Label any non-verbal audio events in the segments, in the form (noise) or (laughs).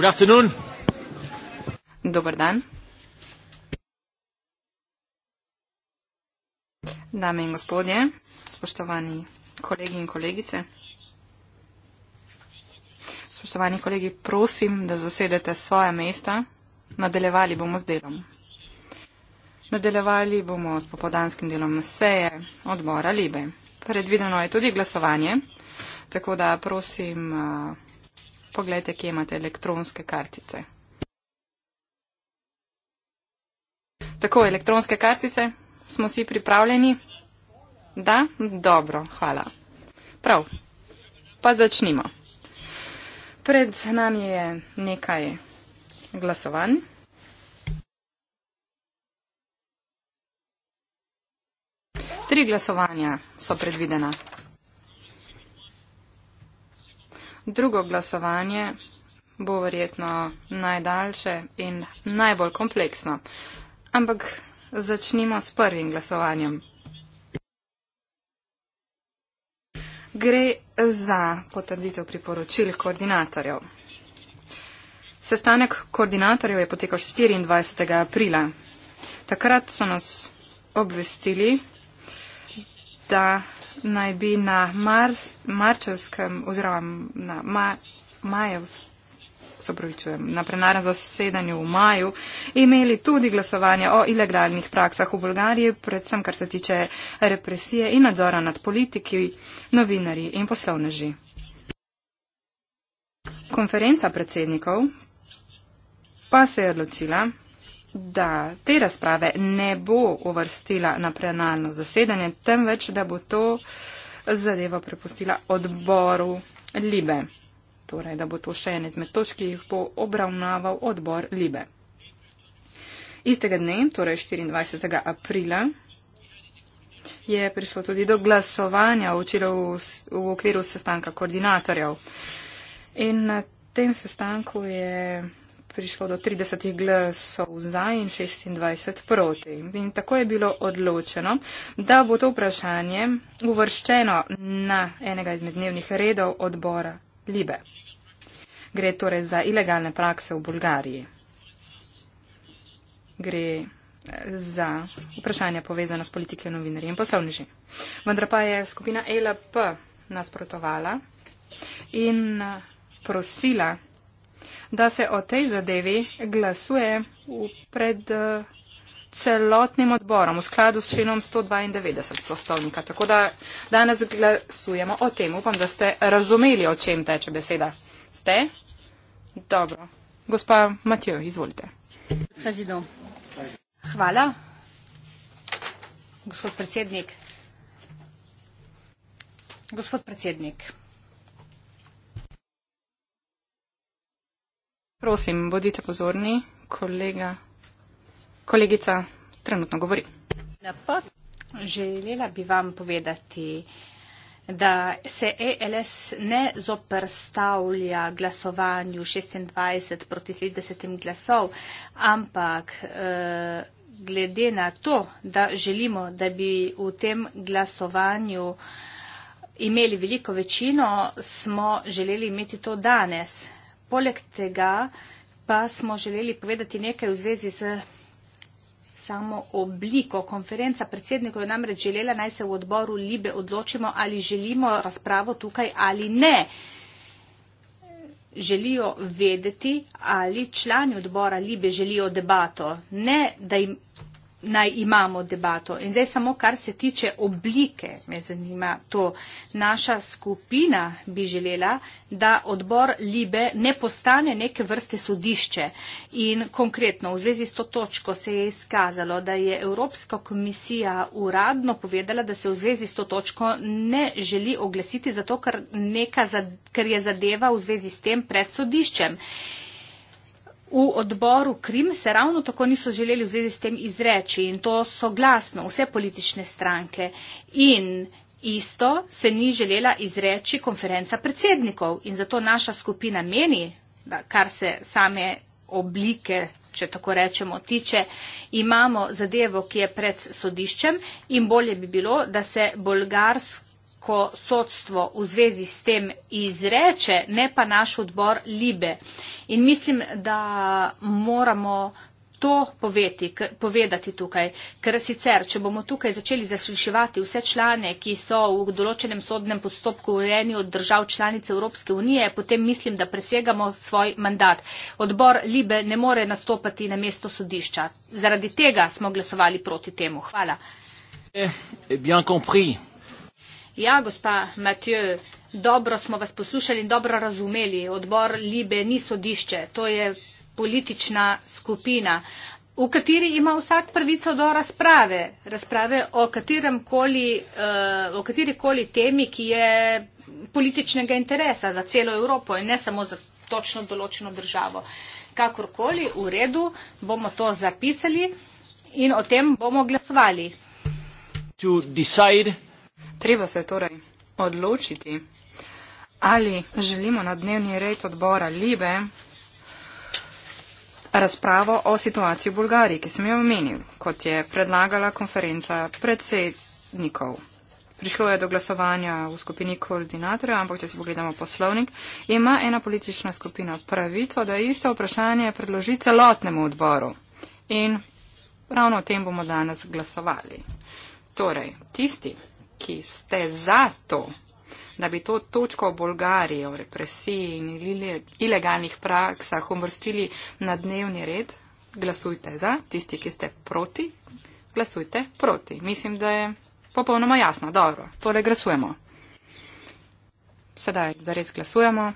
Good afternoon. Dobar dan. Dame in gospodje, spoštovani kolegi in kolegice. Spoštovani kolegi, prosim, da zasedete svoje mesta. Nadaljevali bomo z delom. Nadaljevali bomo s popodanskim delom seje odbora Libe. Predvideno je tudi glasovanje, tako da prosim Poglejte, kje imate elektronske kartice. Tako, elektronske kartice, smo vsi pripravljeni? Da? Dobro, hvala. Prav, pa začnimo. Pred nami je nekaj glasovanj. Tri glasovanja so predvidena drugo glasovanje bo verjetno najdaljše in najbolj kompleksno. Ampak začnimo s prvim glasovanjem. Gre za potrditev priporočil koordinatorjev. Sestanek koordinatorjev je potekal 24. aprila. Takrat so nas obvestili, da naj bi na Mars, Marčevskem oziroma na Ma, Majevskem sopravičujem, na plenarnem zasedanju v maju, imeli tudi glasovanje o ilegalnih praksah v Bulgariji, predvsem kar se tiče represije in nadzora nad politiki, novinari in poslovneži. Konferenca predsednikov pa se je odločila, da te razprave ne bo uvrstila na plenarno zasedanje, temveč da bo to zadevo prepustila odboru Libe. Torej, da bo to še ene izmed točk, ki jih bo obravnaval odbor Libe. Istega dne, torej 24. aprila, je prišlo tudi do glasovanja v, v okviru sestanka koordinatorjev. In na tem sestanku je prišlo do 30 glasov za in 26 proti. In tako je bilo odločeno, da bo to vprašanje uvrščeno na enega izmed dnevnih redov odbora Libe. Gre torej za ilegalne prakse v Bulgariji. Gre eh, za vprašanje povezano s politike novinarji in poslovniži. Vendar pa je skupina ELP nasprotovala in eh, prosila da se o tej zadevi glasuje pred eh, celotnim odborom v skladu s činom 192 poslovnika. Tako da danes glasujemo o tem. Upam, da ste razumeli, o čem teče beseda. Ste? Dobro. Gospa Matijo, izvolite. Hvala. Gospod predsednik. Gospod predsednik. Prosim, bodite pozorni, kolega, kolegica trenutno govori. Želela bi vam povedati, da se ELS ne zoprstavlja glasovanju 26 proti 30 glasov, ampak eh, glede na to, da želimo, da bi v tem glasovanju imeli veliko večino, smo želeli imeti to danes. Poleg tega pa smo želeli povedati nekaj v zvezi z samo obliko. Konferenca predsednikov je namreč želela, naj se v odboru Libe odločimo, ali želimo razpravo tukaj ali ne. Želijo vedeti, ali člani odbora Libe želijo debato. Ne, da jim naj imamo debato. In zdaj samo kar se tiče oblike, me zanima to. Naša skupina bi želela, da odbor Libe ne postane neke vrste sodišče. In konkretno v zvezi s to točko se je izkazalo, da je Evropska komisija uradno povedala, da se v zvezi s to točko ne želi oglasiti, zato ker, zad, ker je zadeva v zvezi s tem pred sodiščem. V odboru Krim se ravno tako niso želeli v zvezi s tem izreči in to so glasno vse politične stranke. In isto se ni želela izreči konferenca predsednikov in zato naša skupina meni, da kar se same oblike, če tako rečemo, tiče, imamo zadevo, ki je pred sodiščem in bolje bi bilo, da se bolgarsk ko sodstvo v zvezi s tem izreče, ne pa naš odbor Libe. In mislim, da moramo to poveti, k, povedati tukaj, ker sicer, če bomo tukaj začeli zaslišivati vse člane, ki so v določenem sodnem postopku urejeni od držav članice Evropske unije, potem mislim, da presegamo svoj mandat. Odbor Libe ne more nastopati na mesto sodišča. Zaradi tega smo glasovali proti temu. Hvala. Eh, eh, Ja, gospa Matjo, dobro smo vas poslušali in dobro razumeli. Odbor Libe ni sodišče, to je politična skupina, v kateri ima vsak pravico do razprave, razprave o, koli, eh, o katerikoli temi, ki je političnega interesa za celo Evropo in ne samo za točno določeno državo. Kakorkoli, v redu, bomo to zapisali in o tem bomo glasovali. Treba se torej odločiti, ali želimo na dnevni red odbora Libe razpravo o situaciji v Bulgariji, ki sem jo omenil, kot je predlagala konferenca predsednikov. Prišlo je do glasovanja v skupini koordinatorjev, ampak če si pogledamo poslovnik, ima ena politična skupina pravico, da isto vprašanje predloži celotnemu odboru. In ravno o tem bomo danes glasovali. Torej, tisti, ki ste za to, da bi to točko o Bolgariji, o represiji in ilegalnih praksah umrstili na dnevni red, glasujte za. Tisti, ki ste proti, glasujte proti. Mislim, da je popolnoma jasno. Dobro, tole glasujemo. Sedaj zares glasujemo.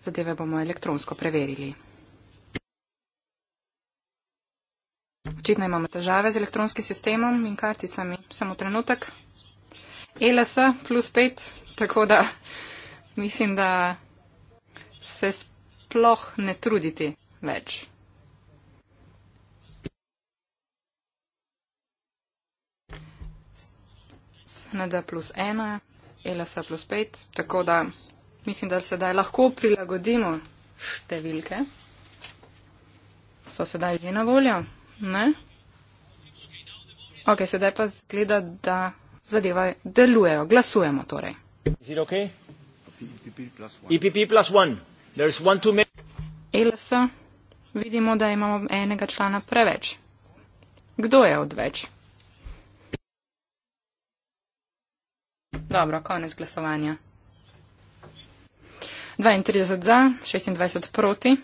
Zadeve bomo elektronsko preverili. Očitno imamo težave z elektronskim sistemom in karticami. Samo trenutek. E LS plus 5, tako da mislim, da se sploh ne truditi več. SND plus 1, e LS plus 5, tako da mislim, da sedaj lahko prilagodimo številke. So sedaj že na voljo. Ne? Ok, sedaj pa zgleda, da zadeva delujejo. Glasujemo torej. Elsa, e vidimo, da imamo enega člana preveč. Kdo je odveč? Dobro, konec glasovanja. 32 za, 26 proti.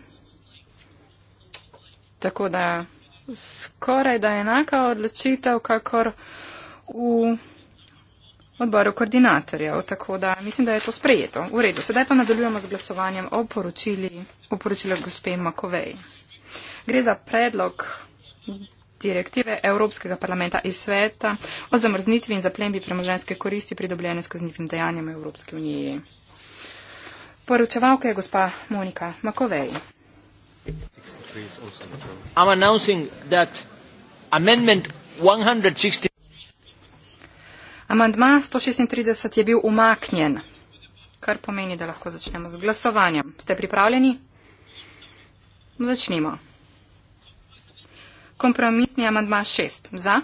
Tako da skoraj da enaka odločitev, kakor v odboru koordinatorjev. Tako da mislim, da je to sprejeto. V redu. Sedaj pa nadaljujemo z glasovanjem o poročili, o poročilu gospe Makovej. Gre za predlog direktive Evropskega parlamenta in sveta o zamrznitvi in zaplembi premoženske koristi pridobljene s kaznivim dejanjem Evropske unije. Poročevalka je gospa Monika Makovej. Thanks. I'm announcing that amendment 160. Amandma 136 je bil umaknjen, kar pomeni, da lahko začnemo z glasovanjem. Ste pripravljeni? Začnimo. Kompromisni amandma 6. Za?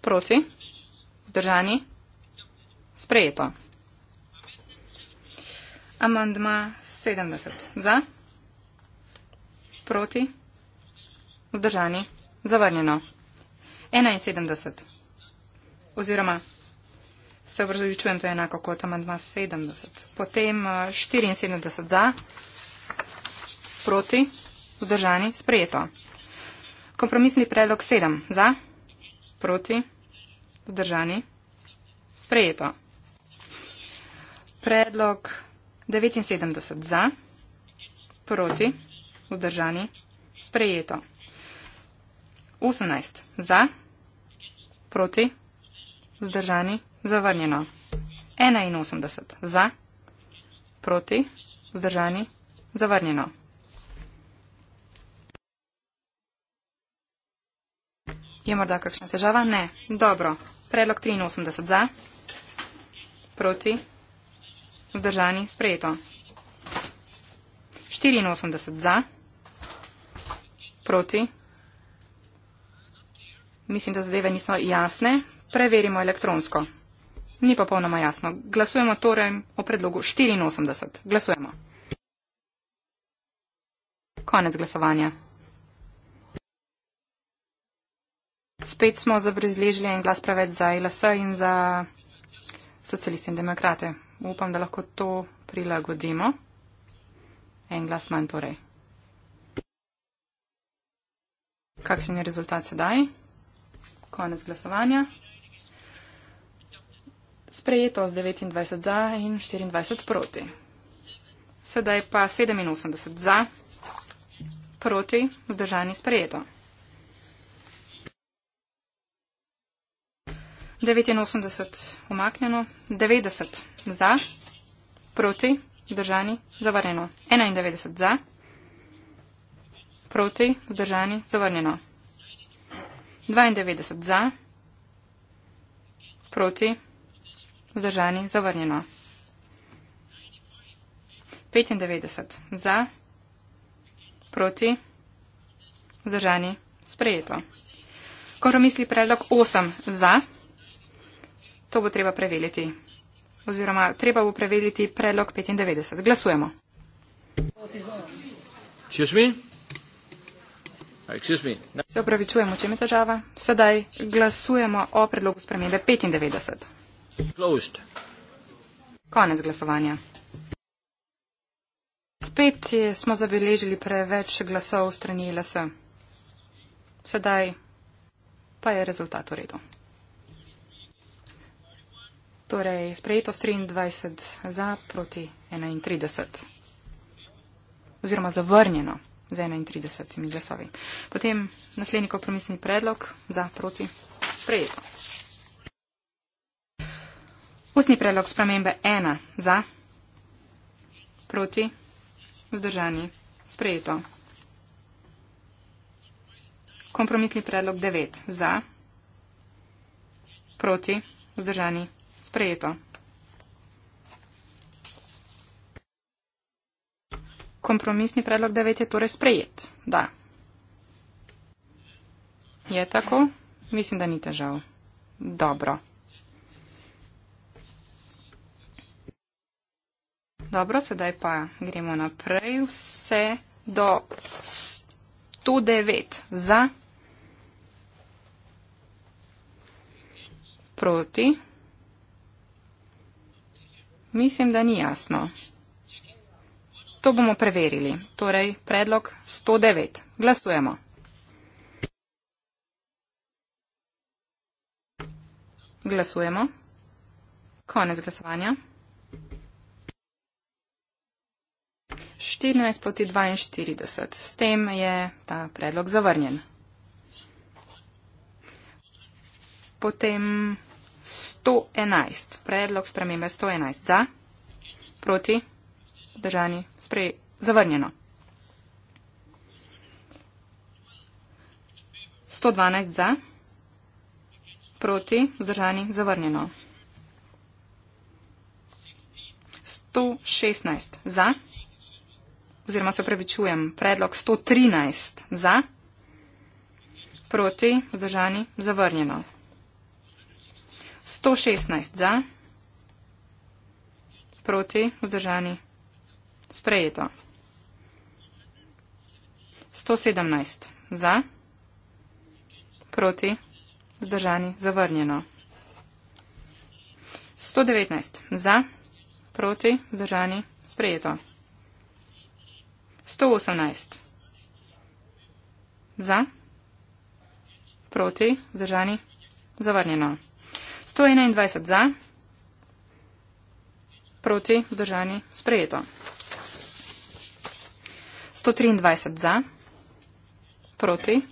Proti? Zdržani? Sprejeto. Amandma 70. Za? Proti? Proti? Vzdržani? Zavrnjeno. 71. Oziroma, se obrazovičujem, to je enako kot amandma 70. Potem 74 eh, za, proti, vzdržani, sprejeto. Kompromisni predlog 7 za, proti, vzdržani, sprejeto. Predlog 79 za, proti, vzdržani vzdržani, sprejeto. 18. Za, proti, vzdržani, zavrnjeno. 81. Za, proti, vzdržani, zavrnjeno. Je morda kakšna težava? Ne. Dobro. Predlog 83 za, proti, vzdržani, sprejeto. 84 za, proti, vzdržani, sprejeto. Proti. Mislim, da zadeve niso jasne. Preverimo elektronsko. Ni pa polnoma jasno. Glasujemo torej o predlogu 84. Glasujemo. Konec glasovanja. Spet smo zabrizležili en glas preveč za LS in za socialiste in demokrate. Upam, da lahko to prilagodimo. En glas manj torej. Kakšen je rezultat sedaj? Konec glasovanja. Sprejeto z 29 za in 24 proti. Sedaj pa 87 za, proti, vzdržani sprejeto. 89 umaknjeno, 90 za, proti, vzdržani zavareno. 91 za proti, vzdržani, zavrnjeno. 92 za, proti, vzdržani, zavrnjeno. 95 za, proti, vzdržani, sprejeto. Kompromisni predlog 8 za, to bo treba preveriti. Oziroma, treba bo preveriti predlog 95. Glasujemo. Češ mi? No. Se upravičujemo, če je težava. Sedaj glasujemo o predlogu spremembe 95. Closed. Konec glasovanja. Spet je, smo zabeležili preveč glasov strani LS. Sedaj pa je rezultat v redu. Torej, sprejeto 23 za proti 31. Oziroma zavrnjeno z 31 glasovi. Potem naslednji kompromisni predlog za proti sprejeto. Ustni predlog spremembe 1 za proti vzdržani sprejeto. Kompromisni predlog 9 za proti vzdržani sprejeto. kompromisni predlog 9 je torej sprejet. Da. Je tako? Mislim, da ni težav. Dobro. Dobro, sedaj pa gremo naprej. Vse do 109 za. Proti. Mislim, da ni jasno. To bomo preverili. Torej, predlog 109. Glasujemo. Glasujemo. Konec glasovanja. 14 proti 42. S tem je ta predlog zavrnjen. Potem 111. Predlog spremembe 111. Za. Proti. Držani. Sprej. Zavrnjeno. 112 za. Proti. Vzdržani. Zavrnjeno. 116 za. Oziroma se upravičujem. Predlog 113 za. Proti. Vzdržani. Zavrnjeno. 116 za. Proti. Vzdržani. Sprejeto. 117. Za. Proti. Zdržani. Zavrnjeno. 119. Za. Proti. Zdržani. Sprejeto. 118. Za. Proti. Zdržani. Zavrnjeno. 121. Za. Proti. Zdržani. Sprejeto. 123 za, proti,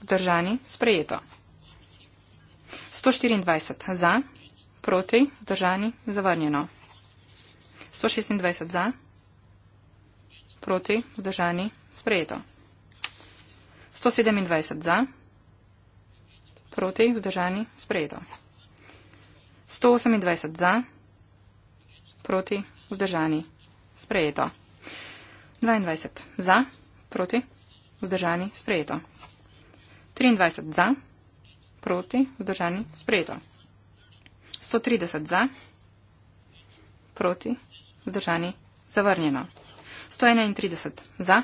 vzdržani, sprejeto. 124 za, proti, vzdržani, zavrnjeno. 126 za, proti, vzdržani, sprejeto. 127 za, proti, vzdržani, sprejeto. 128 za, proti, vzdržani, sprejeto. 22 za, proti, vzdržani, sprejeto. 23 za, proti, vzdržani, sprejeto. 130 za, proti, vzdržani, zavrnjeno. 131 za,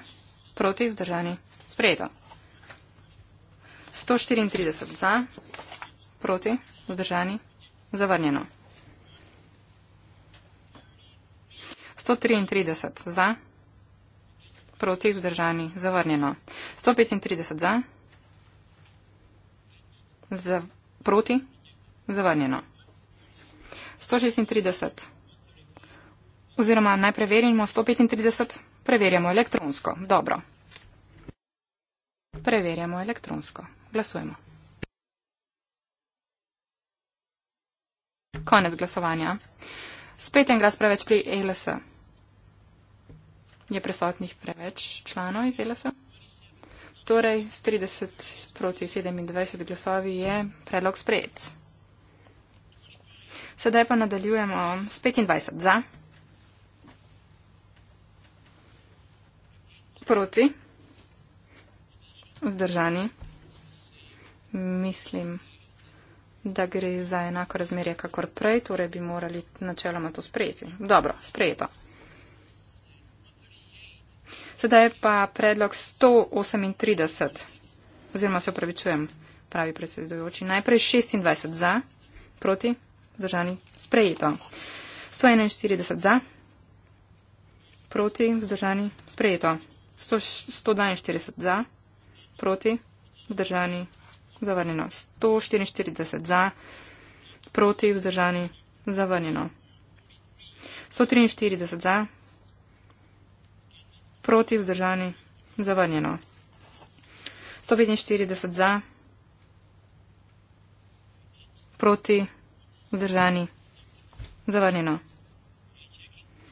proti, vzdržani, sprejeto. 134 za, proti, vzdržani, zavrnjeno. 133 za, proti, vzdržani, sprejeto proti vzdržani zavrnjeno. 135 za, za proti zavrnjeno. 136 oziroma najprej verjamo 135, preverjamo elektronsko. Dobro. Preverjamo elektronsko. Glasujemo. Konec glasovanja. Spet en glas preveč pri ELS je prisotnih preveč članov iz ELAS-a. Torej, s 30 proti 27 glasovi je predlog sprejet. Sedaj pa nadaljujemo s 25 za. Proti. Vzdržani. Mislim, da gre za enako razmerje, kakor prej, torej bi morali načeloma to sprejeti. Dobro, sprejeto. Sedaj je pa predlog 138, oziroma se upravičujem, pravi predsedujoči. Najprej 26 za, proti, vzdržani, sprejeto. 141 za, proti, vzdržani, sprejeto. 142 za, proti, vzdržani, zavrnjeno. 144 za, proti, vzdržani, zavrnjeno. 143 za, proti vzdržani, zavrnjeno. 145 za, proti vzdržani, zavrnjeno.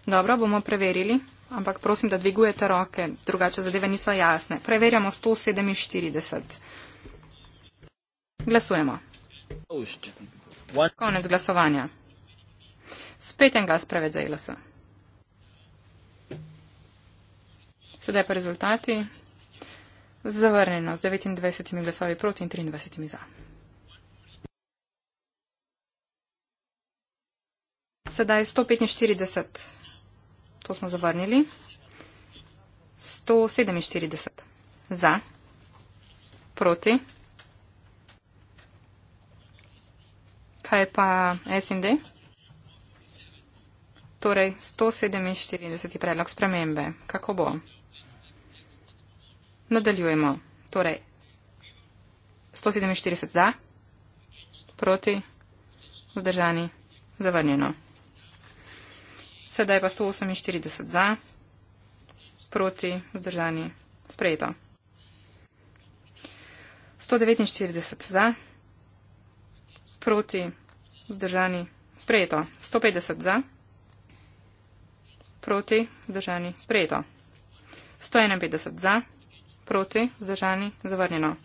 Dobro, bomo preverili, ampak prosim, da dvigujete roke, drugače zadeve niso jasne. Preverjamo 147. Glasujemo. Konec glasovanja. Spet en glas preveč za ILS. Sedaj pa rezultati. Zavrnjeno z 29 glasovi proti in 23 za. Sedaj 145. To smo zavrnili. 147 za. Proti. Kaj pa SND? Torej 147 predlog spremembe. Kako bo? Nadaljujemo. Torej, 147 za, proti, vzdržani, zavrnjeno. Sedaj pa 148 za, proti, vzdržani, sprejeto. 149 za, proti, vzdržani, sprejeto. 150 za, proti, vzdržani, sprejeto. 151 za, proti, vzdržani, sprejeto. 151 za, proti, vzdržani, zavrnjeno.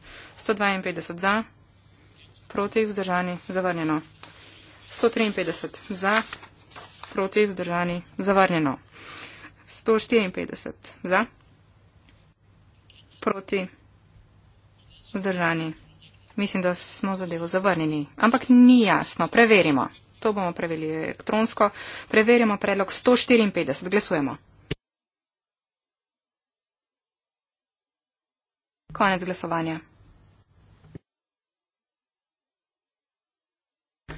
152 za, proti, vzdržani, zavrnjeno. 153 za, proti, vzdržani, zavrnjeno. 154 za, proti, vzdržani. Mislim, da smo zadevo zavrnjeni. Ampak ni jasno. Preverimo. To bomo preverili elektronsko. Preverimo predlog 154. Glasujemo. Konec glasovanja.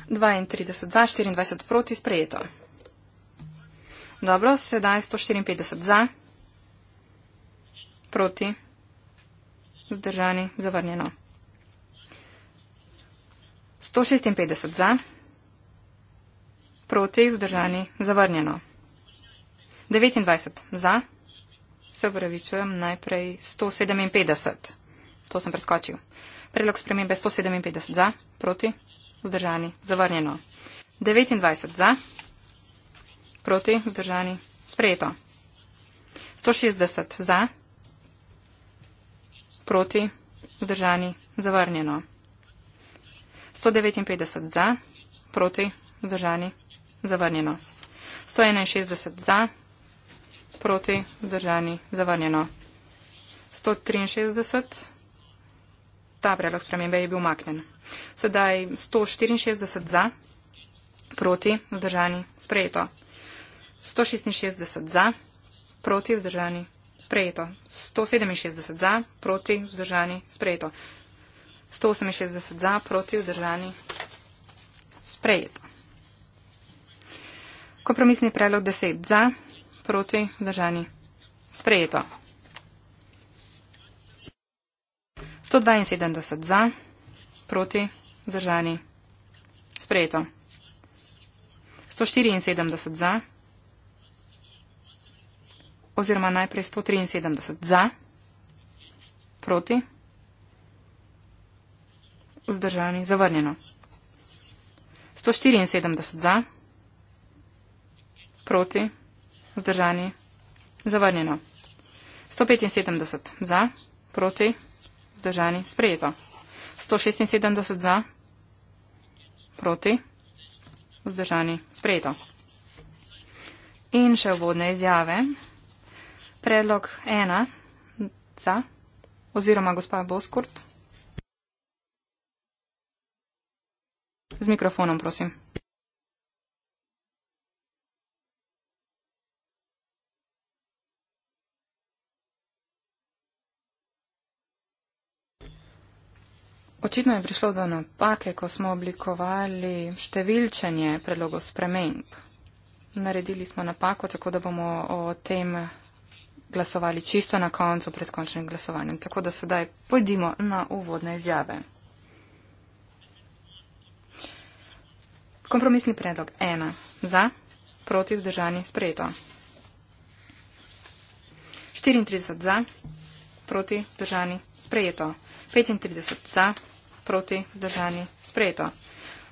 32 za, 24 proti, sprejeto. Dobro, sedaj 154 za, proti, vzdržani, zavrnjeno. 156 za, proti, vzdržani, zavrnjeno. 29 za, Se upravičujem, najprej 157. To sem preskočil. Predlog spremembe 157 za, proti, vzdržani, zavrnjeno. 29 za, proti, vzdržani, sprejeto. 160 za, proti, vzdržani, zavrnjeno. 159 za, proti, vzdržani, zavrnjeno. 161 za, proti, vzdržani, zavrnjeno. 163, ta predlog spremembe je bil umaknen. Sedaj 164 za, proti, vzdržani, sprejeto. 166 za, proti, vzdržani, sprejeto. 167 za, proti, vzdržani, sprejeto. 168 za, proti, vzdržani, sprejeto. Kompromisni predlog 10 za, Proti. Zdržani. Sprejeto. 172 za. Proti. Zdržani. Sprejeto. 174 za. Oziroma najprej 173 za. Proti. Vzdržani. Zavrnjeno. 174 za. Proti. Vzdržani. Zavrnjeno. 175 za, proti, vzdržani, sprejeto. 176 za, proti, vzdržani, sprejeto. In še vodne izjave. Predlog ena za oziroma gospa Boskurt. Z mikrofonom, prosim. Očitno je prišlo do napake, ko smo oblikovali številčenje predlogov sprememb. Naredili smo napako, tako da bomo o tem glasovali čisto na koncu pred končnim glasovanjem. Tako da sedaj pojdimo na uvodne izjave. Kompromisni predlog 1. Za, proti vzdržani sprejeto. 34 za, proti vzdržani sprejeto. 35 za, proti, vzdržani, sprejeto.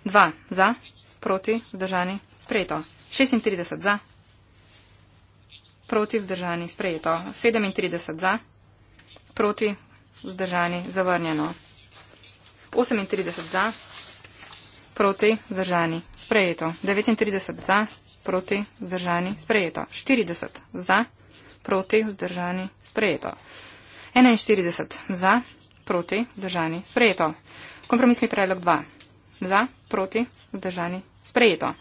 2 za, proti, vzdržani, sprejeto. 36 za, proti, vzdržani, sprejeto. 37 za, proti, vzdržani, zavrnjeno. 38 za, proti, vzdržani, sprejeto. 39 za, proti, vzdržani, sprejeto. 40 za, proti, vzdržani, sprejeto. 41 za, proti, vzdržani, sprejeto. Kompromisni predlog 2. Za, proti, vzdržani, sprejeto.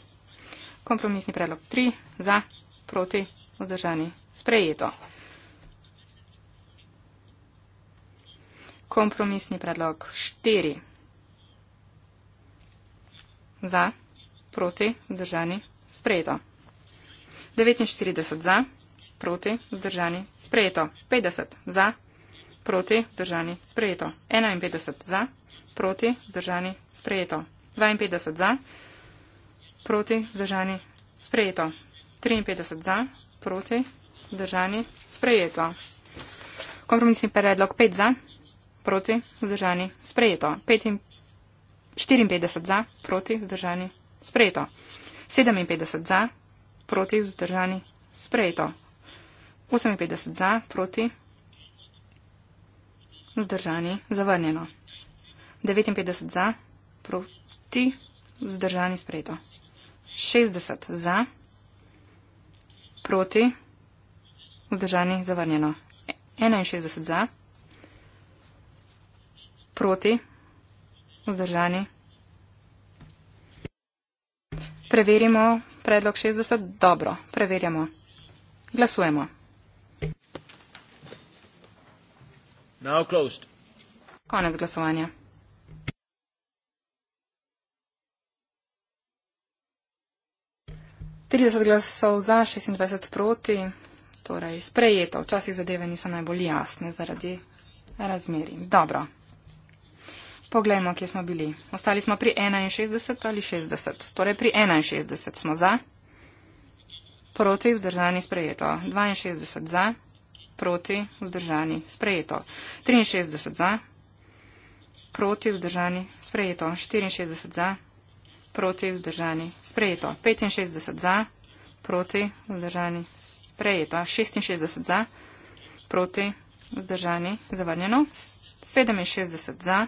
Kompromisni predlog 3. Za, proti, vzdržani, sprejeto. Kompromisni predlog 4. Za, proti, vzdržani, sprejeto. 49 za, proti, vzdržani, sprejeto. 50 za, proti, vzdržani, sprejeto. 51 za, proti, vzdržani, sprejeto. 52 za, proti, vzdržani, sprejeto. 53 za, proti, vzdržani, sprejeto. Kompromisni predlog 5 za, proti, vzdržani, sprejeto. 54 za, proti, vzdržani, sprejeto. 57 za, proti, vzdržani, sprejeto. 58 za, proti, vzdržani, sprejeto vzdržani, zavrnjeno. 59 za, proti, vzdržani, sprejeto. 60 za, proti, vzdržani, zavrnjeno. 61 za, proti, vzdržani. Preverimo predlog 60. Dobro, preverjamo. Glasujemo. Konec glasovanja. Trideset glasov za, 26 proti, torej sprejeto. Včasih zadeve niso najbolj jasne zaradi razmeri. Dobro. Poglejmo, kje smo bili. Ostali smo pri 61 ali 60. Torej pri 61 smo za, proti, vzdržani, sprejeto. 62 za, proti, vzdržani, sprejeto. 63 za, proti, vzdržani, sprejeto. 64 za, proti, vzdržani, sprejeto. 65 za, proti, vzdržani, sprejeto. 66 za, proti, vzdržani, zavrnjeno. 67 za,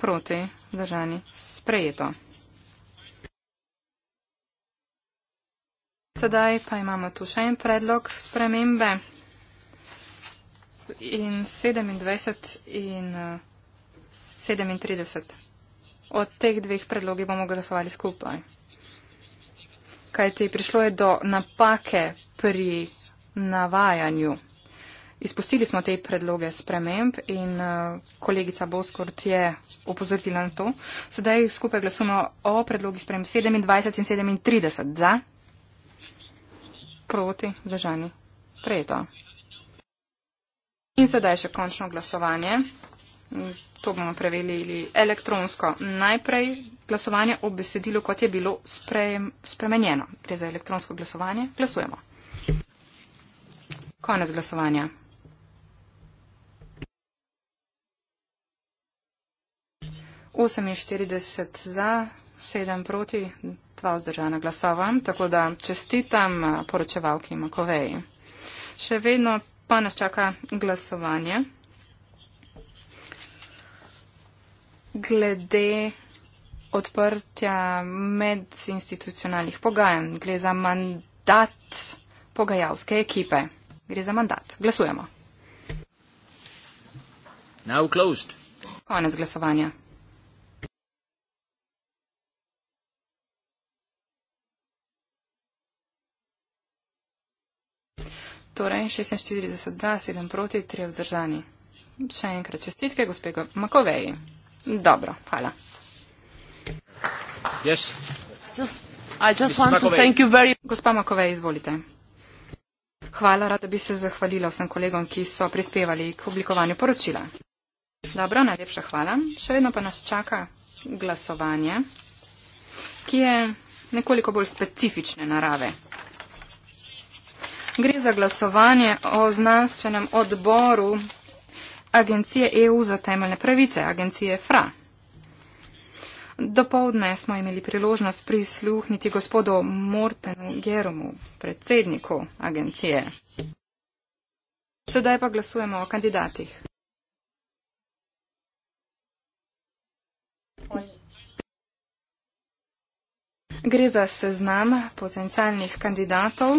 proti, vzdržani, sprejeto. Sedaj pa imamo tu še en predlog spremembe in 27 in 37. Eh, Od teh dveh predlogi bomo glasovali skupaj. Kaj ti prišlo je do napake pri navajanju. Izpustili smo te predloge sprememb in eh, kolegica Boskort je opozorila na to. Sedaj skupaj glasujemo o predlogi sprememb 27 in 37. Za? proti, vzdržani, sprejeto. In sedaj še končno glasovanje. To bomo preverili elektronsko. Najprej glasovanje o besedilu, kot je bilo sprejem, spremenjeno. Gre za elektronsko glasovanje. Glasujemo. Konec glasovanja. 48 za, sedem proti, dva vzdržana glasova, tako da čestitam eh, poročevalki Makoveji. Še vedno pa nas čaka glasovanje glede odprtja medinstitucionalnih pogajanj. Gre za mandat pogajalske ekipe. Gre za mandat. Glasujemo. Konec glasovanja. Torej, 46 za, 7 proti, 3 vzdržani. Še enkrat čestitke, gospe Makoveji. Dobro, hvala. Yes. Just, just Makovej. very... Gospa Makovej, izvolite. Hvala, rada bi se zahvalila vsem kolegom, ki so prispevali k oblikovanju poročila. Dobro, najlepša hvala. Še vedno pa nas čaka glasovanje, ki je nekoliko bolj specifične narave. Gre za glasovanje o znanstvenem odboru Agencije EU za temeljne pravice, Agencije FRA. Dopovdne smo imeli priložnost prisluhniti gospodu Mortenu Geromu, predsedniku agencije. Sedaj pa glasujemo o kandidatih. Gre za seznam potencialnih kandidatov.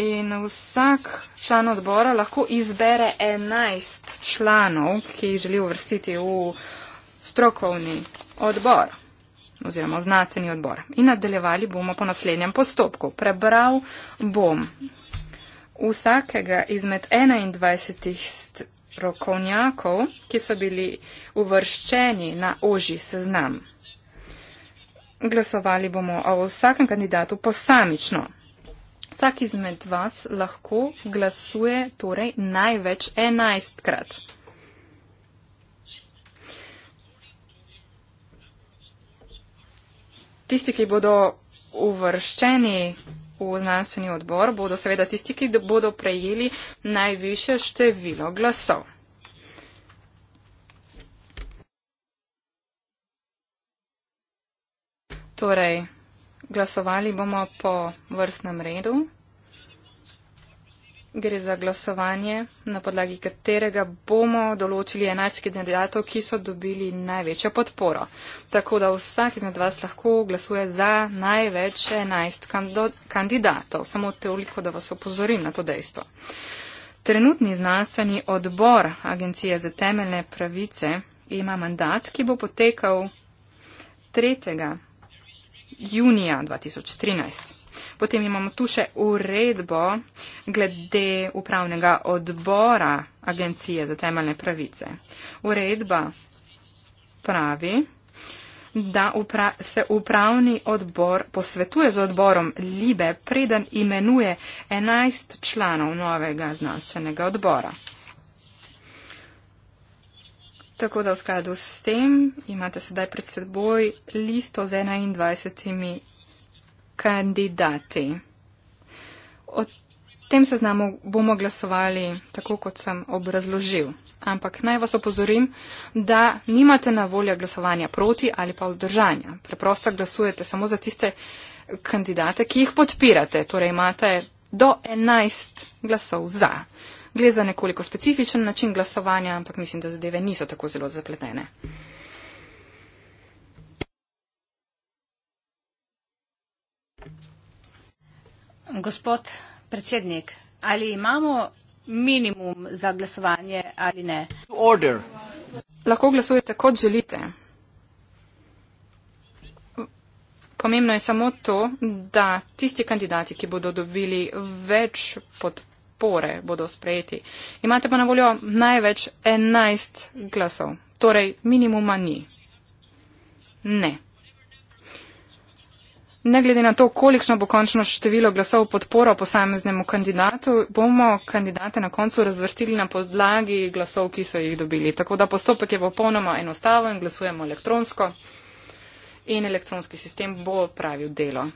In vsak član odbora lahko izbere 11 članov, ki jih želi uvrstiti v strokovni odbor oziroma znanstveni odbor. In nadaljevali bomo po naslednjem postopku. Prebral bom vsakega izmed 21 strokovnjakov, ki so bili uvrščeni na oži seznam. Glasovali bomo o vsakem kandidatu posamično. Vsak izmed vas lahko glasuje torej največ enajstkrat. Tisti, ki bodo uvrščeni v znanstveni odbor, bodo seveda tisti, ki bodo prejeli najviše število glasov. Torej, Glasovali bomo po vrstnem redu. Gre za glasovanje, na podlagi katerega bomo določili enajst kandidatov, ki so dobili največjo podporo. Tako da vsak izmed vas lahko glasuje za največ enajst kandidatov. Samo toliko, da vas opozorim na to dejstvo. Trenutni znanstveni odbor Agencije za temeljne pravice ima mandat, ki bo potekal 3 junija 2013. Potem imamo tu še uredbo glede upravnega odbora Agencije za temeljne pravice. Uredba pravi, da upra se upravni odbor posvetuje z odborom Libe, preden imenuje 11 članov novega znanstvenega odbora. Tako da v skladu s tem imate sedaj pred seboj listo z 21 kandidati. O tem seznamu bomo glasovali tako, kot sem obrazložil. Ampak naj vas opozorim, da nimate na voljo glasovanja proti ali pa vzdržanja. Preprosto glasujete samo za tiste kandidate, ki jih podpirate. Torej imate do 11 glasov za. Gre za nekoliko specifičen način glasovanja, ampak mislim, da zadeve niso tako zelo zapletene. Gospod predsednik, ali imamo minimum za glasovanje ali ne? Order. Lahko glasujete, kot želite. Pomembno je samo to, da tisti kandidati, ki bodo dobili več podpor, podpore bodo sprejeti. Imate pa na voljo največ 11 glasov. Torej, minimuma ni. Ne. Ne glede na to, kolikšno bo končno število glasov podporo posameznemu kandidatu, bomo kandidate na koncu razvrstili na podlagi glasov, ki so jih dobili. Tako da postopek je popolnoma enostaven, glasujemo elektronsko in elektronski sistem bo pravil delo.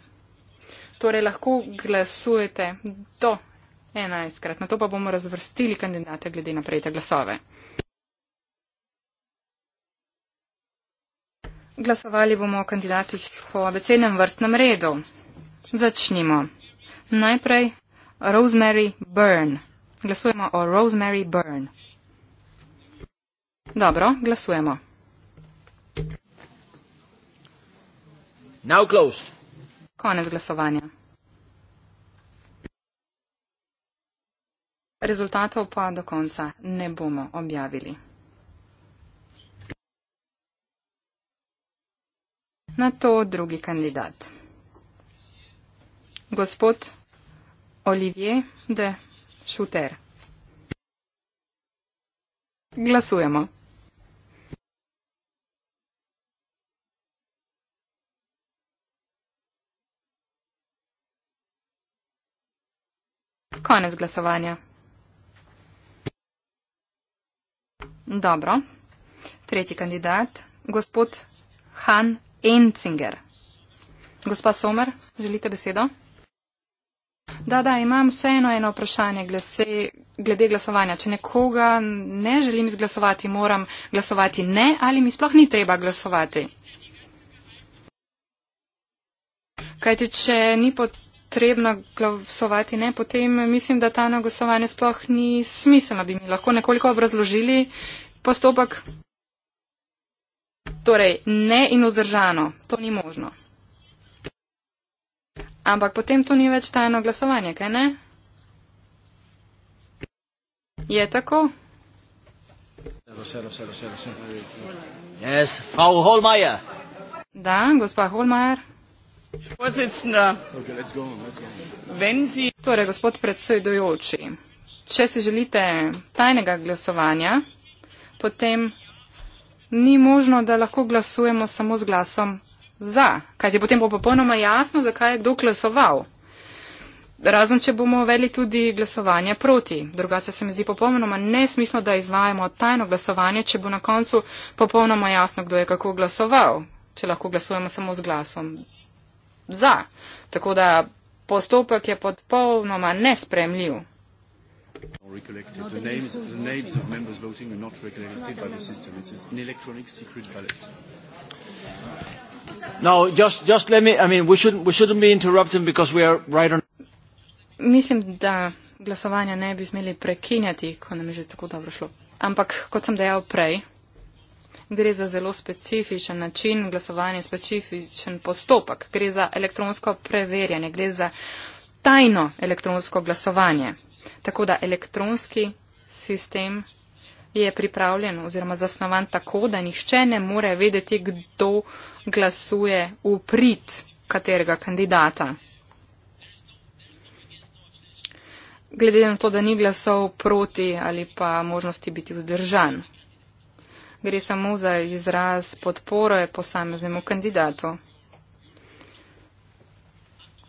Torej lahko glasujete do 11krat. Na to pa bomo razvrstili kandidate glede na prejete glasove. Glasovali bomo o kandidatih po abecednem vrstnem redu. Začnimo. Najprej Rosemary Byrne. Glasujemo o Rosemary Byrne. Dobro, glasujemo. Now closed. Konec glasovanja. Rezultatov pa do konca ne bomo objavili. Na to drugi kandidat. Gospod Olivier de Schutter. Glasujemo. Konec glasovanja. Dobro. Tretji kandidat, gospod Han Encinger. Gospa Somer, želite besedo? Da, da, imam vseeno eno vprašanje glede, glede glasovanja. Če nekoga ne želim izglasovati, moram glasovati ne ali mi sploh ni treba glasovati? Kajti, če ni potrebno potrebno glasovati, ne, potem mislim, da ta na glasovanje sploh ni smiselno. Bi mi lahko nekoliko obrazložili postopek? Torej, ne in vzdržano, to ni možno. Ampak potem to ni več tajno glasovanje, kaj ne? Je tako? Da, gospa Holmajer. Torej, gospod predsedujoči, če si želite tajnega glasovanja, potem ni možno, da lahko glasujemo samo z glasom za, kajti potem bo popolnoma jasno, zakaj je kdo glasoval. Razen, če bomo uveli tudi glasovanje proti. Drugače se mi zdi popolnoma nesmisno, da izvajamo tajno glasovanje, če bo na koncu popolnoma jasno, kdo je kako glasoval, če lahko glasujemo samo z glasom za. Tako da postopek je podpolnoma nespremljiv. Now, no, just, just let me, I mean, we shouldn't, we shouldn't be interrupting because we are right on. Mislim, da glasovanja ne bi smeli prekinjati, ko nam je že tako dobro šlo. Ampak, kot sem dejal prej, gre za zelo specifičen način glasovanja, specifičen postopek, gre za elektronsko preverjanje, gre za tajno elektronsko glasovanje. Tako da elektronski sistem je pripravljen oziroma zasnovan tako, da nihče ne more vedeti, kdo glasuje v prid katerega kandidata. Glede na to, da ni glasov proti ali pa možnosti biti vzdržan, gre samo za izraz podpore posameznemu kandidatu.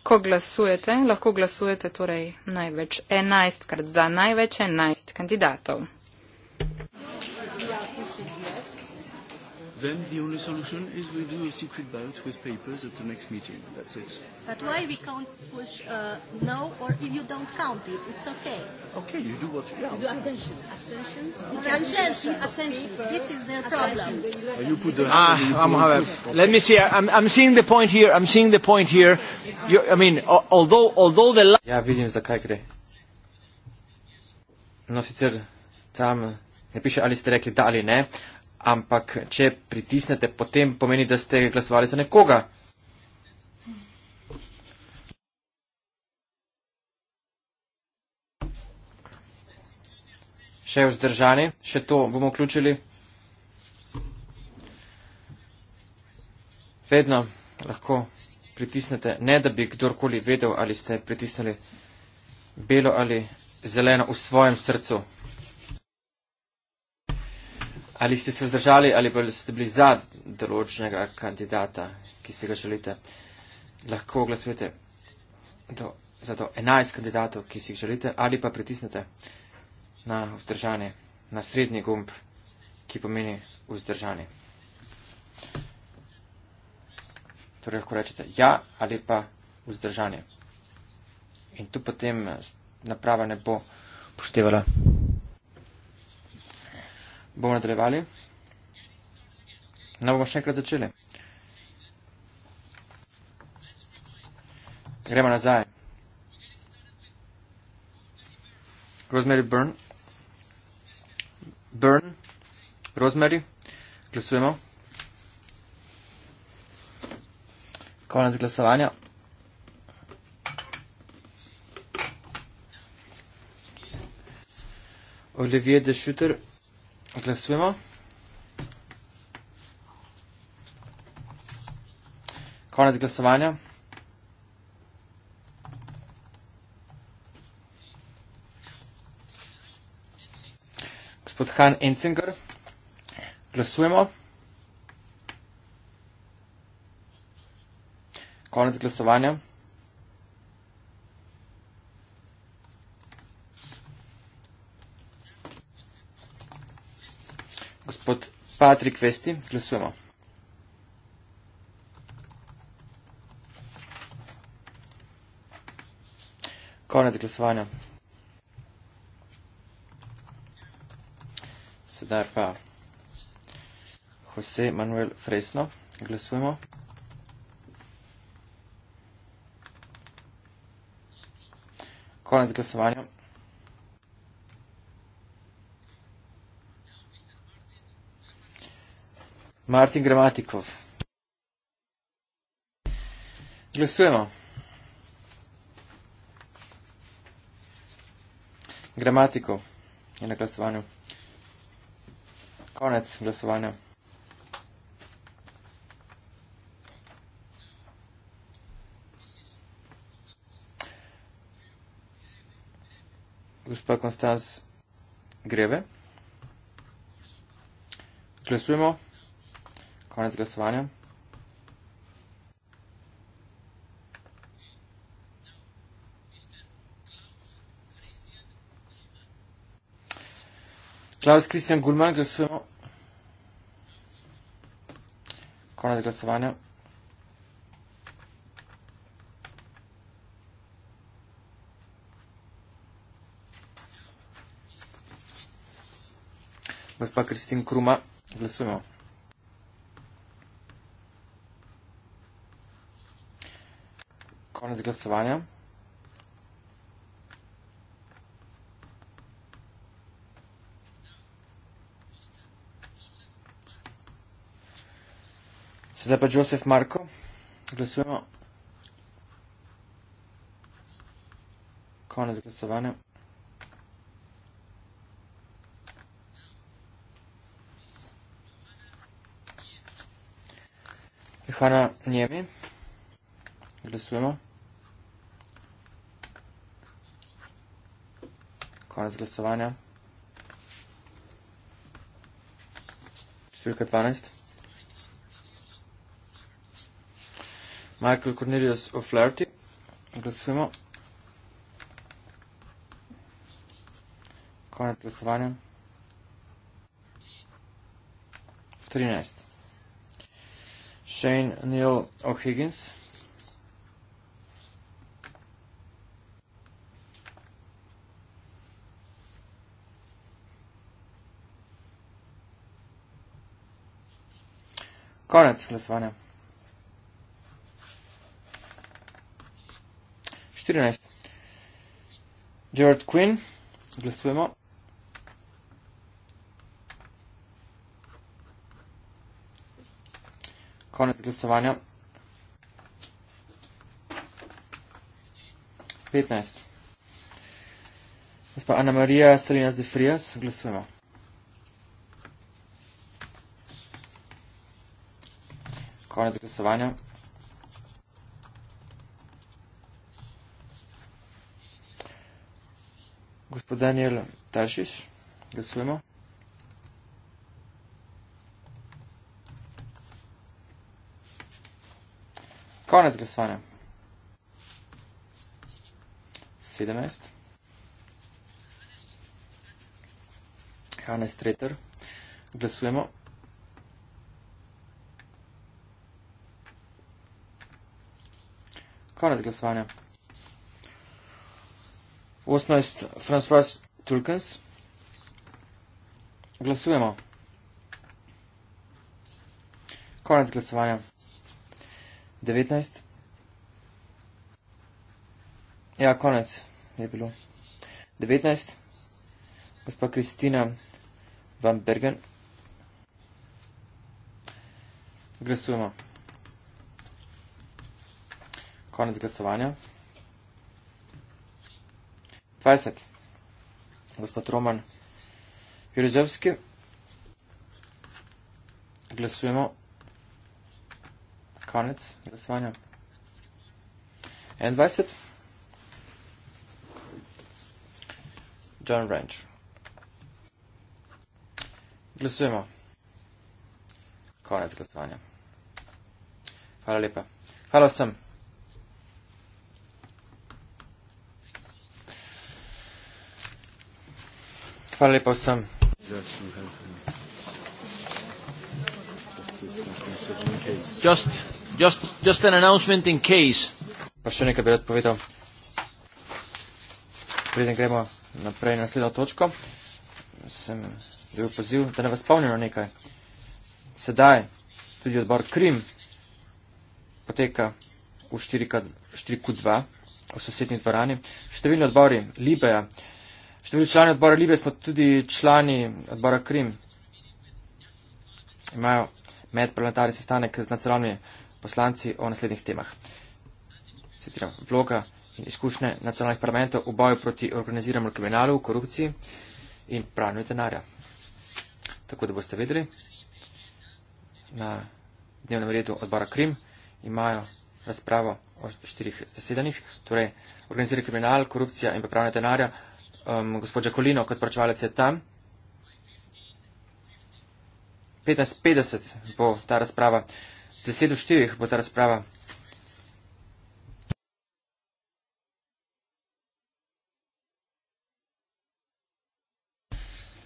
Ko glasujete, lahko glasujete torej največ 11 krat za največ 11 kandidatov. then the only solution is we do a secret ballot with papers at the next meeting. That's it. But why we can't push uh, no or if you don't count it? It's okay. Okay, you do what you want. Yeah. Attention. Attention. Okay. Attention. Attention. This is their problem. Uh, you put the ah, you put I'm, let me see. I'm, I'm seeing the point here. I'm seeing the point here. You're, I mean, although, although the... La ja vidim, zakaj gre. No, sicer tam ne piše, ali ste rekli da ali ne, ampak če pritisnete, potem pomeni, da ste glasovali za nekoga. Še vzdržani, še to bomo vključili. Vedno lahko pritisnete, ne da bi kdorkoli vedel, ali ste pritisnili belo ali zeleno v svojem srcu. Ali ste se vzdržali ali pa ste bili za določenega kandidata, ki se ga želite? Lahko glasujete do, za do 11 kandidatov, ki si jih želite, ali pa pritisnete na vzdržanje, na srednji gumb, ki pomeni vzdržanje. Torej lahko rečete ja ali pa vzdržanje. In tu potem naprava ne bo poštevala. Bomo nadaljevali? No, bomo še enkrat začeli. Gremo nazaj. Rosemary Burn. Burn. Rosemary. Glasujemo. Konec glasovanja. Olivier de Schutter. Glasujemo. Konec glasovanja. Gospod Han Enzinger, glasujemo. Konec glasovanja. Patrick Vesti, glasujemo. Konec glasovanja. Sedaj pa Jose Manuel Fresno, glasujemo. Konec glasovanja. Martin Gramatikov. Glasujemo. Gramatikov je na glasovanju. Konec glasovanja. Gospa Konstanz Greve. Glasujemo konec glasovanja. Klaus Kristjan Gulman, glasujemo. Konec glasovanja. Gospa Kristin Kruma, glasujemo. konec glasovanja. Sedaj pa Josef Marko, glasujemo. Konec glasovanja. Johana Njemi, glasujemo. konec glasovanja. Številka 12. Michael Cornelius O'Flaherty. Glasujemo. Konec glasovanja. 13. Shane Neil O'Higgins. konec glasovanja. 14. Gerard Quinn, glasujemo. Konec glasovanja. 15. Gospa Ana Marija Salinas de Frias, glasujemo. konec glasovanja. Gospod Daniel Taršiš, glasujemo. Konec glasovanja. 17. Hanes Treter, glasujemo. Konec glasovanja. 18. François Tulkens. Glasujemo. Konec glasovanja. 19. Ja, konec je bilo. 19. Gospa Kristina Van Bergen. Glasujemo konec glasovanja. 20. Gospod Roman Jurezovski, glasujemo. Konec glasovanja. 21. John Ranch. Glasujemo. Konec glasovanja. Hvala lepa. Hvala vsem. Hvala lepa vsem. Just, just, just an announcement in case. Pa še nekaj bi rad povedal. Preden gremo naprej na naslednjo točko, sem bil poziv, da ne vas spomnimo nekaj. Sedaj tudi odbor Krim poteka v 4Q2 v sosednji dvorani. Številni odbori Libeja. Številni člani odbora Libije smo tudi člani odbora Krim. Imajo medparlamentarni sestanek z nacionalnimi poslanci o naslednjih temah. Citiram, vloga in izkušnje nacionalnih parlamentov v boju proti organiziranemu kriminalu, korupciji in pranju denarja. Tako da boste vedeli, na dnevnem redu odbora Krim imajo razpravo o štirih zasedanjih, torej organiziran kriminal, korupcija in pranje denarja um, gospod Jacolino, kot pračevalec je tam. 15.50 bo ta razprava, 10.04 bo ta razprava.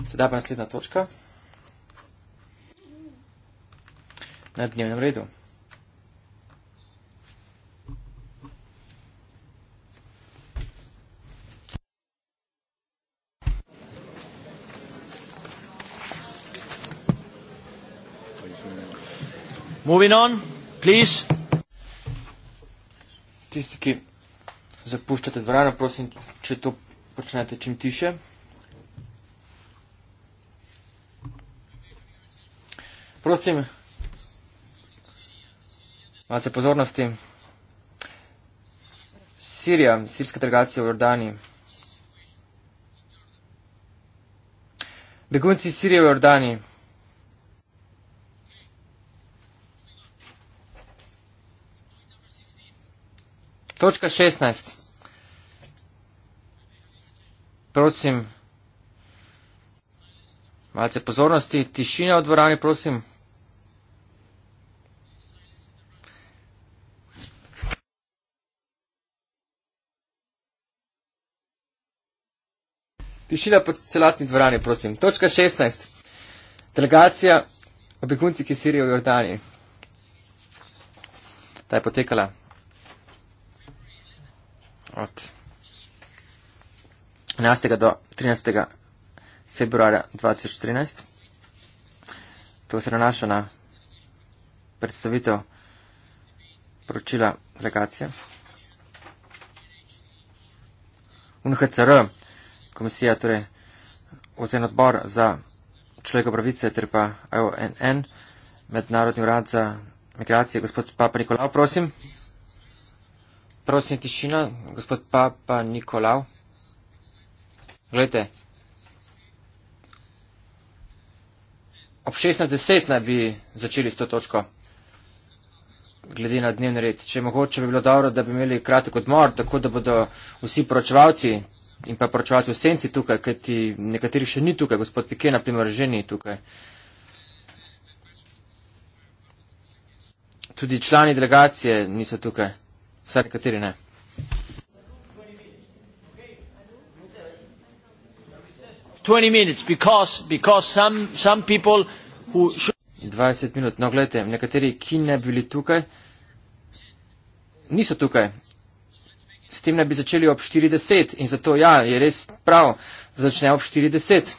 Sedaj pa naslednja točka. Na dnevnem redu. Moving on, please. Tisti, ki zapuščate dvorano, prosim, če to počnete čim tiše. Prosim, malce pozornosti. Sirija, sirska delegacija v Jordani. Begunci Sirije v Jordani. Točka 16. Prosim, malce pozornosti, tišina v dvorani, prosim. Tišina po celotni dvorani, prosim. Točka 16. Delegacija o begunci, ki sirijo v Jordani. Ta je potekala od 11. do 13. februarja 2014. To se nanaša na predstavitev poročila delegacije. UNHCR, komisija, torej ozen odbor za človeka pravice, ter pa ONN, Mednarodni urad za migracije, gospod Papa Nikolao, prosim. Prosim, tišina, gospod Papa Nikolav. Glejte, ob 16.10 naj bi začeli s to točko, glede na dnevni red. Če mogoče bi bilo dobro, da bi imeli kratek odmor, tako da bodo vsi poročevalci in pa poročevalci v senci tukaj, kajti nekateri še ni tukaj, gospod Pike, na primer, že ni tukaj. Tudi člani delegacije niso tukaj vsaj nekateri ne. In 20 minut, no gledajte, nekateri, ki ne bili tukaj, niso tukaj. S tem ne bi začeli ob 40 in zato ja, je res prav, začne ob 40.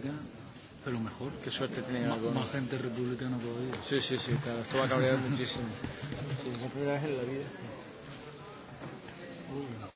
fantástica. Pero mejor, qué suerte tiene M algo. ¿no? más gente republicana todavía. Sí, sí, sí, claro, esto va a cambiar muchísimo. Sí, la primera vez en la vida. Uy.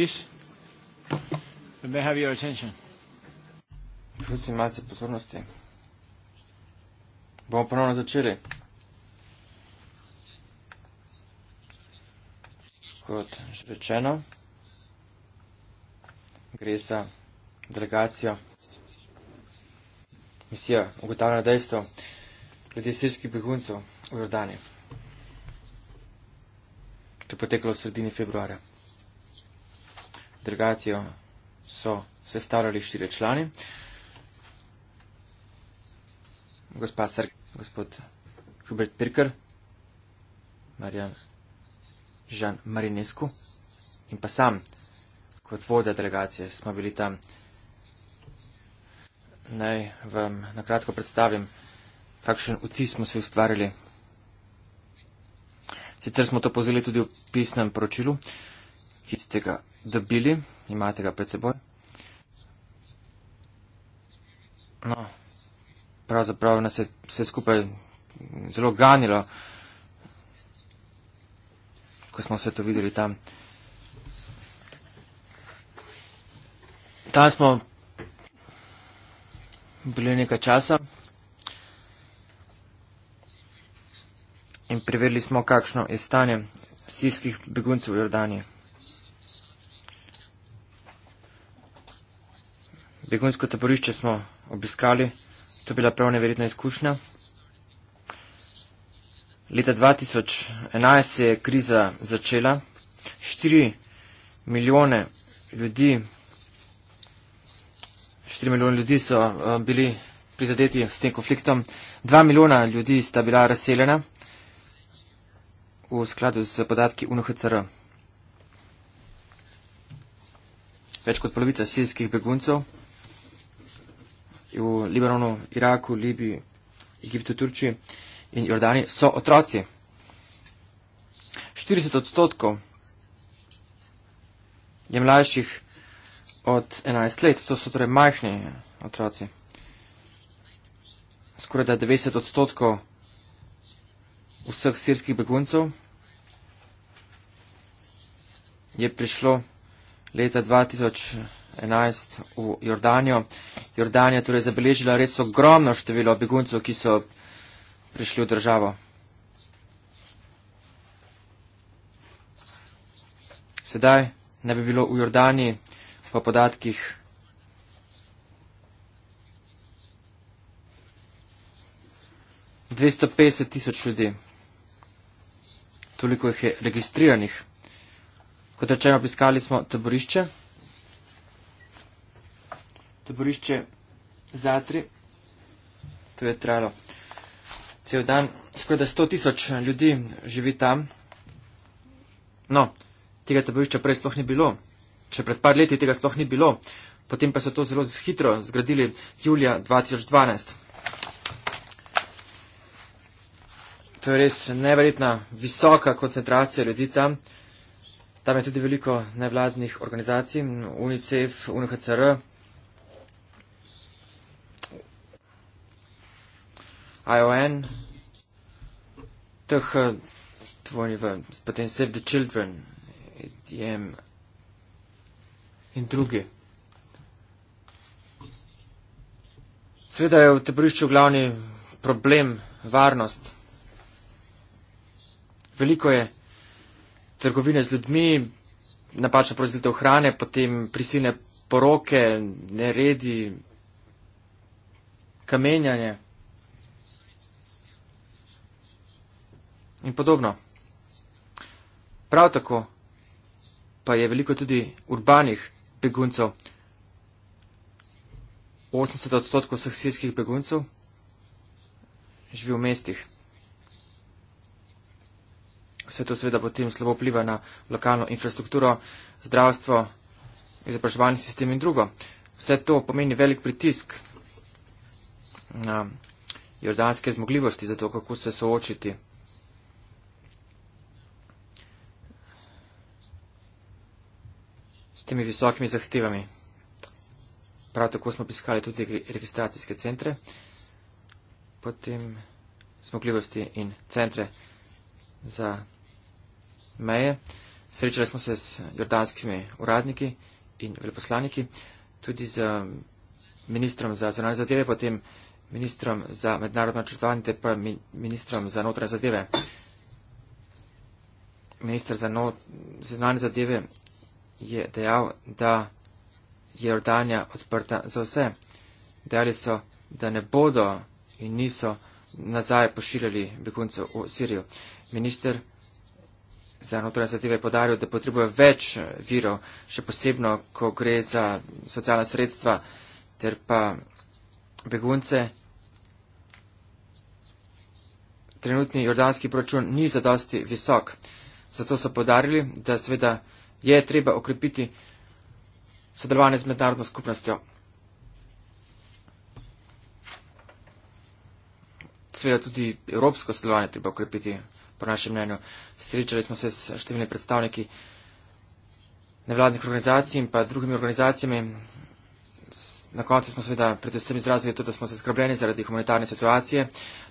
please. May I have your attention? Prosim, malce pozornosti. Bomo ponovno začeli. Kot rečeno, gre za delegacijo, misijo, ugotavljanje dejstva glede sirskih beguncev v Jordani. To je poteklo v sredini februarja delegacijo so sestavljali štiri člani. Gospa Sr. gospod Hubert Pirker, Marjan Žan Marinescu in pa sam kot vodja delegacije smo bili tam. Naj vam na kratko predstavim, kakšen vtis smo se ustvarili. Sicer smo to povzeli tudi v pisnem poročilu ki ste ga dobili, imate ga pred seboj. No, pravzaprav nas je vse skupaj zelo ganilo, ko smo vse to videli tam. Tam smo bili nekaj časa in preverili smo, kakšno je stanje sijskih beguncev v Jordaniji. Begunsko taborišče smo obiskali, to je bila prav neverjetna izkušnja. Leta 2011 se je kriza začela, 4 milijone ljudi, 4 milijone ljudi so eh, bili prizadeti s tem konfliktom, 2 milijona ljudi sta bila razseljena v skladu z podatki UNHCR. Več kot polovica sirskih beguncov v Libanonu, Iraku, Libiji, Egiptu, Turčiji in Jordani so otroci. 40 odstotkov je mlajših od 11 let, to so torej majhni otroci. Skoraj da 90 odstotkov vseh sirskih beguncev je prišlo leta 2000. 11 v Jordanijo. Jordanija torej zabeležila res ogromno število beguncev, ki so prišli v državo. Sedaj ne bi bilo v Jordaniji po podatkih. Dvesto petdeset tisoč ljudi, toliko jih je registriranih. Kot rečeno, obiskali smo taborišče taborišče Zatri. To je trajalo cel dan. Skoraj da 100 tisoč ljudi živi tam. No, tega taborišča prej sploh ni bilo. Še pred par leti tega sploh ni bilo. Potem pa so to zelo hitro zgradili julija 2012. To je res neverjetna visoka koncentracija ljudi tam. Tam je tudi veliko nevladnih organizacij, UNICEF, UNHCR. ION, TH, dvojnjiva, potem Save the Children, ATM in drugi. Sveda je v teborišču glavni problem varnost. Veliko je trgovine z ljudmi, napačna proizvitev hrane, potem prisilne poroke, neredi, kamenjanje. in podobno. Prav tako pa je veliko tudi urbanih beguncev. 80 odstotkov vseh sirskih beguncev živi v mestih. Vse to seveda potem slabo pliva na lokalno infrastrukturo, zdravstvo, izobraževalni sistem in drugo. Vse to pomeni velik pritisk na jordanske zmogljivosti za to, kako se soočiti. s temi visokimi zahtevami. Prav tako smo piskali tudi registracijske centre, potem zmogljivosti in centre za meje. Srečali smo se z jordanskimi uradniki in veleposlaniki, tudi z ministrom za zunanje zadeve, potem ministrom za mednarodno črtovanje, te pa ministrom za notranje zadeve. Ministr za zunanje zadeve je dejal, da je Jordanija odprta za vse. Dejali so, da ne bodo in niso nazaj pošiljali beguncev v Sirijo. Minister za notranje zadeve je podaril, da potrebuje več virov, še posebno, ko gre za socialna sredstva ter pa begunce. Trenutni jordanski proračun ni zadosti visok. Zato so podarili, da seveda je treba okrepiti sodelovanje z mednarodno skupnostjo. Sveda tudi evropsko sodelovanje treba okrepiti, po našem mnenju. Srečali smo se s številni predstavniki nevladnih organizacij in pa drugimi organizacijami. Na koncu smo seveda predvsem izrazili to, da smo se skrbljeni zaradi humanitarne situacije.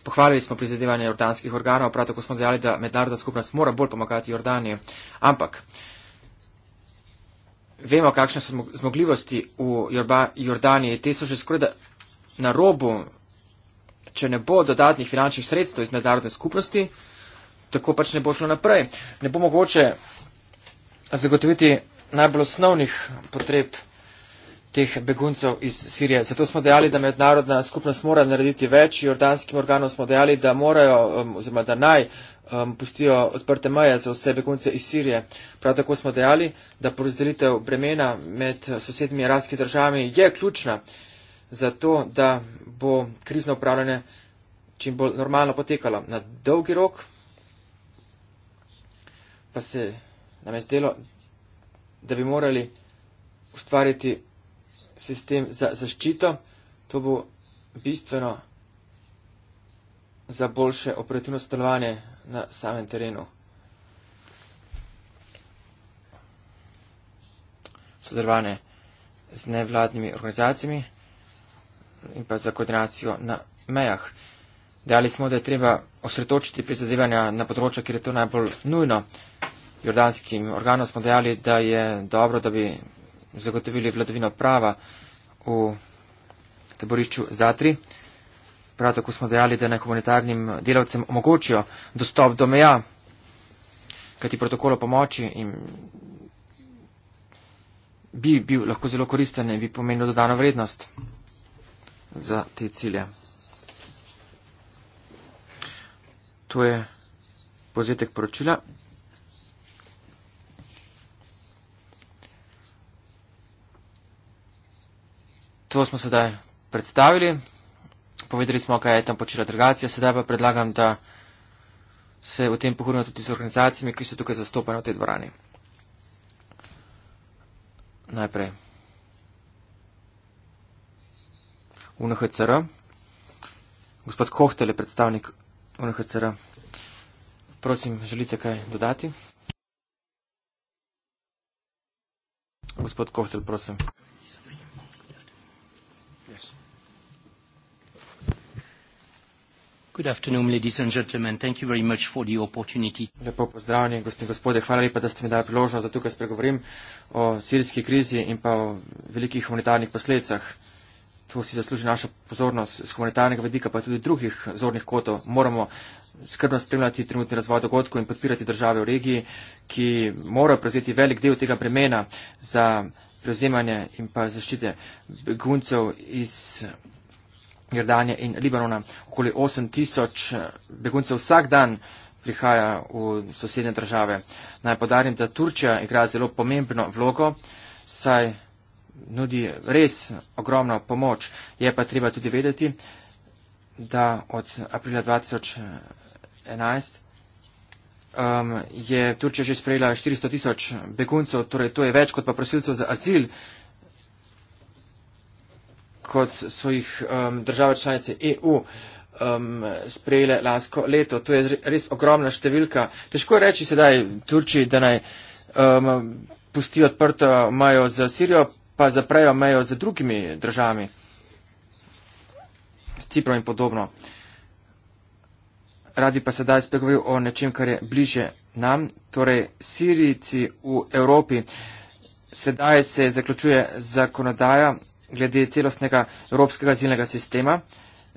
Pohvalili smo prizadevanje jordanskih organov, prav tako smo dejali, da mednarodna skupnost mora bolj pomagati Jordanijo. Ampak vemo, kakšne so zmogljivosti v Jordaniji. Te so že skoraj na robu, če ne bo dodatnih finančnih sredstev iz mednarodne skupnosti, tako pač ne bo šlo naprej. Ne bo mogoče zagotoviti najbolj osnovnih potreb teh beguncev iz Sirije. Zato smo dejali, da mednarodna skupnost mora narediti več. Jordanskim organom smo dejali, da morajo, um, oziroma da naj um, pustijo odprte meje za vse begunce iz Sirije. Prav tako smo dejali, da porazdelitev bremena med sosednjimi iranskimi državami je ključna za to, da bo krizno upravljanje čim bolj normalno potekalo. Na dolgi rok pa se nam je zdelo, da bi morali ustvariti sistem za zaščito. To bo bistveno za boljše operativno sodelovanje na samem terenu. Sodelovanje z nevladnimi organizacijami in pa za koordinacijo na mejah. Dejali smo, da je treba osredotočiti prizadevanja na področju, kjer je to najbolj nujno. Jordanskim organom smo dejali, da je dobro, da bi zagotovili vladavino prava v taborišču Zatri. Prav tako smo dejali, da naj humanitarnim delavcem omogočijo dostop do meja, kajti protokol o pomoči in bi bil lahko zelo koristen in bi pomenil dodano vrednost za te cilje. To je pozetek poročila. To smo sedaj predstavili povedali smo, kaj je tam počela delegacija, sedaj pa predlagam, da se o tem pogovorimo tudi z organizacijami, ki so tukaj zastopane v tej dvorani. Najprej. UNHCR. Gospod Kohtel je predstavnik UNHCR. Prosim, želite kaj dodati? Gospod Kohtel, prosim. Good afternoon, ladies and gentlemen. Thank you very much for the opportunity. Lepo pozdravljeni, gospod gospode. Hvala lepa, da ste mi dali priložnost, da tukaj spregovorim o sirski krizi in pa o velikih humanitarnih posledicah. To si zasluži naša pozornost z humanitarnega vedika, pa tudi drugih zornih kotov. Moramo skrbno spremljati trenutni razvoj dogodkov in podpirati države v regiji, ki morajo prevzeti velik del tega bremena za prevzemanje in pa zaščite beguncev iz Jordanije in Libanona. Okoli 8 tisoč eh, beguncev vsak dan prihaja v sosednje države. Naj podarim, da Turčija igra zelo pomembno vlogo, saj nudi res ogromno pomoč. Je pa treba tudi vedeti, da od aprila 2011 um, je Turčija že sprejela 400 tisoč beguncev, torej to je več kot pa prosilcev za azil kot so jih um, države članice EU um, sprejele lansko leto. To je res ogromna številka. Težko je reči sedaj Turčiji, da naj um, pustijo odprto mejo za Sirijo, pa zaprejo mejo za drugimi državami, s Ciprom in podobno. Radi pa sedaj spet govorijo o nečem, kar je bliže nam, torej Sirici v Evropi. Sedaj se zaključuje zakonodaja glede celostnega evropskega zilnega sistema.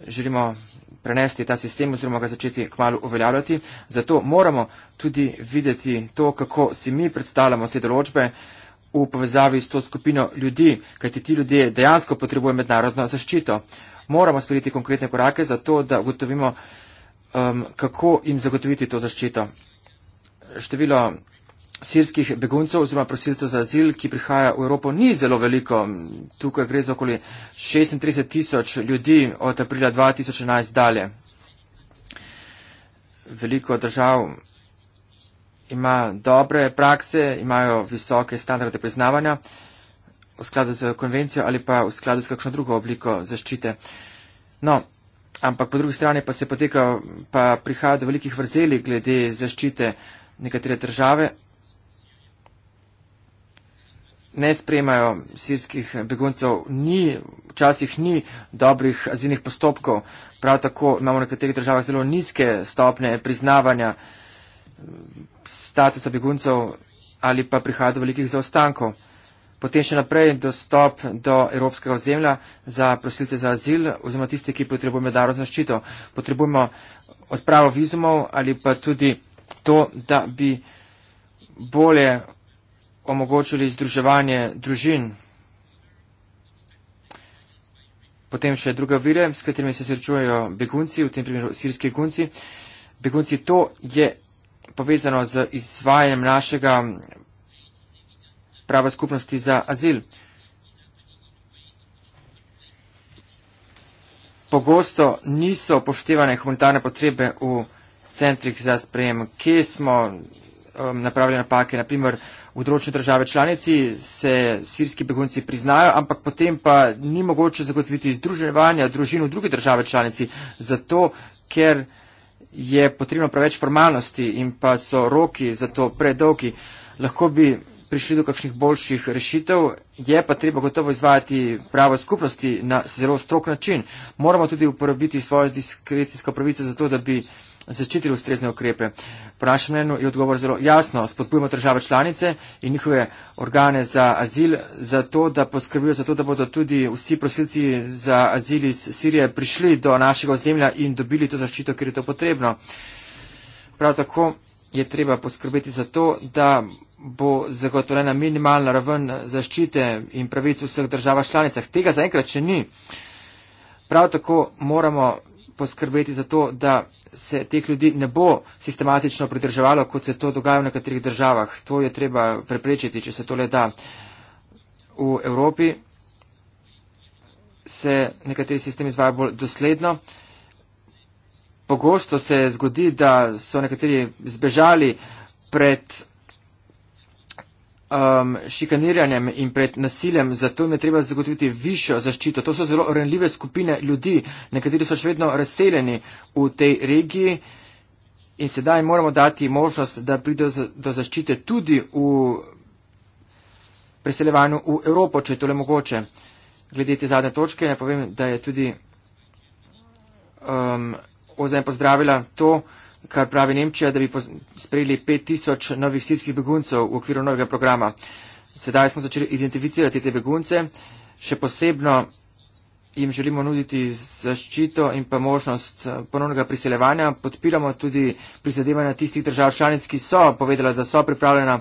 Želimo prenesti ta sistem oziroma ga začeti kmalo uveljavljati. Zato moramo tudi videti to, kako si mi predstavljamo te določbe v povezavi s to skupino ljudi, kajti ti ljudje dejansko potrebujejo mednarodno zaščito. Moramo sprejeti konkretne korake za to, da ugotovimo, um, kako jim zagotoviti to zaščito. Število sirskih beguncev oziroma prosilcev za azil, ki prihaja v Evropo, ni zelo veliko. Tukaj gre za okoli 36 tisoč ljudi od aprila 2011 dalje. Veliko držav ima dobre prakse, imajo visoke standarde priznavanja v skladu z konvencijo ali pa v skladu z kakšno drugo obliko zaščite. No, ampak po drugi strani pa se poteka, pa prihaja do velikih vrzeli glede zaščite nekatere države, ne sprejmajo sirskih beguncev, ni, včasih ni dobrih azilnih postopkov. Prav tako imamo v nekaterih državah zelo nizke stopne priznavanja eh, statusa beguncev ali pa prihaja do velikih zaostankov. Potem še naprej dostop do evropskega ozemlja za prosilce za azil oziroma tiste, ki potrebujemo daro zaščito. Potrebujemo odpravo vizumov ali pa tudi to, da bi bolje omogočili združevanje družin. Potem še druga vire, s katerimi se srečujejo begunci, v tem primeru sirski begunci. Begunci, to je povezano z izvajanjem našega prava skupnosti za azil. Pogosto niso poštevane humanitarne potrebe v centrih za sprejem, kje smo, um, napravili napake. Naprimer, v določene države članici se sirski begunci priznajo, ampak potem pa ni mogoče zagotoviti združevanja družin v druge države članici, zato ker je potrebno preveč formalnosti in pa so roki za to predolgi. Lahko bi prišli do kakšnih boljših rešitev, je pa treba gotovo izvajati pravo skupnosti na zelo strok način. Moramo tudi uporabiti svojo diskrecijsko pravico za to, da bi zaščitili ustrezne ukrepe. Po našem mnenju je odgovor zelo jasno. Spodbujamo države članice in njihove organe za azil, za to, da poskrbijo za to, da bodo tudi vsi prosilci za azil iz Sirije prišli do našega ozemlja in dobili to zaščito, ker je to potrebno. Prav tako je treba poskrbeti za to, da bo zagotovljena minimalna raven zaščite in pravic v vseh državah članicah. Tega zaenkrat še ni. Prav tako moramo poskrbeti za to, da se teh ljudi ne bo sistematično pridrževalo, kot se to dogaja v nekaterih državah. To je treba preprečiti, če se tole da. V Evropi se nekateri sistemi izvajajo bolj dosledno. Pogosto se zgodi, da so nekateri zbežali pred um, šikaniranjem in pred nasiljem, zato jim je treba zagotoviti višjo zaščito. To so zelo ranljive skupine ljudi, nekateri so še vedno razseljeni v tej regiji in sedaj moramo dati možnost, da pridejo do zaščite tudi v preseljevanju v Evropo, če je tole mogoče. Glede te zadnje točke, ja povem, da je tudi um, ozem pozdravila to, kar pravi Nemčija, da bi sprejeli 5000 novih sirskih beguncev v okviru novega programa. Sedaj smo začeli identificirati te begunce, še posebno jim želimo nuditi zaščito in pa možnost eh, ponovnega priseljevanja. Podpiramo tudi prizadevanja tistih držav članic, ki so povedala, da so pripravljena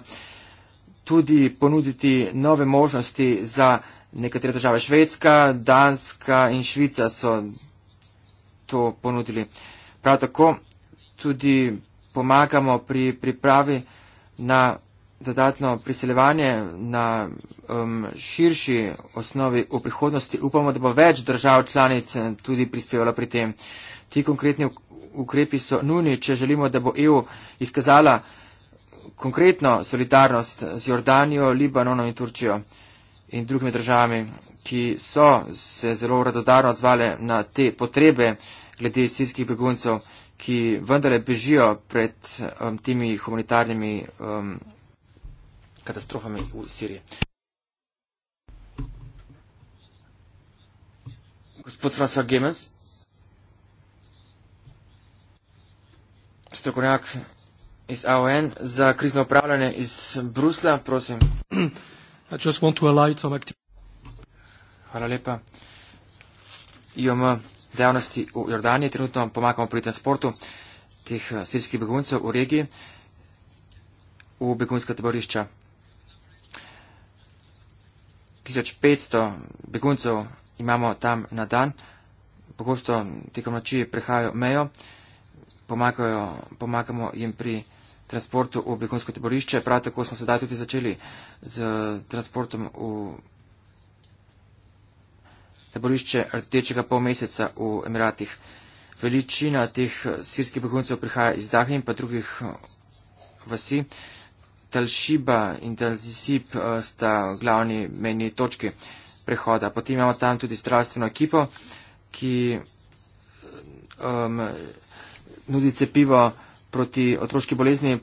tudi ponuditi nove možnosti za nekatere države. Švedska, Danska in Švica so to ponudili. Prav tako tudi pomagamo pri pripravi na dodatno priseljevanje na um, širši osnovi v prihodnosti. Upamo, da bo več držav članic eh, tudi prispevalo pri tem. Ti konkretni ukrepi so nujni, če želimo, da bo EU izkazala konkretno solidarnost z Jordanijo, Libanonom in Turčijo in drugimi državami, ki so se zelo radodarno odzvale na te potrebe glede sirskih beguncev ki vendarle bežijo pred um, temi humanitarnimi um, katastrofami v Siriji. Gospod François Gemes, strokovnjak iz AON za krizno upravljanje iz Brusla, prosim. Hvala lepa. Jo ima dejavnosti v Jordaniji, trenutno pomagamo pri transportu teh eh, sirskih beguncev v regiji v begunska taborišča. 1500 beguncev imamo tam na dan, pogosto tekom noči prehajajo mejo, pomagajo, pomagamo jim pri transportu v begunsko taborišče. Prav tako smo sedaj tudi začeli z transportom v taborišče rdečega polmeseca v Emiratih. Veličina teh sirskih beguncev prihaja iz Dahe in pa drugih eh, vasi. Talšiba in Talzisib eh, sta glavni meni točki prehoda. Potem imamo tam tudi zdravstveno ekipo, ki um, nudi cepivo proti otroški bolezni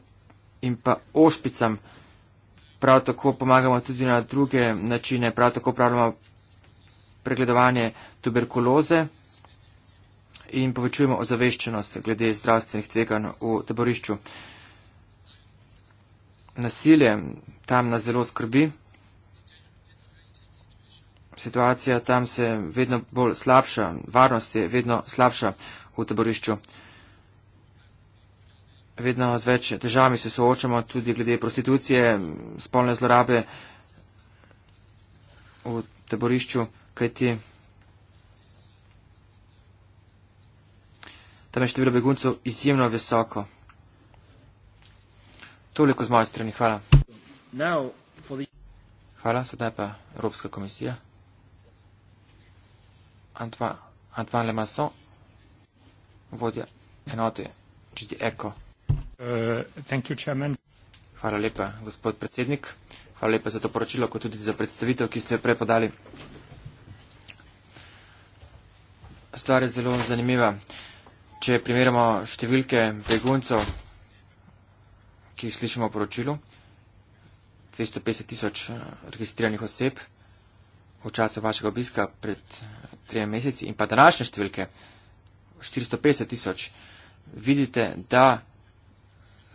in pa ošpicam. Prav tako pomagamo tudi na druge načine, prav tako pravimo pregledovanje tuberkuloze in povečujemo ozaveščenost glede zdravstvenih tveganj v taborišču. Nasilje tam nas zelo skrbi. Situacija tam se vedno bolj slabša, varnost je vedno slabša v taborišču. Vedno z več težavami se soočamo, tudi glede prostitucije, spolne zlorabe v taborišču kajti tam je število beguncev izjemno visoko. Toliko z moje strani, hvala. Hvala, sedaj pa Evropska komisija. Antoine, Antoine Lemasson, vodja enote GD ECO. Uh, hvala lepa, gospod predsednik. Hvala lepa za to poročilo, kot tudi za predstavitev, ki ste jo prej podali stvar je zelo zanimiva. Če primerjamo številke beguncov, ki jih slišimo v poročilu, 250 tisoč eh, registriranih oseb v času vašega obiska pred eh, tremi meseci in pa današnje številke, 450 tisoč, vidite, da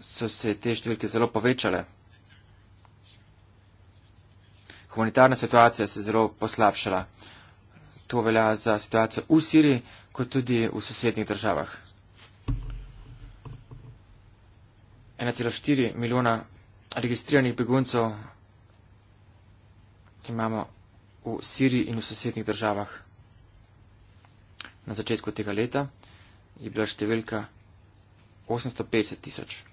so se te številke zelo povečale. Humanitarna situacija se je zelo poslabšala. To velja za situacijo v Siriji, kot tudi v sosednjih državah. 1,4 milijona registriranih beguncev imamo v Siriji in v sosednjih državah. Na začetku tega leta je bila številka 850 tisoč.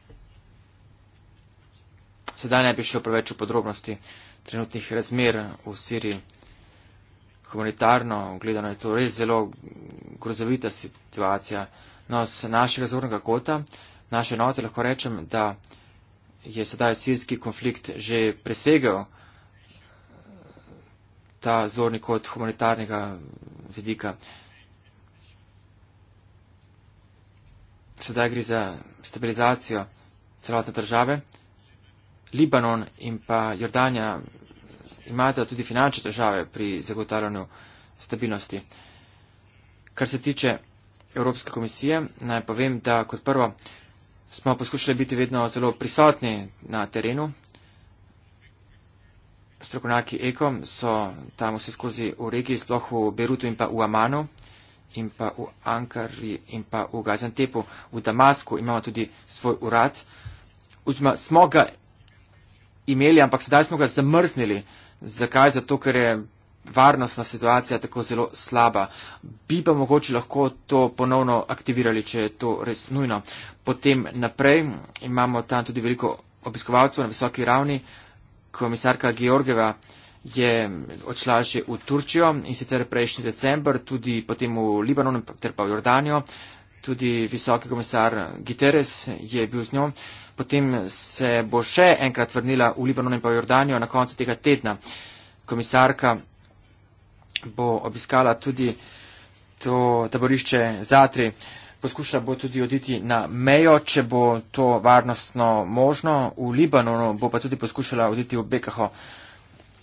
Sedaj ne bi šel preveč v podrobnosti trenutnih razmer v Siriji humanitarno, gledano je to res zelo grozovita situacija. No, z našega zornega kota, naše note lahko rečem, da je sedaj sirski konflikt že presegel eh, ta zorni kot humanitarnega vidika. Sedaj gre za stabilizacijo celotne države. Libanon in pa Jordanija imate tudi finančne težave pri zagotavljanju stabilnosti. Kar se tiče Evropske komisije, naj povem, da kot prvo smo poskušali biti vedno zelo prisotni na terenu. Strokovnjaki EKO so tam vsi skozi v regiji, sploh v Berutu in pa v Amanu in pa v Ankari in pa v Gazantepu. V Damasku imamo tudi svoj urad. Uzma, smo ga imeli, ampak sedaj smo ga zamrznili. Zakaj? Zato, ker je varnostna situacija tako zelo slaba. Bi pa mogoče lahko to ponovno aktivirali, če je to res nujno. Potem naprej imamo tam tudi veliko obiskovalcev na visoki ravni. Komisarka Georgeva je odšla že v Turčijo in sicer prejšnji december, tudi potem v Libanon ter pa v Jordanijo. Tudi visoki komisar Giteres je bil z njo potem se bo še enkrat vrnila v Libanon in pa v Jordanijo na koncu tega tedna. Komisarka bo obiskala tudi to taborišče Zatri. Poskušala bo tudi oditi na mejo, če bo to varnostno možno. V Libanonu bo pa tudi poskušala oditi v Bekaho.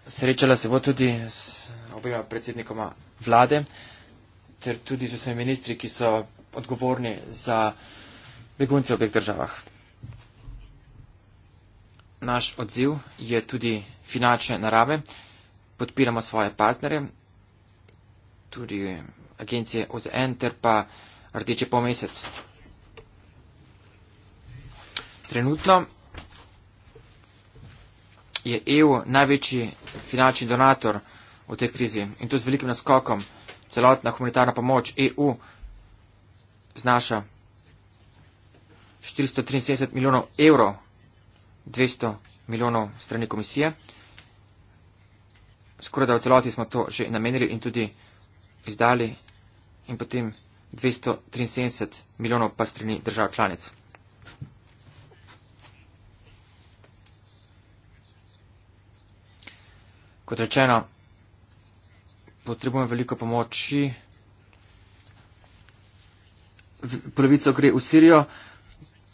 Srečala se bo tudi s obima predsednikoma vlade ter tudi z vsemi ministri, ki so odgovorni za begunce v obeh državah naš odziv je tudi finančne narave. Podpiramo svoje partnere, tudi agencije OZN ter pa Rdeče polmesec. Trenutno je EU največji finančni donator v tej krizi in to z velikim naskokom. Celotna humanitarna pomoč EU znaša 473 milijonov evrov 200 milijonov strani komisije. Skoraj da v celoti smo to že namenili in tudi izdali in potem 273 milijonov pa strani držav članic. Kot rečeno, potrebujem veliko pomoči. Polovico gre v Sirijo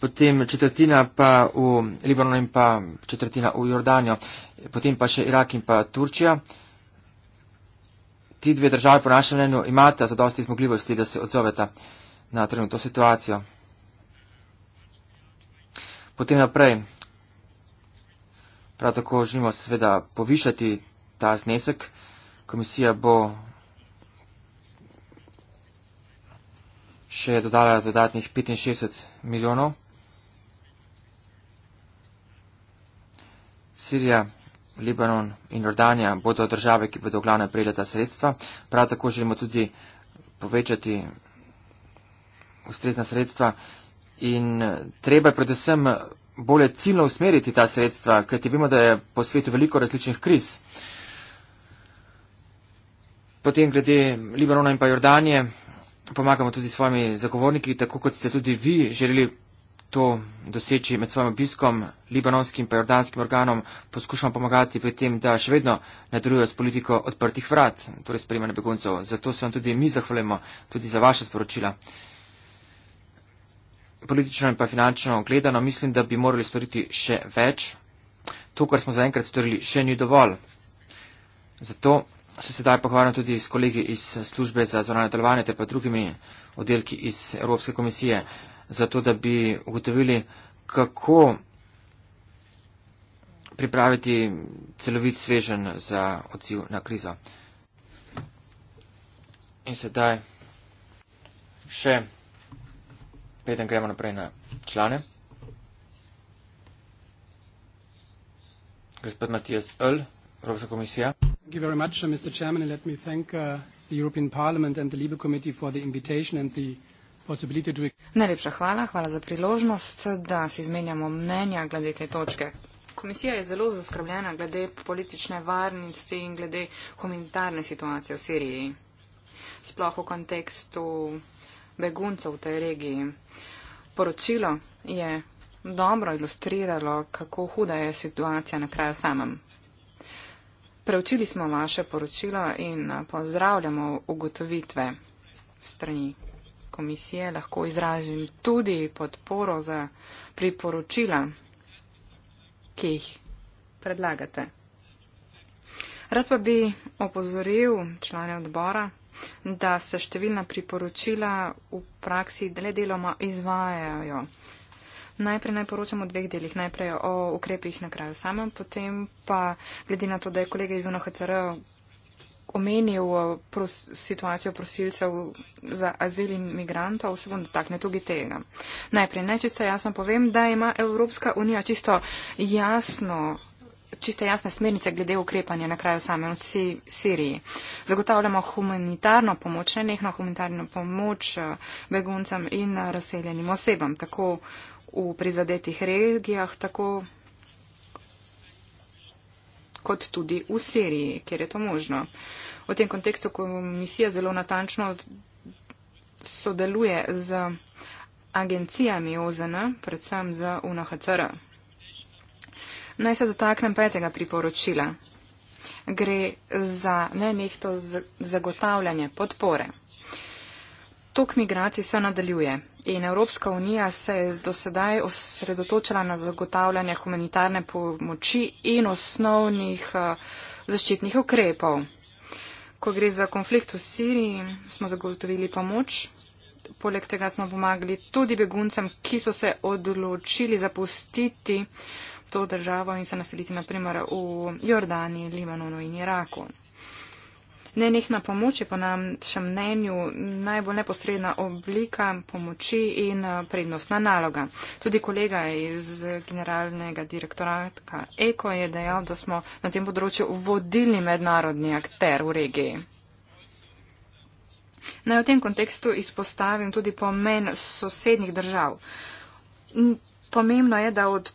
potem četrtina pa v Libanonu in pa četrtina v Jordanijo, potem pa še Irak in pa Turčija. Ti dve države, po našem mnenju, imata zadosti zmogljivosti, da se odzoveta na trenutno situacijo. Potem naprej, prav tako želimo seveda povišati ta znesek. Komisija bo še dodala dodatnih 65 milijonov. Sirija, Libanon in Jordanija bodo države, ki bodo glavne prejele ta sredstva. Prav tako želimo tudi povečati ustrezna sredstva in eh, treba je predvsem bolje ciljno usmeriti ta sredstva, kajti vemo, da je po svetu veliko različnih kriz. Potem glede Libanona in pa Jordanije pomagamo tudi s svojimi zagovorniki, tako kot ste tudi vi želeli to doseči med svojim obiskom, libanonskim pa jordanskim organom poskušamo pomagati pri tem, da še vedno nadaljujejo s politiko odprtih vrat, torej sprejemanje beguncev. Zato se vam tudi mi zahvaljujemo, tudi za vaše sporočila. Politično in pa finančno gledano mislim, da bi morali storiti še več. To, kar smo zaenkrat storili, še ni dovolj. Zato se sedaj pohvalim tudi s kolegi iz službe za zvonanje delovanje ter pa drugimi oddelki iz Evropske komisije zato da bi ugotovili, kako pripraviti celovit svežen za odziv na krizo. In sedaj še, preden gremo naprej na člane. Gospod Matijas Öl, Evropska komisija. Thank you very much, uh, Mr. Chairman, and let me thank uh, the European Parliament and the Libre Committee for the invitation and the Najlepša hvala, hvala za priložnost, da se izmenjamo mnenja glede te točke. Komisija je zelo zaskrbljena glede politične varnosti in glede humanitarne situacije v Siriji, sploh v kontekstu beguncev v tej regiji. Poročilo je dobro ilustriralo, kako huda je situacija na kraju samem. Preučili smo vaše poročilo in pozdravljamo ugotovitve strani komisije lahko izrazim tudi podporo za priporočila, ki jih predlagate. Rad pa bi opozoril člane odbora, da se številna priporočila v praksi le deloma izvajajo. Najprej naj poročam o dveh delih, najprej o ukrepih na kraju samem, potem pa glede na to, da je kolega iz UNHCR omenil eh, pros, situacijo prosilcev za azil in migrantov, se bom dotaknil tudi tega. Najprej, najčisto jasno povem, da ima Evropska unija čisto jasno čiste jasne smernice glede ukrepanja na kraju same v Siriji. Zagotavljamo humanitarno pomoč, nenehno humanitarno pomoč eh, beguncem in razseljenim osebam, tako v prizadetih regijah, tako kot tudi v Siriji, kjer je to možno. V tem kontekstu komisija zelo natančno sodeluje z agencijami OZN, predvsem z UNHCR. Naj se dotaknem petega priporočila. Gre za nenehto zagotavljanje podpore. Tok migracij se nadaljuje in Evropska unija se je dosedaj osredotočila na zagotavljanje humanitarne pomoči in osnovnih eh, zaščitnih ukrepov. Ko gre za konflikt v Siriji, smo zagotovili pomoč. Poleg tega smo pomagali tudi beguncem, ki so se odločili zapustiti to državo in se naseliti naprimer v Jordani, Libanonu in Iraku. Nenehna pomoč je po našem mnenju najbolj neposredna oblika pomoči in eh, prednostna naloga. Tudi kolega iz generalnega direktorata Eko je dejal, da smo na tem področju vodilni mednarodni akter v regiji. Naj v tem kontekstu izpostavim tudi pomen sosednih držav. Pomembno je, da, od,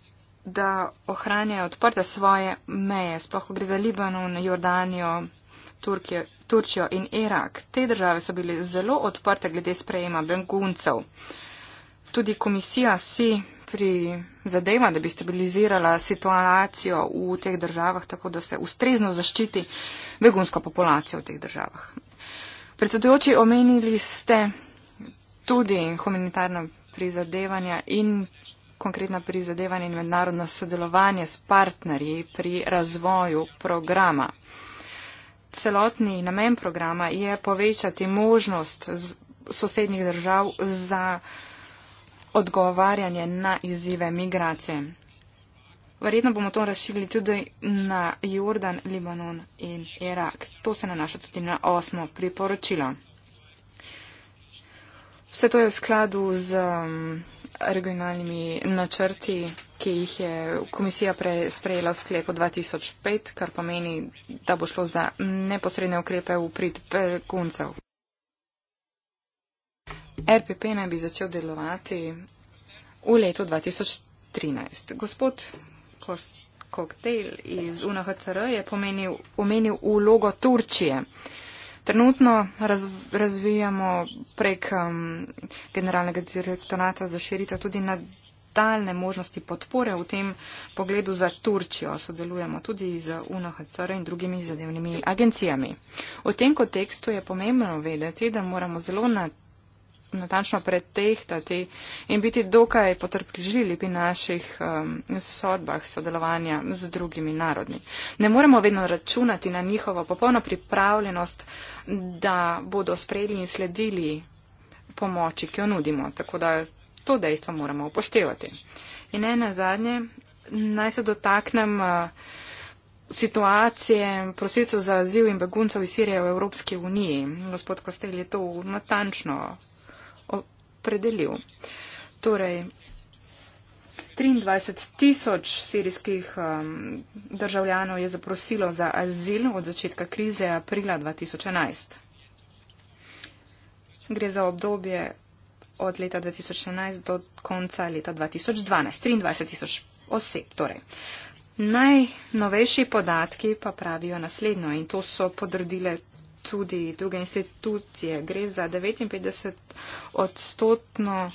da ohranjajo odprte svoje meje, sploh ko gre za Libanon, Jordanijo, Turkijo, Turčijo in Irak. Te države so bili zelo odprte glede sprejema beguncev. Tudi komisija si pri zadeva, da bi stabilizirala situacijo v teh državah, tako da se ustrezno zaščiti begunsko populacijo v teh državah. Predsedujoči, omenili ste tudi humanitarno prizadevanje in konkretna prizadevanja in mednarodno sodelovanje s partnerji pri razvoju programa celotni namen programa je povečati možnost sosednjih držav za odgovarjanje na izzive migracije. Verjetno bomo to razširili tudi na Jordan, Libanon in Irak. To se nanaša tudi na osmo priporočilo. Vse to je v skladu z um, regionalnimi načrti ki jih je komisija pre, sprejela v sklepu 2005, kar pomeni, da bo šlo za neposredne ukrepe v prid beguncev. RPP naj bi začel delovati v letu 2013. Gospod Kost. Koktejl iz UNHCR je pomenil, omenil ulogo Turčije. Trenutno raz, razvijamo prek um, generalnega direktorata za širitev tudi na daljne možnosti podpore v tem pogledu za Turčijo. Sodelujemo tudi z UNHCR in drugimi zadevnimi agencijami. V tem kontekstu je pomembno vedeti, da moramo zelo natančno pretehtati in biti dokaj potrpežljivi pri naših um, sodbah sodelovanja z drugimi narodi. Ne moremo vedno računati na njihovo popolno pripravljenost, da bodo sprejeli in sledili pomoči, ki jo nudimo. Tako da to dejstvo moramo upoštevati. In ena zadnje, naj se dotaknem eh, situacije prosilcev za azil in beguncev iz Sirije v Evropski uniji. Gospod Kostel je to natančno opredelil. Torej, 23 tisoč sirijskih um, državljanov je zaprosilo za azil od začetka krize aprila 2011. Gre za obdobje od leta 2011 do konca leta 2012, 23 tisoč oseb. Torej. Najnovejši podatki pa pravijo naslednjo in to so podrdile tudi druge institucije. Gre za 59 odstotno.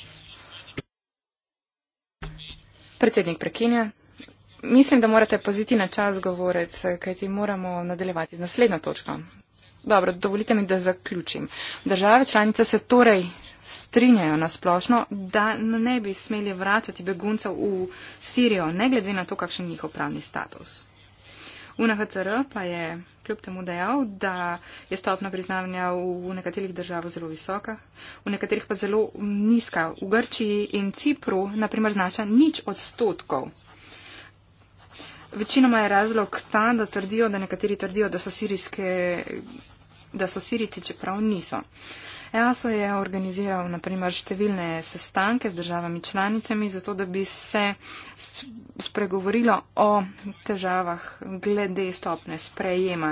Predsednik prekinja. Mislim, da morate paziti na čas govorec, kajti moramo nadaljevati z naslednjo točko. Dobro, dovolite mi, da zaključim. Države članice se torej strinjajo na splošno, da ne bi smeli vračati beguncev v Sirijo, ne glede na to, kakšen je njihov pravni status. UNHCR pa je kljub temu dejal, da je stopna priznanja v nekaterih državah zelo visoka, v nekaterih pa zelo nizka. V Grčiji in Cipru, naprimer, znaša nič odstotkov. Večinoma je razlog ta, da trdijo, da nekateri trdijo, da so, sirijske, da so siriti, čeprav niso. EASO je organiziral naprimer številne sestanke z državami članicami, zato da bi se spregovorilo o težavah glede stopne sprejema.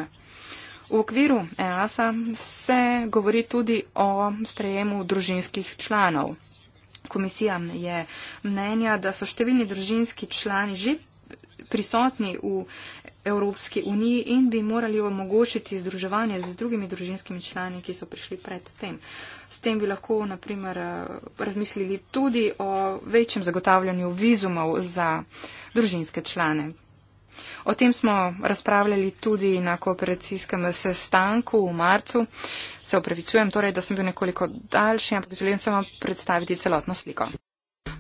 V okviru EASA se govori tudi o sprejemu družinskih članov. Komisija je mnenja, da so številni družinski člani že prisotni v Evropski uniji in bi morali omogočiti združevanje z drugimi družinskimi člani, ki so prišli pred tem. S tem bi lahko, naprimer, eh, razmislili tudi o večjem zagotavljanju vizumov za družinske člane. O tem smo razpravljali tudi na kooperacijskem sestanku v marcu. Se opravičujem, torej, da sem bil nekoliko daljši, ampak želim samo predstaviti celotno sliko.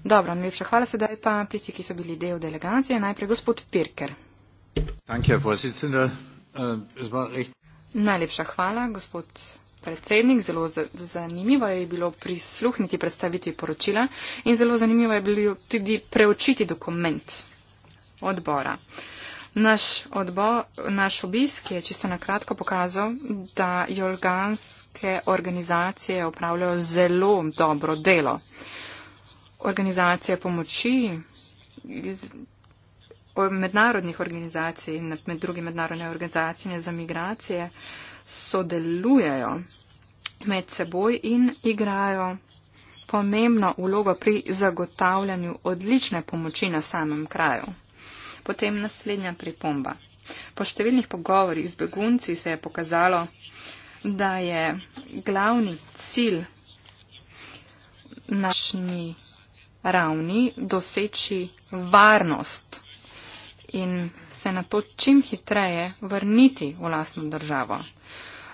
Dobro, najlepša hvala sedaj pa tisti, ki so bili del delegacije. Najprej gospod Pirker. Äh, Najlepša hvala, gospod predsednik. Zelo zanimivo je bilo prisluhniti predstaviti poročila in zelo zanimivo je bilo tudi preučiti dokument odbora. Naš, odbo, naš obisk je čisto na kratko pokazal, da jolganske organizacije upravljajo zelo dobro delo. Organizacije pomoči iz, mednarodnih organizacij, med drugim mednarodne organizacije za migracije, sodelujejo med seboj in igrajo pomembno vlogo pri zagotavljanju odlične pomoči na samem kraju. Potem naslednja pripomba. Po številnih pogovorih z begunci se je pokazalo, da je glavni cilj našni ravni doseči varnost in se na to čim hitreje vrniti v lastno državo.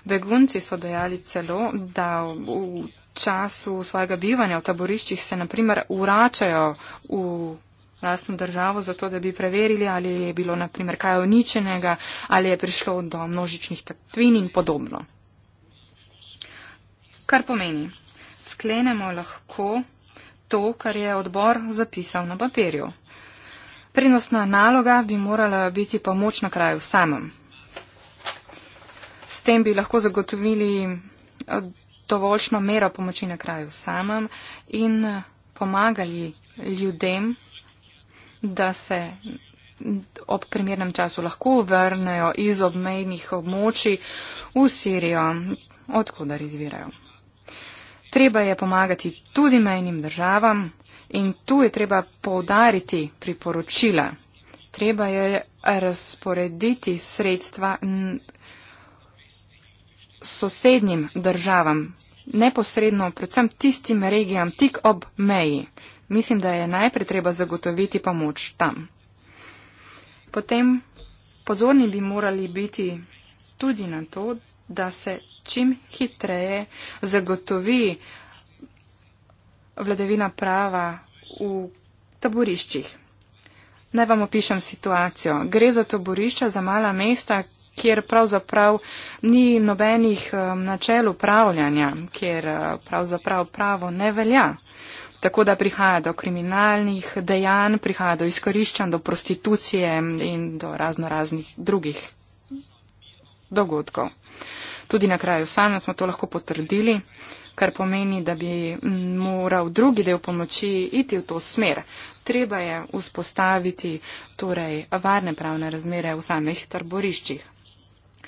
Begunci so dejali celo, da v času svojega bivanja v taboriščih se naprimer vračajo v lastno državo, zato da bi preverili, ali je bilo naprimer kaj uničenega, ali je prišlo do množičnih tatvin in podobno. Kar pomeni, sklenemo lahko to, kar je odbor zapisal na papirju. Prednostna naloga bi morala biti pomoč na kraju samem. S tem bi lahko zagotovili eh, dovoljšno mero pomoči na kraju samem in eh, pomagali ljudem, da se ob primernem času lahko vrnejo iz obmejnih območij v Sirijo, odkudar izvirajo. Treba je pomagati tudi mejnim državam. In tu je treba povdariti priporočila. Treba je razporediti sredstva sosednjim državam, neposredno predvsem tistim regijam tik ob meji. Mislim, da je najprej treba zagotoviti pomoč tam. Potem pozorni bi morali biti tudi na to, da se čim hitreje zagotovi uh, vladavina prava v taboriščih. Naj vam opišem situacijo. Gre za taborišča, za mala mesta, kjer pravzaprav ni nobenih um, načel upravljanja, kjer uh, pravzaprav pravo ne velja. Tako da prihaja do kriminalnih dejanj, prihaja do izkoriščanj, do prostitucije in do razno raznih drugih dogodkov. Tudi na kraju samem smo to lahko potrdili. Uh, kar pomeni, da bi moral drugi del pomoči iti v to smer. Treba je vzpostaviti torej varne pravne razmere v samih tarboriščih.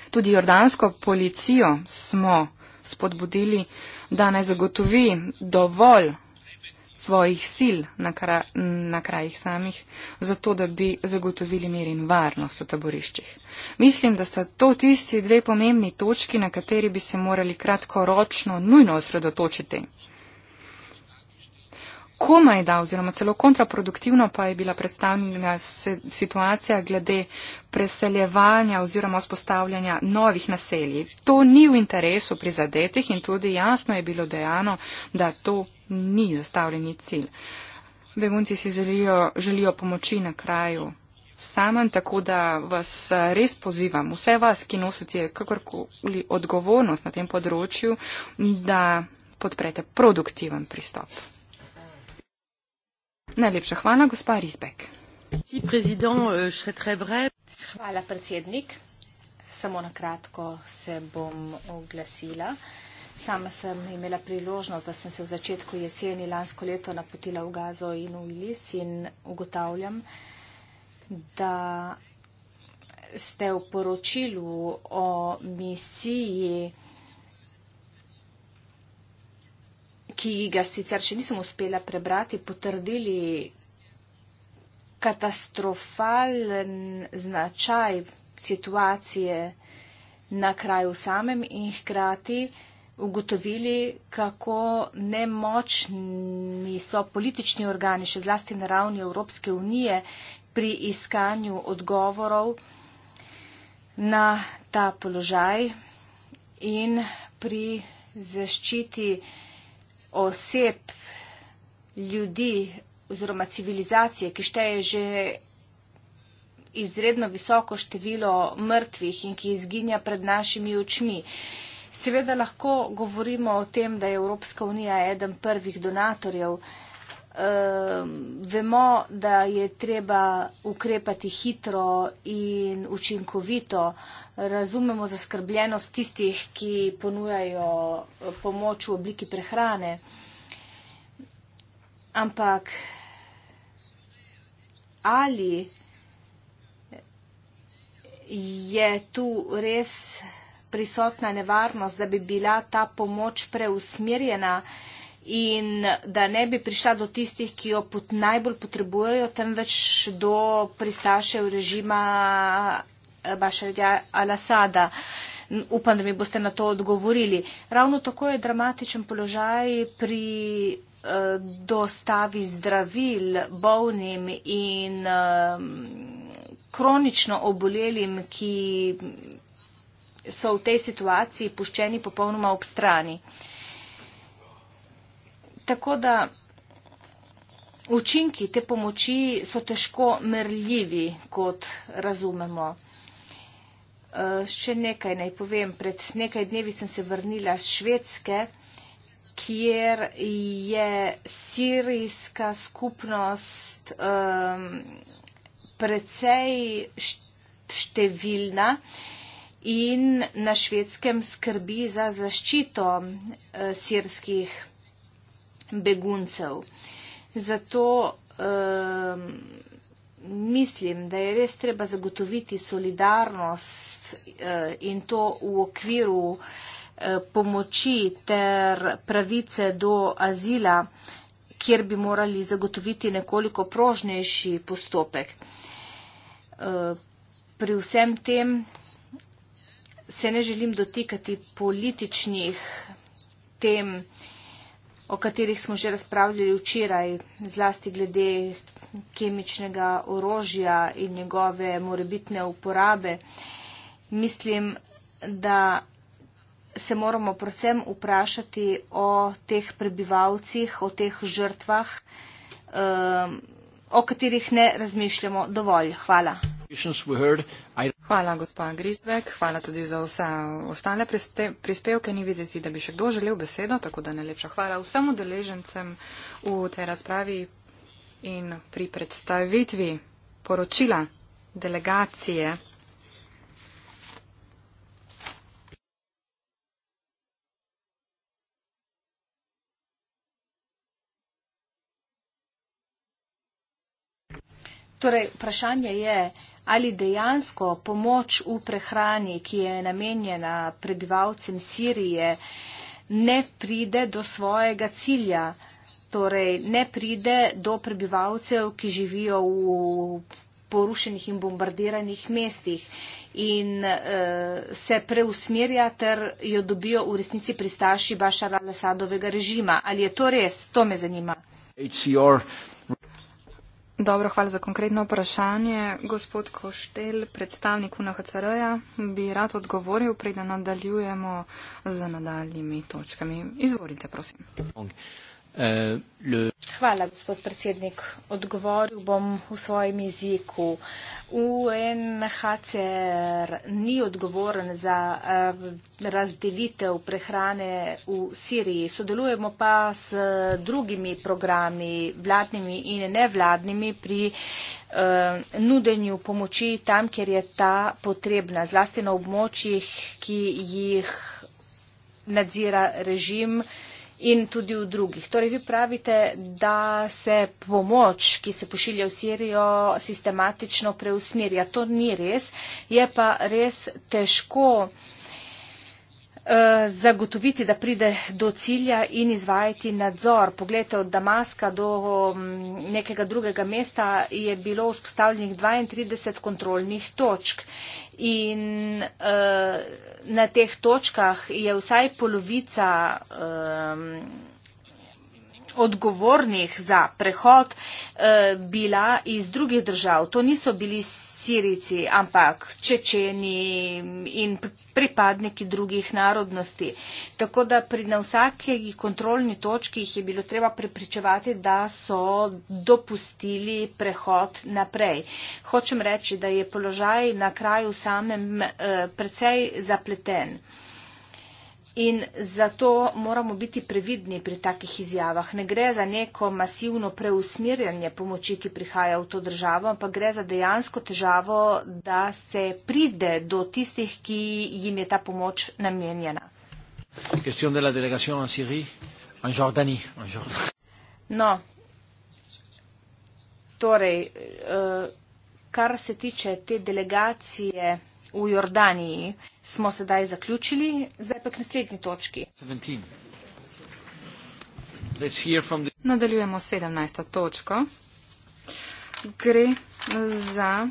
Tudi jordansko policijo smo spodbudili, da naj zagotovi dovolj svojih sil na, kra, na krajih samih, zato da bi zagotovili mir in varnost v taboriščih. Mislim, da sta to tisti dve pomembni točki, na kateri bi se morali kratkoročno nujno osredotočiti komaj da oziroma celo kontraproduktivno pa je bila predstavljena situacija glede preseljevanja oziroma vzpostavljanja novih naselij. To ni v interesu prizadetih in tudi jasno je bilo dejano, da to ni zastavljeni cilj. Begunci si želijo, želijo pomoči na kraju samem, tako da vas res pozivam, vse vas, ki nosite kakorkoli odgovornost na tem področju, da podprete produktiven pristop. Najlepša hvala, gospa Rizbek. Eh, hvala, predsednik. Samo na kratko se bom oglasila. Sama sem imela priložnost, da sem se v začetku jeseni lansko leto napotila v Gazo in v Ilis in ugotavljam, da ste v poročilu o misiji ki ga sicer še nisem uspela prebrati, potrdili katastrofalen značaj situacije na kraju samem in hkrati ugotovili, kako nemočni so politični organi, še zlasti na ravni Evropske unije, pri iskanju odgovorov na ta položaj in pri zaščiti oseb, ljudi oziroma civilizacije, ki šteje že izredno visoko število mrtvih in ki izginja pred našimi očmi. Seveda lahko govorimo o tem, da je Evropska unija eden prvih donatorjev uh, vemo, da je treba ukrepati hitro in učinkovito. Razumemo zaskrbljenost tistih, ki ponujajo eh, pomoč v obliki prehrane. Ampak ali je tu res prisotna nevarnost, da bi bila ta pomoč preusmerjena? in da ne bi prišla do tistih, ki jo pot, najbolj potrebujejo, temveč do pristašev režima eh, Bašarja Al-Asada. Upam, da mi boste na to odgovorili. Ravno tako je dramatičen položaj pri eh, dostavi zdravil bolnim in eh, kronično obolelim, ki so v tej situaciji puščeni popolnoma ob strani. Eh, Tako da učinki te pomoči so težko merljivi, kot razumemo. E, še nekaj naj povem. Pred nekaj dnevi sem se vrnila z Švedske, kjer je sirijska skupnost um, precej številna in na švedskem skrbi za zaščito e, sirskih beguncev. Zato um, mislim, da je res treba zagotoviti solidarnost uh, in to v okviru uh, pomoči ter pravice do azila, kjer bi morali zagotoviti nekoliko prožnejši postopek. Uh, pri vsem tem se ne želim dotikati političnih tem, uh, o katerih smo že razpravljali včeraj, zlasti glede kemičnega orožja in njegove morebitne uporabe, mislim, da se moramo predvsem vprašati o teh prebivalcih, o teh žrtvah, ehm, o katerih ne razmišljamo dovolj. Hvala. Hvala, gospa Grisbek. Hvala tudi za vse ostale prispevke. Ni videti, da bi še kdo želel besedo, tako da najlepša hvala vsem udeležencem v tej razpravi in pri predstavitvi poročila delegacije. Torej, vprašanje je, ali dejansko pomoč v prehrani, ki je namenjena prebivalcem Sirije, ne pride do svojega cilja, torej ne pride do prebivalcev, ki živijo v porušenih in bombardiranih mestih in uh, se preusmerja, ter jo dobijo v resnici pristaši Bašara Lasadovega režima. Ali je to res? To me zanima. HCR Dobro, hvala za konkretno vprašanje. Gospod Koštel, predstavnik UNHCR-ja, bi rad odgovoril, preden nadaljujemo z nadaljnimi točkami. Izvolite, prosim. Okay. Eh, Hvala, gospod predsednik. Odgovoril bom v svojem jeziku. UNHCR ni odgovoren za eh, razdelitev prehrane v Siriji. Sodelujemo pa s drugimi programi, vladnimi in nevladnimi, pri eh, nudenju pomoči tam, kjer je ta potrebna, zlasti na območjih, ki jih nadzira režim in tudi v drugih. Torej, vi pravite, da se pomoč, ki se pošilja v Sirijo, sistematično preusmerja. To ni res. Je pa res težko. Eh, zagotoviti, da pride do cilja in izvajati nadzor. Poglejte, od Damaska do mm, nekega drugega mesta je bilo vzpostavljenih 32 kontrolnih točk. In uh, na teh točkah je vsaj polovica um, odgovornih za prehod uh, bila iz drugih držav. To niso bili Sirici, ampak Čečeni in pripadniki drugih narodnosti. Tako da pri na vsakej kontrolni točki jih je bilo treba prepričevati, da so dopustili prehod naprej. Hočem reči, da je položaj na kraju samem eh, precej zapleten. Eh, In zato moramo biti previdni pri takih izjavah. Ne gre za neko masivno preusmirjanje pomoči, ki prihaja v to državo, ampak gre za dejansko težavo, da se pride do tistih, ki jim je ta pomoč namenjena. No, torej, eh, kar se tiče te delegacije v Jordaniji, smo sedaj zaključili, zdaj pa k naslednji točki. Nadaljujemo 17. točko. Gre za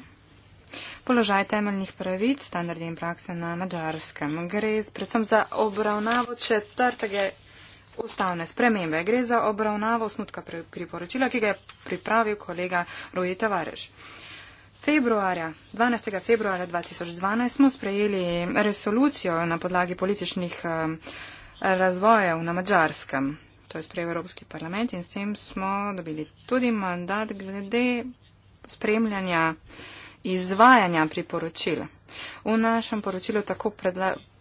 položaj temeljnih pravic, standardi in prakse na mačarskem. Gre predvsem za obravnavo četrtega ustavne spremembe. Gre za obravnavo osnutka priporočila, ki ga je pripravil kolega Roji Tavarež. Februarja, 12. februarja 2012 smo sprejeli resolucijo na podlagi političnih eh, razvojev na Mačarskem. To je sprejel Evropski parlament in s tem smo dobili tudi mandat glede spremljanja izvajanja priporočila. V našem poročilu tako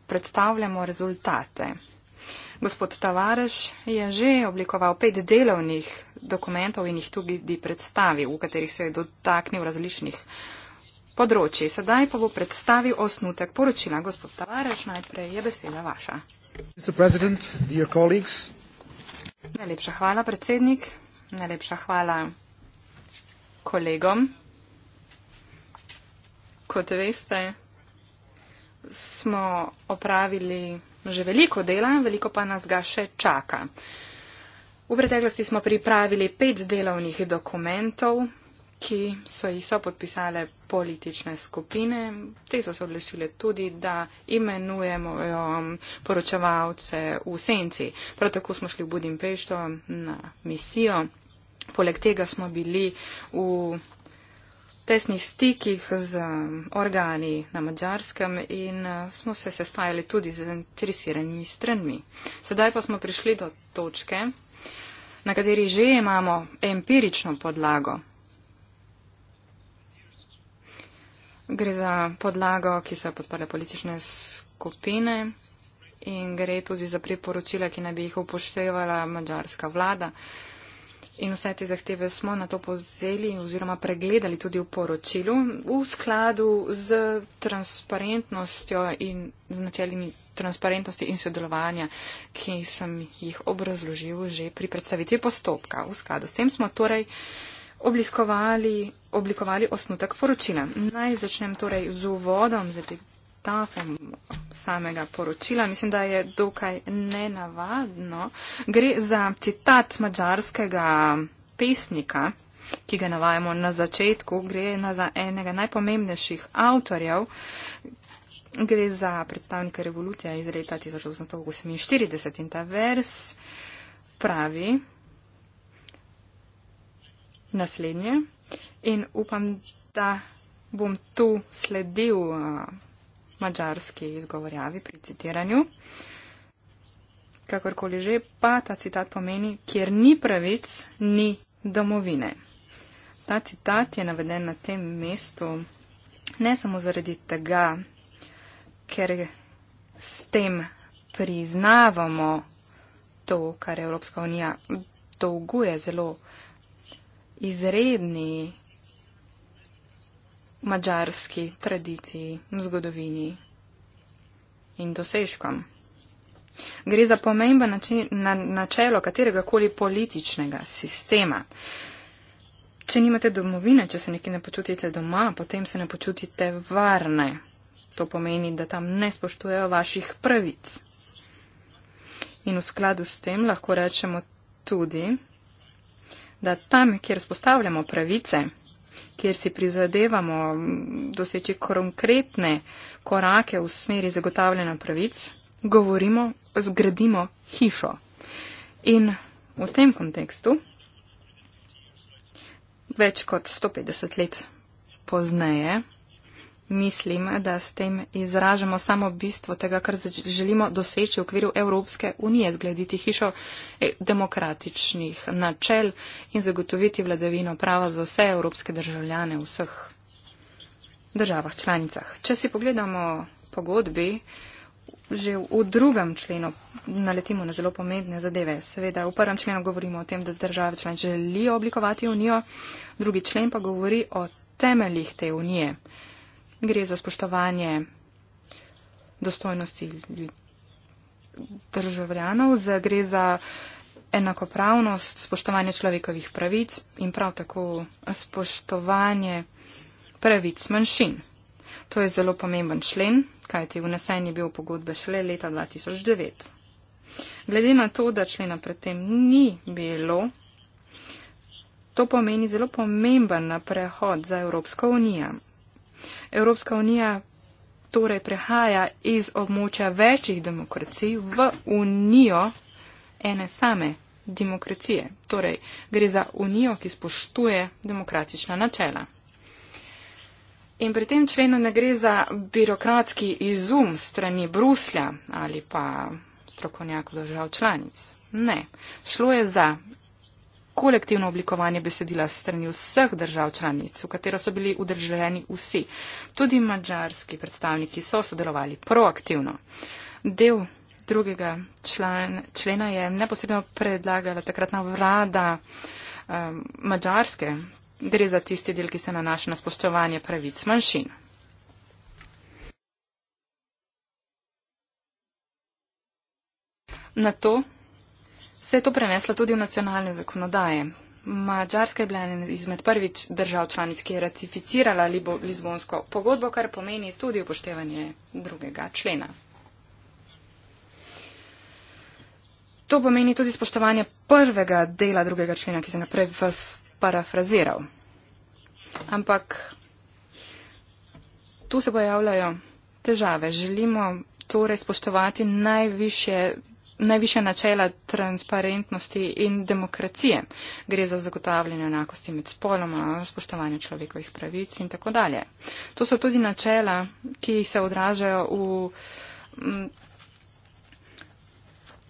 predstavljamo rezultate. Gospod Tavareš je že oblikoval pet delovnih dokumentov in jih tudi predstavil, v katerih se je dotaknil različnih področji. Sedaj pa bo predstavil osnutek poročila. Gospod Tavareš, najprej je beseda vaša. Najlepša hvala, predsednik. Najlepša hvala kolegom. Kot veste, smo opravili že veliko dela, veliko pa nas ga še čaka. V preteklosti smo pripravili pet delovnih dokumentov, ki so jih so podpisale politične skupine. Te so se odločile tudi, da imenujemo um, poročevalce v senci. Prav tako smo šli v Budimpešto na misijo. Poleg tega smo bili v tesnih stikih z um, organi na Mačarskem in uh, smo se sestajali tudi z interesiranimi stranmi. Sedaj pa smo prišli do točke, na kateri že imamo empirično podlago. Gre za podlago, ki so podpale politične skupine in gre tudi za priporočila, ki naj bi jih upoštevala mađarska vlada. Uh, in vse te zahteve smo na to povzeli oziroma pregledali tudi v poročilu v skladu z transparentnostjo in z načelimi transparentnosti in sodelovanja, ki sem jih obrazložil že pri predstavitvi postopka. V skladu s tem smo torej oblikovali osnutek poročila. Naj začnem torej z uvodom, zdaj etapom samega poročila. Mislim, da je dokaj nenavadno. Gre za citat mađarskega pesnika, ki ga navajamo na začetku. Gre na za enega najpomembnejših avtorjev. Gre za predstavnika revolucije iz leta 1848 in ta vers pravi naslednje. In upam, da bom tu sledil. Uh, mačarski izgovorjavi pri citiranju. Kakorkoli že, pa ta citat pomeni, kjer ni pravic, ni domovine. Ta citat je naveden na tem mestu ne samo zaradi tega, ker s tem priznavamo to, kar Evropska unija dolguje zelo izredni mađarski tradiciji, zgodovini in dosežkom. Gre za pomemben način, na, načelo katerega koli političnega sistema. Če nimate domovine, če se nekje ne počutite doma, potem se ne počutite varne. To pomeni, da tam ne spoštujejo vaših pravic. In v skladu s tem lahko rečemo tudi, da tam, kjer spostavljamo pravice, kjer si prizadevamo doseči konkretne korake v smeri zagotavljanja pravic, govorimo, zgradimo hišo. In v tem kontekstu, več kot 150 let pozneje, Mislim, da s tem izražamo samo bistvo tega, kar želimo doseči v okviru Evropske unije, zgraditi hišo eh, demokratičnih načel in zagotoviti vladavino prava za vse evropske državljane v vseh državah članicah. Če si pogledamo pogodbi, že v drugem členu naletimo na zelo pomembne zadeve. Seveda, v prvem členu govorimo o tem, da države članice želijo oblikovati unijo, drugi člen pa govori o temeljih te unije gre za spoštovanje dostojnosti državljanov, za, gre za enakopravnost, spoštovanje človekovih pravic in prav tako spoštovanje pravic manjšin. To je zelo pomemben člen, kajti vnesen je bil pogodbe šele leta 2009. Glede na to, da člena predtem ni bilo, to pomeni zelo pomemben prehod za Evropsko unijo. Evropska unija torej prehaja iz območja večjih demokracij v unijo ene same demokracije. Torej, gre za unijo, ki spoštuje demokratična načela. In pri tem členu ne gre za birokratski izum strani Bruslja ali pa strokovnjakov držav članic. Ne, šlo je za kolektivno oblikovanje besedila strani vseh držav članic, v katero so bili udrželeni vsi. Tudi mađarski predstavniki so sodelovali proaktivno. Del drugega člen, člena je neposredno predlagala takratna vlada um, mađarske. Gre za tisti del, ki se nanaša na spoštovanje pravic manjšin. Na to Se je to preneslo tudi v nacionalne zakonodaje. Mačarska je bila ena izmed prvih držav članic, ki je ratificirala Lizbonsko pogodbo, kar pomeni tudi upoštevanje drugega člena. To pomeni tudi spoštovanje prvega dela drugega člena, ki sem ga prej parafraziral. Ampak tu se pojavljajo težave. Želimo torej spoštovati najviše najviše načela transparentnosti in demokracije. Gre za zagotavljanje enakosti med spoloma, spoštovanje človekovih pravic in tako dalje. To so tudi načela, ki se odražajo v, mm,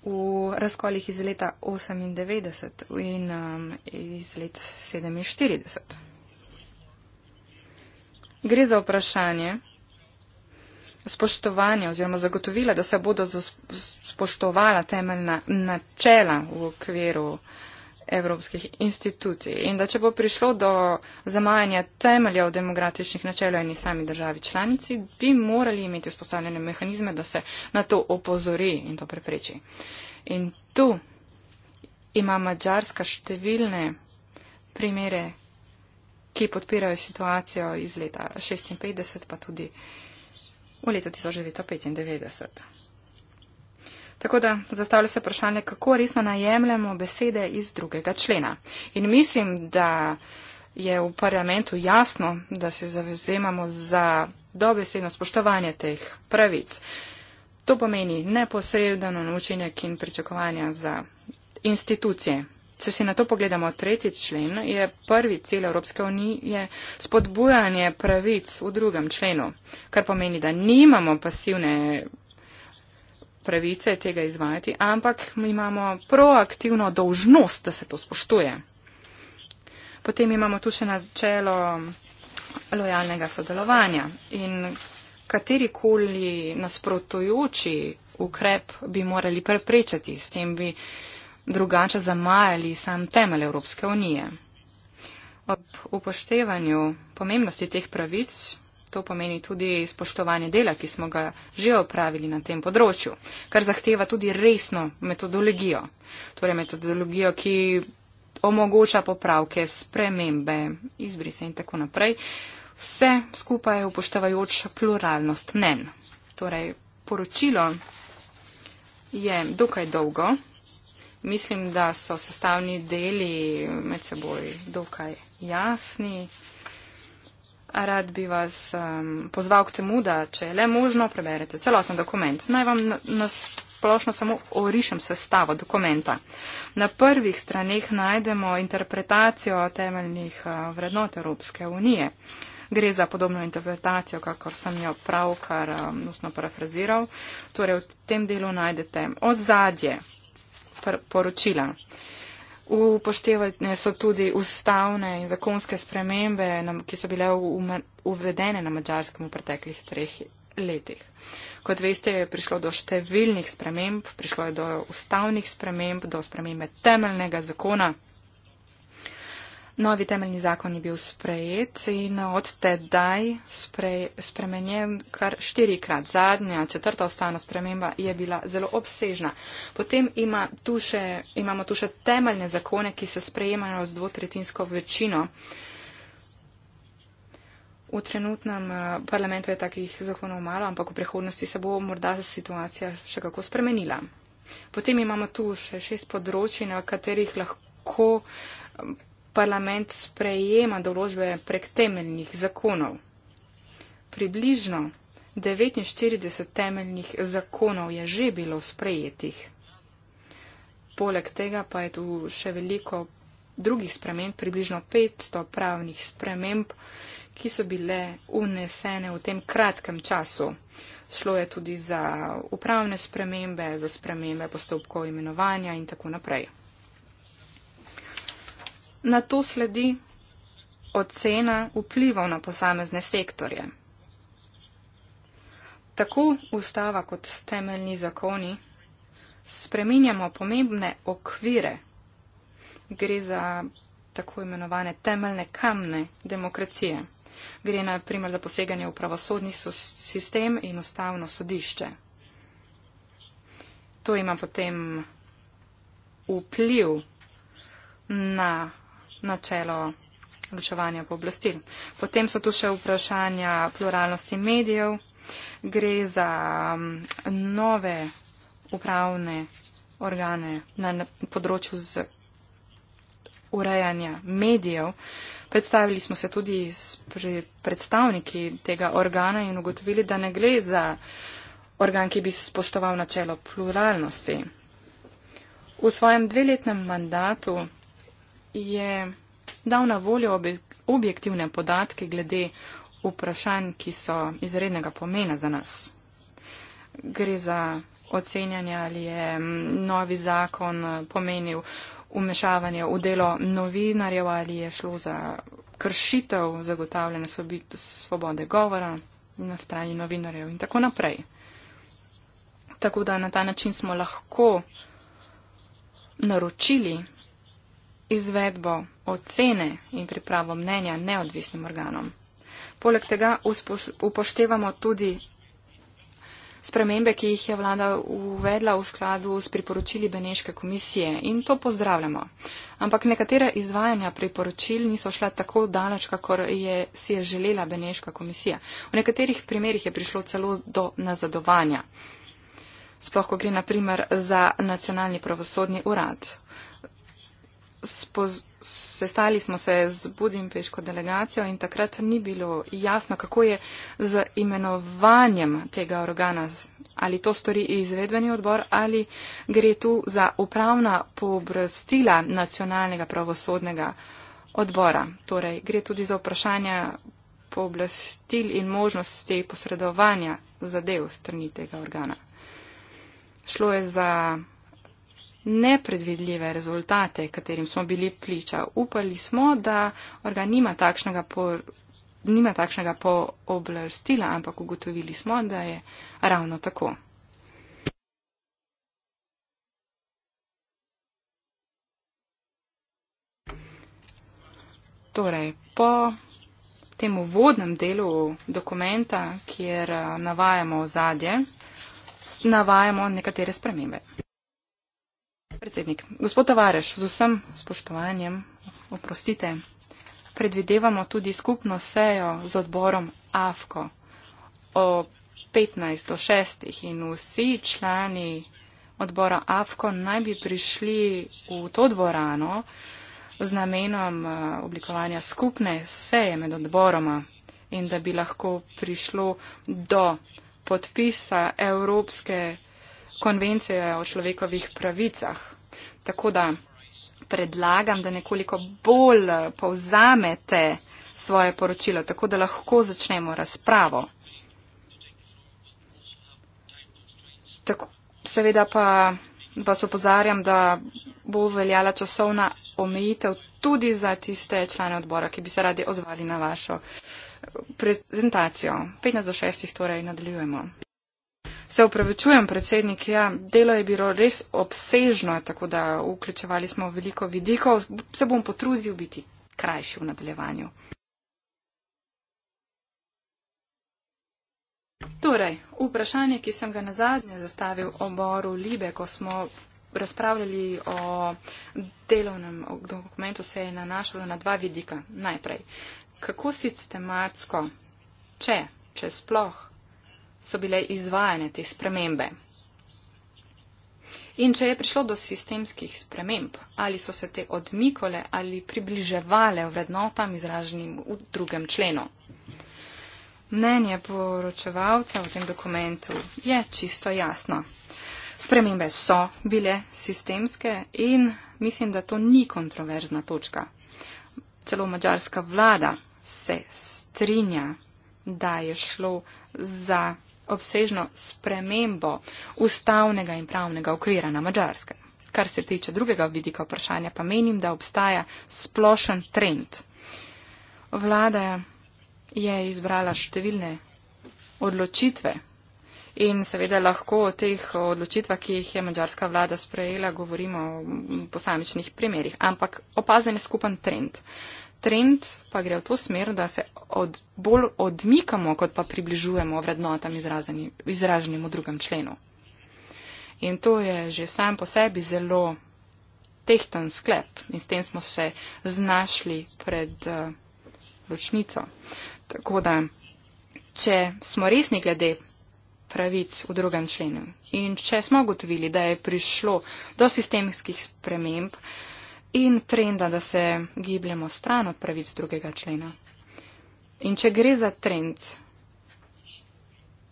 v razkolih iz leta 98 in um, iz let 47. Gre za vprašanje, spoštovanje oziroma zagotovila, da se bodo spoštovala temeljna načela v okviru evropskih institucij in da če bo prišlo do zamajanja temeljev demokratičnih načel eni sami državi članici, bi morali imeti vzpostavljene mehanizme, da se na to opozori in to prepreči. In tu ima Mačarska številne primere, ki podpirajo situacijo iz leta 1956 pa tudi v letu 1995. Tako da zastavlja se vprašanje, kako resno najemljamo besede iz drugega člena. In mislim, da je v parlamentu jasno, da se zavzemamo za dobesedno spoštovanje teh pravic. To pomeni neposredno naučenje in pričakovanja za institucije Če si na to pogledamo tretji člen, je prvi cilj Evropske unije spodbujanje pravic v drugem členu, kar pomeni, da nimamo pasivne pravice tega izvajati, ampak imamo proaktivno dožnost, da se to spoštuje. Potem imamo tu še načelo lojalnega sodelovanja in katerikoli nasprotujoči ukrep bi morali preprečati. S tem bi drugače zamajali sam temelj Evropske unije. Ob upoštevanju pomembnosti teh pravic, to pomeni tudi spoštovanje dela, ki smo ga že opravili na tem področju, kar zahteva tudi resno metodologijo. Torej metodologijo, ki omogoča popravke, spremembe, izbrise in tako naprej. Vse skupaj upoštevajoč pluralnost mnen. Torej, poročilo je dokaj dolgo mislim, da so sestavni deli med seboj dokaj jasni. Rad bi vas um, pozval k temu, da če je le možno, preberete celoten dokument. Naj vam nasplošno na samo orišem sestavo dokumenta. Na prvih straneh najdemo interpretacijo temeljnih uh, vrednot Evropske unije. Gre za podobno interpretacijo, kakor sem jo pravkar um, nusno parafraziral. Torej, v tem delu najdete ozadje poročila. Upoštevane so tudi ustavne in zakonske spremembe, ki so bile uvedene na mačarskem v preteklih treh letih. Kot veste, je prišlo do številnih sprememb, prišlo je do ustavnih sprememb, do spremembe temeljnega zakona Novi temeljni zakon je bil sprejet in od tedaj sprej, spremenjen kar štirikrat. Zadnja, četrta ustavna sprememba je bila zelo obsežna. Potem ima tu še, imamo tu še temeljne zakone, ki se sprejemajo z dvotretinsko večino. V trenutnem eh, parlamentu je takih zakonov malo, ampak v prihodnosti se bo morda situacija še kako spremenila. Potem imamo tu še šest področji, na katerih lahko parlament sprejema določbe prek temeljnih zakonov. Približno 49 temeljnih zakonov je že bilo sprejetih. Poleg tega pa je tu še veliko drugih sprememb, približno 500 pravnih sprememb, ki so bile unesene v tem kratkem času. Šlo je tudi za upravne spremembe, za spremembe postopkov imenovanja in tako naprej. Na to sledi ocena vplivov na posamezne sektorje. Tako ustava kot temeljni zakoni spreminjamo pomembne okvire. Gre za tako imenovane temeljne kamne demokracije. Gre na primer za poseganje v pravosodni sistem in ustavno sodišče. To ima potem vpliv na načelo ločevanja pooblastil. Potem so tu še vprašanja pluralnosti medijev, gre za mm, nove upravne organe na področju z urejanja medijev. Predstavili smo se tudi s predstavniki tega organa in ugotovili, da ne gre za organ, ki bi spoštoval načelo pluralnosti. V svojem dveletnem mandatu je dal na voljo objektivne podatke glede vprašanj, ki so izrednega pomena za nas. Gre za ocenjanje, ali je novi zakon eh, pomenil umešavanje v delo novinarjev, ali je šlo za kršitev zagotavljanja svobode govora na strani novinarjev in tako naprej. Tako da na ta način smo lahko naročili izvedbo ocene in pripravo mnenja neodvisnim organom. Poleg tega upoštevamo tudi spremembe, ki jih je vlada uvedla v skladu s priporočili Beneške komisije in to pozdravljamo. Ampak nekatera izvajanja priporočil niso šla tako daleč, kakor je si je želela Beneška komisija. V nekaterih primerjih je prišlo celo do nazadovanja. Sploh, ko gre naprimer za nacionalni pravosodni urad spoz, sestali smo se z Budimpeško delegacijo in takrat ni bilo jasno, kako je z imenovanjem tega organa, ali to stori izvedbeni odbor ali gre tu za upravna pobrstila nacionalnega pravosodnega odbora. Torej, gre tudi za vprašanja pooblastil in možnosti posredovanja zadev strani tega organa. Šlo je za nepredvidljive rezultate, katerim smo bili pliča. Upali smo, da organ nima takšnega, po, nima takšnega pooblastila, ampak ugotovili smo, da je ravno tako. Torej, po tem uvodnem delu dokumenta, kjer eh, navajamo ozadje, navajamo nekatere spremembe. Predsednik, gospod Tavares, z vsem spoštovanjem, oprostite, predvidevamo tudi skupno sejo z odborom AFKO o 15 do 6 in vsi člani odbora AFKO naj bi prišli v to dvorano z namenom eh, oblikovanja skupne seje med odboroma in da bi lahko prišlo do podpisa Evropske konvencije o človekovih pravicah. Tako da predlagam, da nekoliko bolj povzamete svoje poročilo, tako da lahko začnemo razpravo. Tako, seveda pa vas opozarjam, da bo veljala časovna omejitev tudi za tiste člane odbora, ki bi se radi odzvali na vašo prezentacijo. 15 do 6 torej nadaljujemo. Se upravičujem, predsednik, ja, delo je bilo res obsežno, tako da vključevali smo veliko vidikov. Se bom potrudil biti krajši v nadaljevanju. Torej, vprašanje, ki sem ga na zadnje zastavil o boru Libe, ko smo razpravljali o delovnem dokumentu, se je nanašalo na dva vidika. Najprej, kako sistematsko, če, če sploh so bile izvajane te spremembe. In če je prišlo do sistemskih sprememb, ali so se te odmikole ali približevale vrednotam izraženim v drugem členu. Mnenje poročevalca v tem dokumentu je čisto jasno. Spremembe so bile sistemske in mislim, da to ni kontroverzna točka. Celo mađarska vlada se strinja, da je šlo za obsežno spremembo ustavnega in pravnega okvira na mačarskem. Kar se tiče drugega vidika vprašanja, pa menim, da obstaja splošen trend. Vlada je izbrala številne odločitve in seveda lahko o teh odločitvah, ki jih je mačarska vlada sprejela, govorimo o posamičnih primerjih, ampak opazen je skupen trend trend pa gre v to smer, da se od, bolj odmikamo, kot pa približujemo vrednotam izraženim v drugem členu. In to je že sam po sebi zelo tehten sklep in s tem smo se znašli pred uh, ločnico. Tako da, če smo resni glede pravic v drugem členu in če smo gotovili, da je prišlo do sistemskih sprememb, uh, in trenda, da se gibljemo stran od pravic drugega člena. In če gre za trend,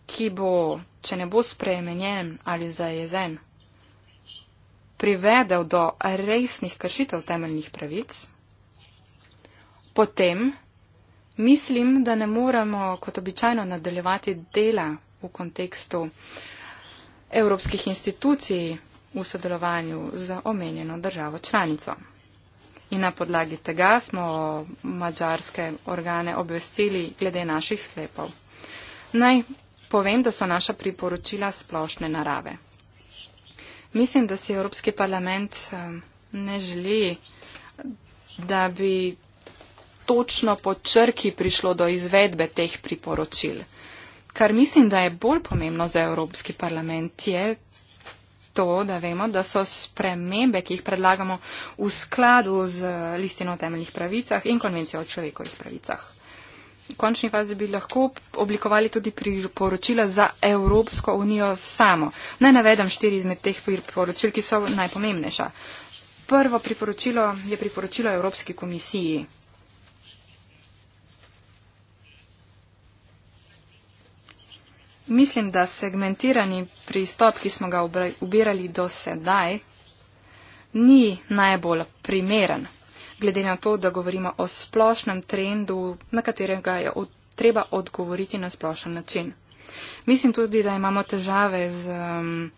ki bo, če ne bo spremenjen ali zajezen, privedel do resnih kršitev temeljnih pravic, potem mislim, da ne moremo kot običajno nadaljevati dela v kontekstu evropskih institucij v sodelovanju z omenjeno državo članico in na podlagi tega smo mađarske organe obvestili glede naših sklepov. Naj povem, da so naša priporočila splošne narave. Mislim, da si Evropski parlament ne želi, da bi točno po črki prišlo do izvedbe teh priporočil. Kar mislim, da je bolj pomembno za Evropski parlament, je, to, da vemo, da so spremembe, ki jih predlagamo, v skladu z listino o temeljnih pravicah in konvencijo o človekovih pravicah. V končni fazi bi lahko oblikovali tudi priporočila za Evropsko unijo samo. Naj navedem štiri izmed teh priporočil, ki so najpomembnejša. Prvo priporočilo je priporočilo Evropski komisiji. Mislim, da segmentirani pristop, ki smo ga ubirali do sedaj, ni najbolj primeren, glede na to, da govorimo o splošnem trendu, na katerega je od, treba odgovoriti na splošen način. Mislim tudi, da imamo težave z um,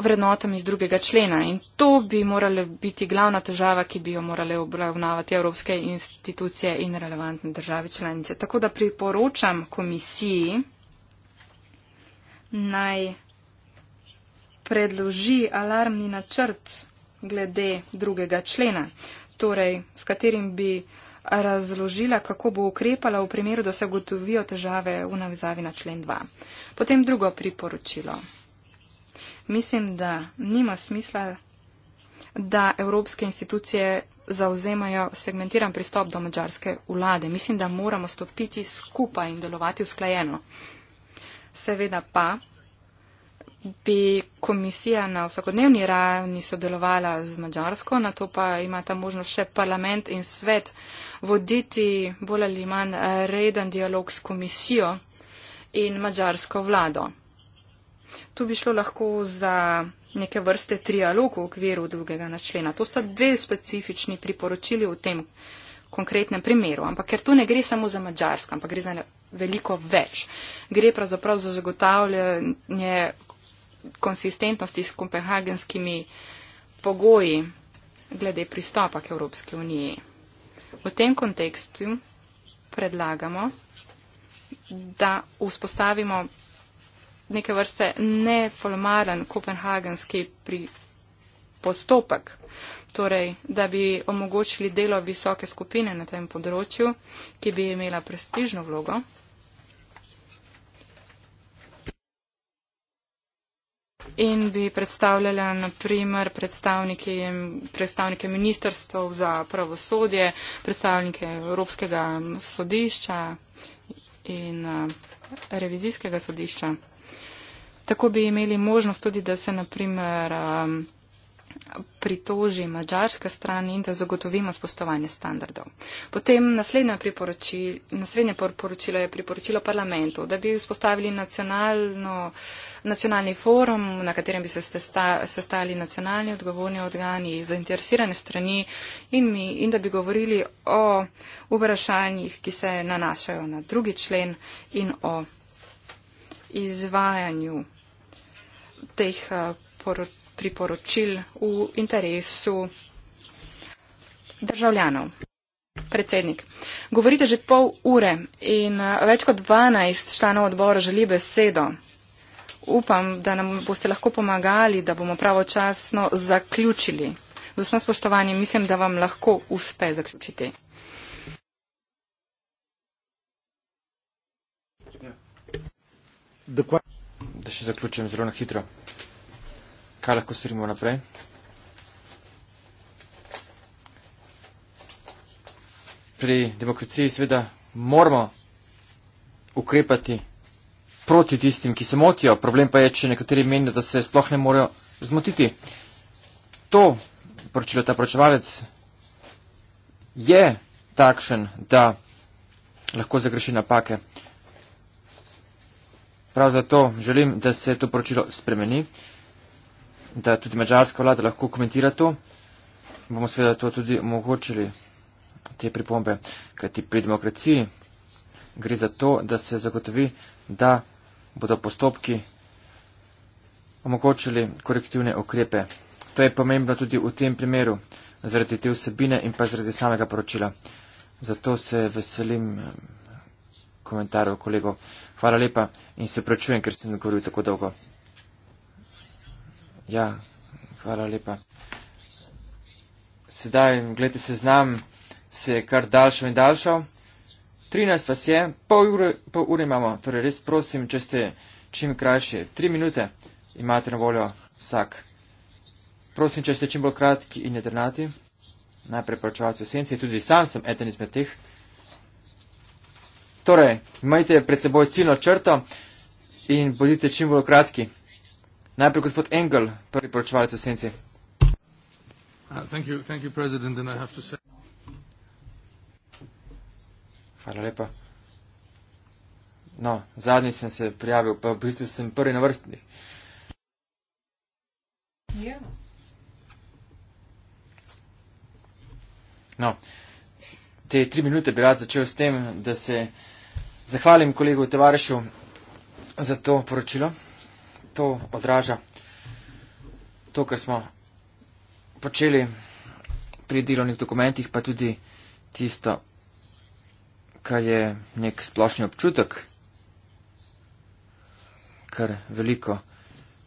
vrednotami iz drugega člena in to bi morala biti glavna težava, ki bi jo morale obravnavati evropske institucije in relevantne države članice. Tako da priporočam komisiji, naj predloži alarmni načrt glede drugega člena, torej s katerim bi razložila, kako bo ukrepala v primeru, da se ugotovijo težave v navezavi na člen 2. Potem drugo priporočilo. Mislim, da nima smisla, da evropske institucije zauzemajo segmentiran pristop do mađarske vlade. Mislim, da moramo stopiti skupaj in delovati usklajeno. Seveda pa bi komisija na vsakodnevni ravni sodelovala z Mačarsko, na to pa ima ta možnost še parlament in svet voditi bolj ali manj reden dialog s komisijo in mačarsko vlado. Tu bi šlo lahko za neke vrste trialog v okviru drugega načlena. To sta dve specifični priporočili v tem konkretnem primeru, ampak ker tu ne gre samo za Mačarsko, ampak gre za veliko več. Gre pravzaprav za zagotavljanje konsistentnosti s kopenhagenskimi pogoji glede pristopa k Evropski uniji. V tem kontekstu predlagamo, da vzpostavimo neke vrste neformalen kopenhagenski pri, postopek, torej, da bi omogočili delo visoke skupine na tem področju, ki bi imela prestižno vlogo. in bi predstavljala naprimer predstavnike, predstavnike ministrstva za pravosodje, predstavnike Evropskega sodišča in eh, revizijskega sodišča. Tako bi imeli možnost tudi, da se naprimer um, eh, pritoži mađarska stran in da zagotovimo spoštovanje standardov. Potem naslednje poročilo je priporočilo parlamentu, da bi vzpostavili nacionalni forum, na katerem bi se sestali nacionalni odgovorni organi, zainteresirane strani in, mi, in da bi govorili o vprašanjih, ki se nanašajo na drugi člen in o izvajanju teh poročil eh, priporočil v interesu državljanov. Predsednik, govorite že pol ure in eh, več kot 12 članov odbora želi besedo. Upam, da nam boste lahko pomagali, da bomo pravočasno zaključili. Z vsem spoštovanjem mislim, da vam lahko uspe zaključiti. Da še zaključim zelo na hitro kaj lahko storimo naprej? Pri demokraciji seveda moramo ukrepati proti tistim, ki se motijo. Problem pa je, če nekateri menijo, da se sploh ne morejo zmotiti. To poročilo ta poročevalec je takšen, da lahko zagreši napake. Prav zato želim, da se to poročilo spremeni da tudi mađarska vlada lahko komentira to. Bomo seveda to tudi omogočili, te pripombe, kajti pri demokraciji gre za to, da se zagotovi, da bodo postopki omogočili korektivne ukrepe. To je pomembno tudi v tem primeru, zaradi te vsebine in pa zaradi samega poročila. Zato se veselim eh, komentarjev kolegov. Hvala lepa in se prečujem, ker sem govoril tako dolgo. Ja, hvala lepa. Sedaj, gledajte, seznam se je kar daljšal in daljšal. 13 vas je, pol ure, pol ure imamo, torej res prosim, če ste čim krajši, 3 minute imate na voljo vsak. Prosim, če ste čim bolj kratki in jedrnati, najprej pročevalci v senci, tudi sam sem eden izmed teh. Torej, imajte pred seboj ciljno črto in bodite čim bolj kratki. Najprej gospod Engel, prvi poročevalec v senci. Uh, Hvala lepa. No, zadnji sem se prijavil, pa v bistvu sem prvi na vrsti. Ja. No, te tri minute bi rad začel s tem, da se zahvalim kolegu Tevarešu za to poročilo to odraža to, kar smo počeli pri delovnih dokumentih, pa tudi tisto, kar je nek splošni občutek, kar veliko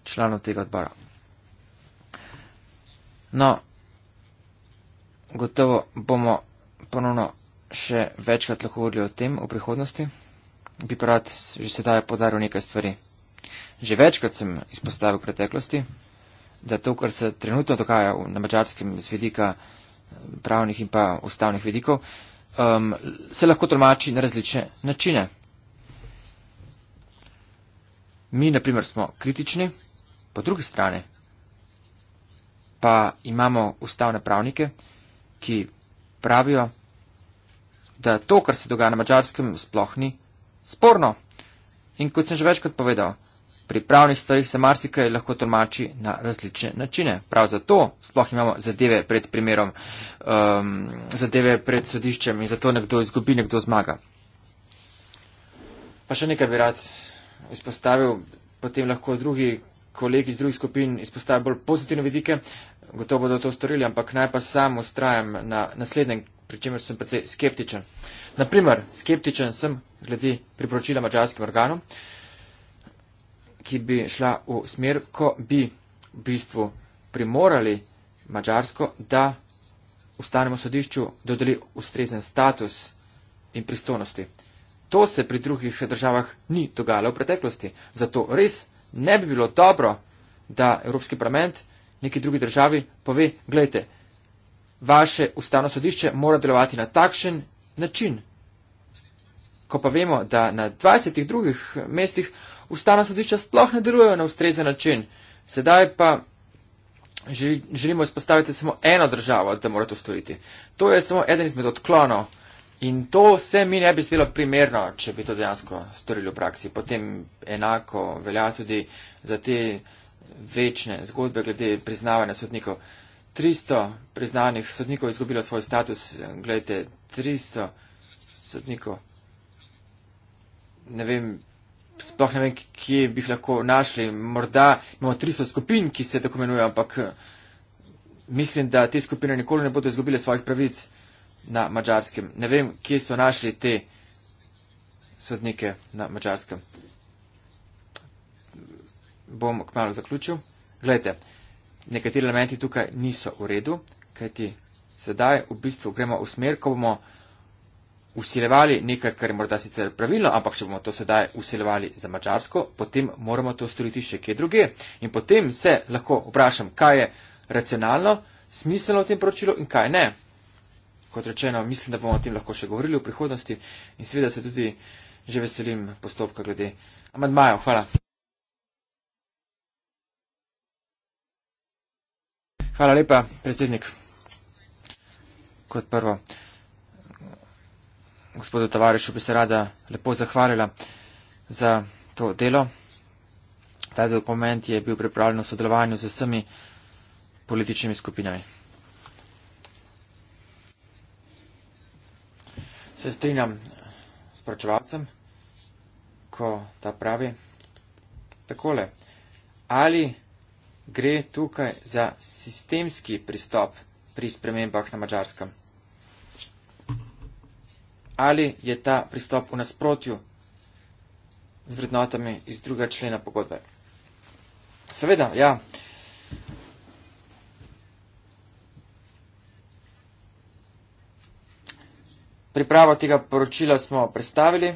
članov tega odbora. No, gotovo bomo ponovno še večkrat lahko govorili o tem v prihodnosti. Bi pa rad že sedaj podaril nekaj stvari. Že večkrat sem izpostavil v preteklosti, da to, kar se trenutno dogaja na mačarskem z vidika eh, pravnih in pa ustavnih vidikov, um, se lahko tolmači na različne načine. Mi, na primer, smo kritični, po drugi strani pa imamo ustavne pravnike, ki pravijo, da to, kar se dogaja na mačarskem, sploh ni sporno. In kot sem že večkrat povedal, Pri pravnih stvarih se marsikaj lahko tolmači na različne načine. Prav zato sploh imamo zadeve pred primerom, um, zadeve pred sodiščem in zato nekdo izgubi, nekdo zmaga. Pa še nekaj bi rad izpostavil, potem lahko drugi kolegi iz drugih skupin izpostavijo bolj pozitivne vidike, gotovo bodo to storili, ampak naj pa sam ustrajam na naslednjem, pri čemer sem precej skeptičen. Naprimer, skeptičen sem glede priporočila mačarskim organom. Uh, ki bi šla v smer, ko bi v bistvu primorali Mačarsko, da ustanemo sodišču, dodeli ustrezen status in pristojnosti. To se pri drugih državah ni dogajalo v preteklosti. Zato res ne bi bilo dobro, da Evropski parlament neki drugi državi pove, gledajte, vaše ustavno sodišče mora delovati na takšen način. Ko pa vemo, da na 20 drugih mestih ustavna sodišča sploh ne delujejo na ustrezen način. Sedaj pa želimo izpostaviti samo eno državo, da mora to storiti. To je samo eden izmed odklonov in to se mi ne bi zdelo primerno, če bi to dejansko storili v praksi. Potem enako velja tudi za te večne zgodbe glede priznavanja sodnikov. 300 priznanih sodnikov je izgubilo svoj status. Glejte, 300 sodnikov. Ne vem, sploh ne vem, kje bi jih lahko našli. Morda imamo 300 skupin, ki se tako imenujejo, ampak eh, mislim, da te skupine nikoli ne bodo izgubile svojih pravic na mačarskem. Ne vem, kje so našli te sodnike na mačarskem. Bom kmalo zaključil. Glejte, nekateri elementi tukaj niso v redu, kajti sedaj v bistvu gremo v smer, ko bomo usilevali nekaj, kar je morda sicer pravilno, ampak če bomo to sedaj usilevali za Mačarsko, potem moramo to storiti še kje druge. In potem se lahko vprašam, kaj je racionalno, smiselno v tem poročilu in kaj ne. Kot rečeno, mislim, da bomo o tem lahko še govorili v prihodnosti in seveda se tudi že veselim postopka glede amadmajev. Hvala. Hvala lepa, predsednik. Kot prvo gospodu Tavarišu bi se rada lepo zahvalila za to delo. Ta dokument je bil pripravljen v sodelovanju z vsemi političnimi skupinami. Se strinjam s pročevalcem, ko ta pravi takole. Ali gre tukaj za sistemski pristop pri spremembah na mačarskem? ali je ta pristop v nasprotju z vrednotami iz druga člena pogodbe. Seveda, ja. Pripravo tega poročila smo predstavili.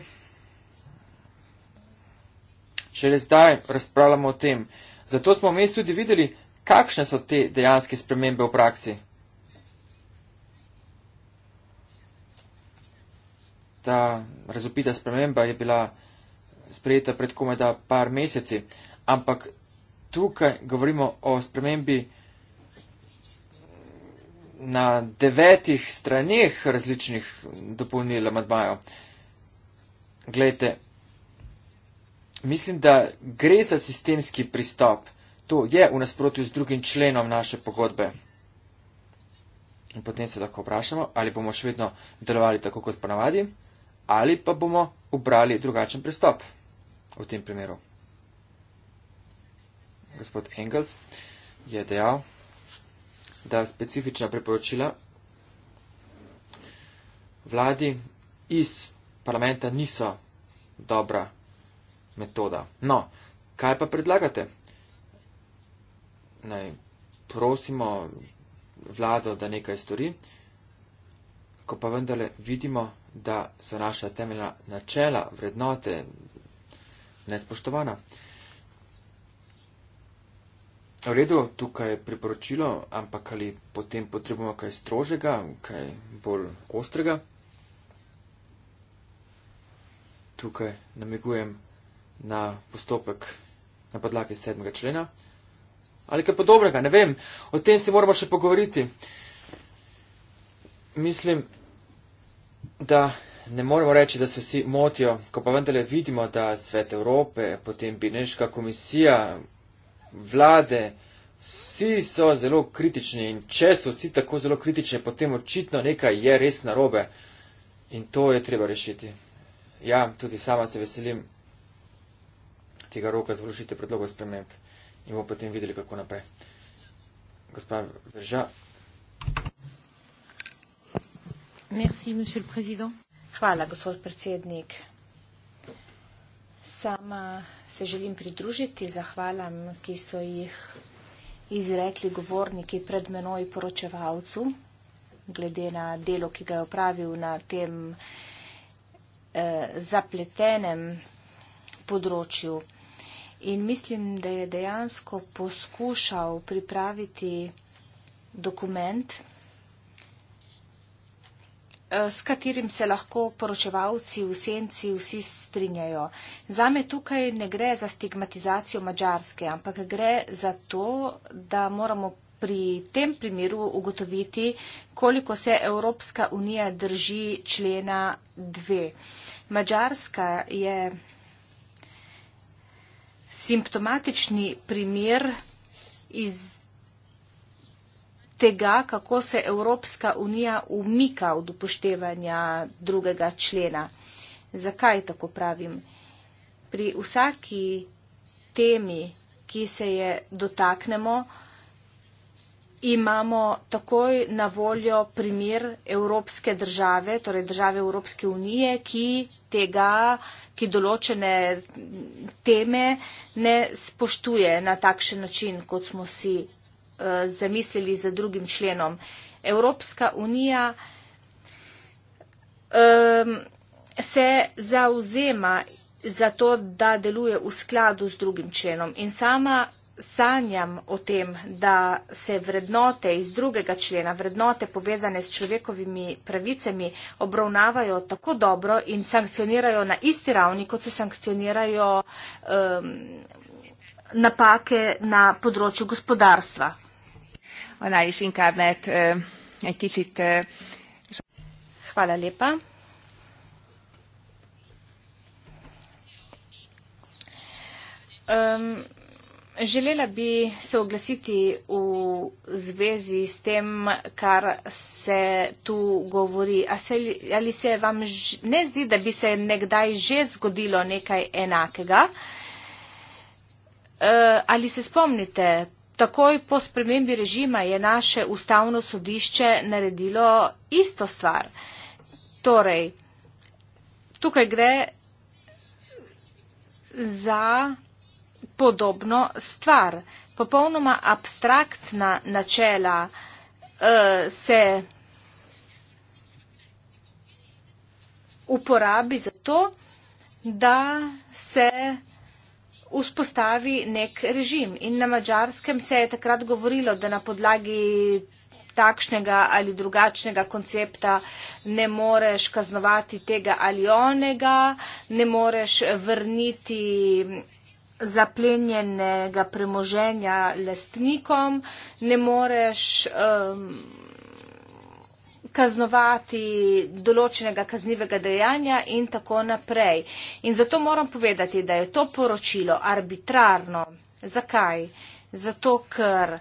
Šele zdaj razpravljamo o tem. Zato smo v mestu tudi videli, kakšne so te dejanske spremembe v praksi. ta razupita sprememba je bila sprejeta pred komeda par meseci, ampak tukaj govorimo o spremembi na devetih stranih različnih dopolnil Madmajo. Glejte, mislim, da gre za sistemski pristop. To je v nasprotju z drugim členom naše pogodbe. In potem se lahko vprašamo, ali bomo še vedno delovali tako, kot ponavadi ali pa bomo ubrali drugačen pristop v tem primeru. Gospod Engels je dejal, da specifična priporočila vladi iz parlamenta niso dobra metoda. No, kaj pa predlagate? Naj prosimo vlado, da nekaj stori, ko pa vendarle vidimo, da so naša temeljna načela, vrednote nespoštovana. V redu, tukaj je priporočilo, ampak ali potem potrebujemo kaj strožega, kaj bolj ostrega? Tukaj namigujem na postopek na podlagi sedmega člena. Ali kaj podobnega, ne vem, o tem se moramo še pogovoriti. Mislim, da ne moremo reči, da se vsi motijo, ko pa vendarle vidimo, da svet Evrope, potem Bineška komisija, vlade, vsi so zelo kritični in če so vsi tako zelo kritični, potem očitno nekaj je res narobe in to je treba rešiti. Ja, tudi sama se veselim tega roka za vložite predlogo sprememb in bomo potem videli, kako naprej. Gospod Verža. Merci, monsieur le président. Hvala, gospod predsednik. Sama se želim pridružiti zahvalam, ki so jih izrekli govorniki pred menoj poročevalcu, glede na delo, ki ga je opravil na tem eh, zapletenem področju. In mislim, da je dejansko poskušal pripraviti dokument, Eh, s katerim se lahko poročevalci v senci vsi strinjajo. Zame tukaj ne gre za stigmatizacijo mačarske, ampak gre za to, da moramo pri tem primeru ugotoviti, koliko se Evropska unija drži člena 2. Mačarska je simptomatični primer iz tega, kako se Evropska unija umika od upoštevanja drugega člena. Zakaj tako pravim? Pri vsaki temi, ki se je dotaknemo, imamo takoj na voljo primer Evropske države, torej države Evropske unije, ki tega, ki določene teme ne spoštuje na takšen način, kot smo si Eh, zamislili z drugim členom. Evropska unija um, se zauzema za to, da deluje v skladu z drugim členom in sama sanjam o tem, da se vrednote iz drugega člena, vrednote povezane s človekovimi pravicami obravnavajo tako dobro in sankcionirajo na isti ravni, kot se sankcionirajo um, napake na področju gospodarstva annál is inkább, mert egy kicsit... Hvala lepa. Um, želela bi se oglasiti v zvezi s tem, kar se tu govori. Se, ali se vam ž, ne zdi, da bi se nekdaj že zgodilo nekaj enakega? Uh, ali se spomnite Takoj po spremembi režima je naše ustavno sodišče naredilo isto stvar. Torej, tukaj gre za podobno stvar. Popolnoma abstraktna načela uh, se uporabi za to, da se vzpostavi nek režim. In na mačarskem se je takrat govorilo, da na podlagi takšnega ali drugačnega koncepta ne moreš kaznovati tega ali onega, ne moreš vrniti zaplenjenega premoženja lastnikom, ne moreš um, kaznovati določenega kaznivega dejanja in tako naprej. In zato moram povedati, da je to poročilo arbitrarno. Zakaj? Zato, ker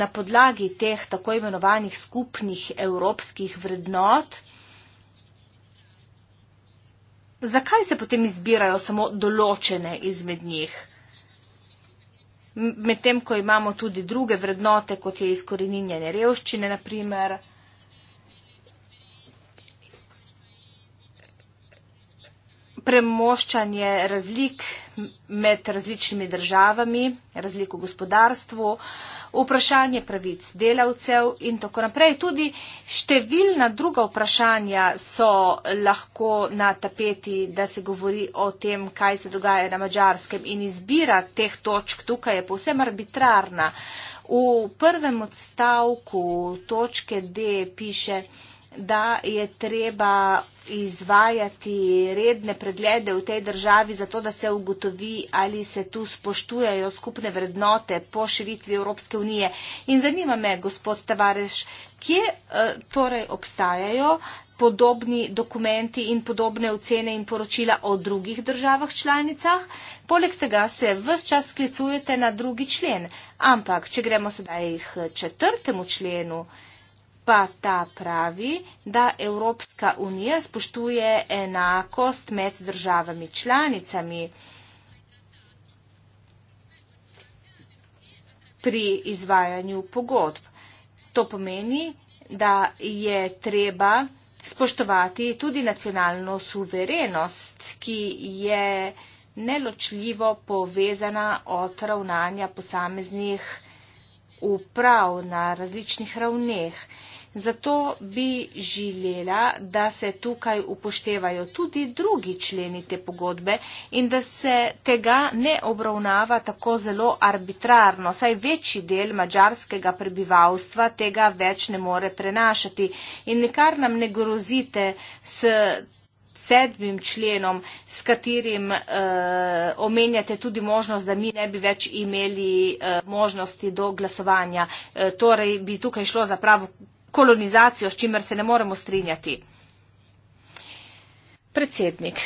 na podlagi teh tako imenovanih skupnih evropskih vrednot, zakaj se potem izbirajo samo določene izmed njih? Medtem, ko imamo tudi druge vrednote, kot je izkoreninjanje revščine, naprimer, premoščanje razlik med različnimi državami, razlik v gospodarstvu, vprašanje pravic delavcev in tako naprej. Tudi številna druga vprašanja so lahko na tapeti, da se govori o tem, kaj se dogaja na mačarskem in izbira teh točk tukaj je povsem arbitrarna. V prvem odstavku točke D piše, da da je treba izvajati redne preglede v tej državi, zato da se ugotovi, ali se tu spoštujejo skupne vrednote po širitvi Evropske unije. In zanima me, gospod Tavareš, kje e, torej obstajajo podobni dokumenti in podobne ocene in poročila o drugih državah članicah. Poleg tega se vse čas sklicujete na drugi člen. Ampak, če gremo sedaj k četrtemu členu, pa ta pravi, da Evropska unija spoštuje enakost med državami članicami pri izvajanju pogodb. To pomeni, da je treba spoštovati tudi nacionalno suverenost, ki je neločljivo povezana od ravnanja posameznih uprav na različnih ravneh. Zato bi želela, da se tukaj upoštevajo tudi drugi členi te pogodbe in da se tega ne obravnava tako zelo arbitrarno. Saj večji del mađarskega prebivalstva tega več ne more prenašati in nikar nam ne grozite s sedmim členom, s katerim eh, omenjate tudi možnost, da mi ne bi več imeli eh, možnosti do glasovanja. Eh, torej bi tukaj šlo za pravo kolonizacijo, s čimer se ne moremo strinjati. Predsednik,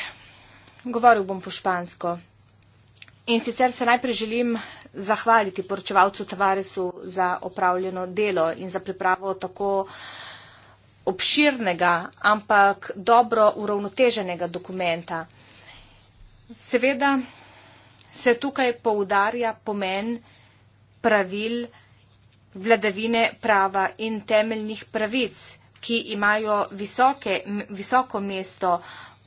govoril bom po špansko. In sicer se najprej želim zahvaliti poročevalcu Tavaresu za opravljeno delo in za pripravo tako obširnega, ampak dobro uravnoteženega dokumenta. Seveda se tukaj poudarja pomen pravil, vladavine prava in temeljnih pravic, ki imajo visoke, visoko mesto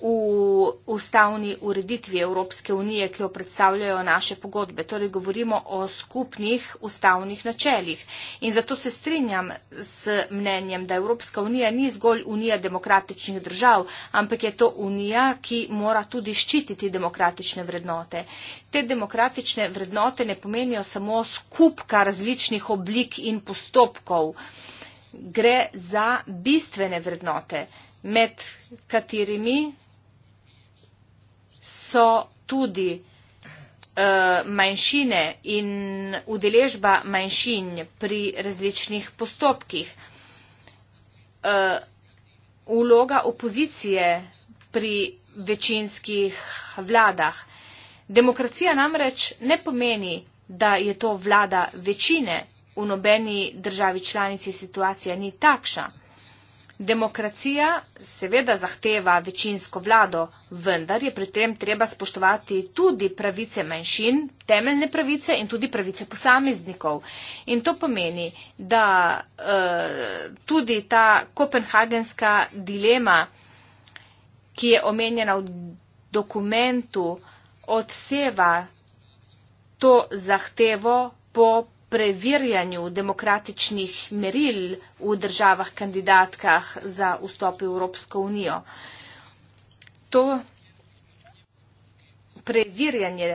v ustavni ureditvi Evropske unije, ki jo predstavljajo naše pogodbe. Torej govorimo o skupnih ustavnih načeljih. In zato se strinjam s mnenjem, da Evropska unija ni zgolj unija demokratičnih držav, ampak je to unija, ki mora tudi ščititi demokratične vrednote. Te demokratične vrednote ne pomenijo samo skupka različnih oblik in postopkov. Gre za bistvene vrednote, med katerimi so tudi uh, manjšine in udeležba manjšin pri različnih postopkih. Uh, eh, uloga opozicije pri večinskih vladah. Demokracija namreč ne pomeni, da je to vlada večine. V nobeni državi članici situacija ni takšna. Demokracija seveda zahteva večinsko vlado, vendar je pri tem treba spoštovati tudi pravice manjšin, temeljne pravice in tudi pravice posameznikov. In to pomeni, da uh, tudi ta kopenhagenska dilema, ki je omenjena v dokumentu, odseva to zahtevo po preverjanju demokratičnih meril v državah kandidatkah za vstop v Evropsko unijo. To preverjanje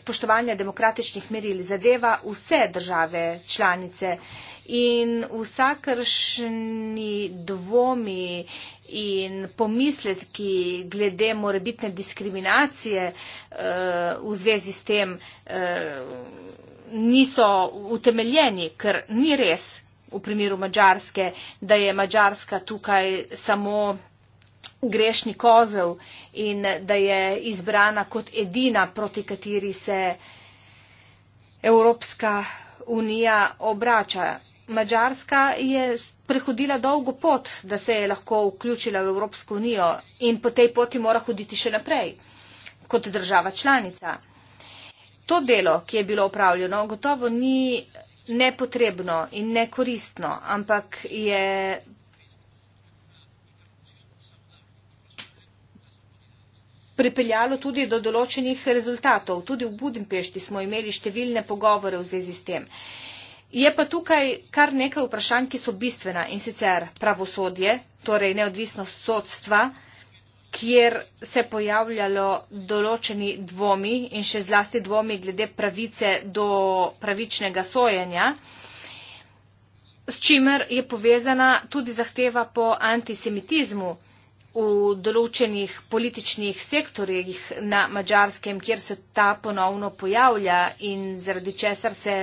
spoštovanja demokratičnih meril zadeva vse države članice in vsakršni dvomi in pomisletki glede morebitne diskriminacije uh, v zvezi s tem uh, niso utemeljeni, ker ni res v primeru Mačarske, da je Mačarska tukaj samo grešni kozel in da je izbrana kot edina, proti kateri se Evropska unija obrača. Mačarska je prehodila dolgo pot, da se je lahko vključila v Evropsko unijo in po tej poti mora hoditi še naprej kot država članica to delo, ki je bilo upravljeno, gotovo ni nepotrebno in nekoristno, ampak je pripeljalo tudi do določenih rezultatov. Tudi v Budimpešti smo imeli številne pogovore v zvezi s tem. Je pa tukaj kar nekaj vprašanj, ki so bistvena in sicer pravosodje, torej neodvisnost sodstva, kjer se pojavljalo določeni dvomi in še zlasti dvomi glede pravice do pravičnega sojenja, s čimer je povezana tudi zahteva po antisemitizmu v določenih političnih sektorjih na Mačarskem, kjer se ta ponovno pojavlja in zaradi česar se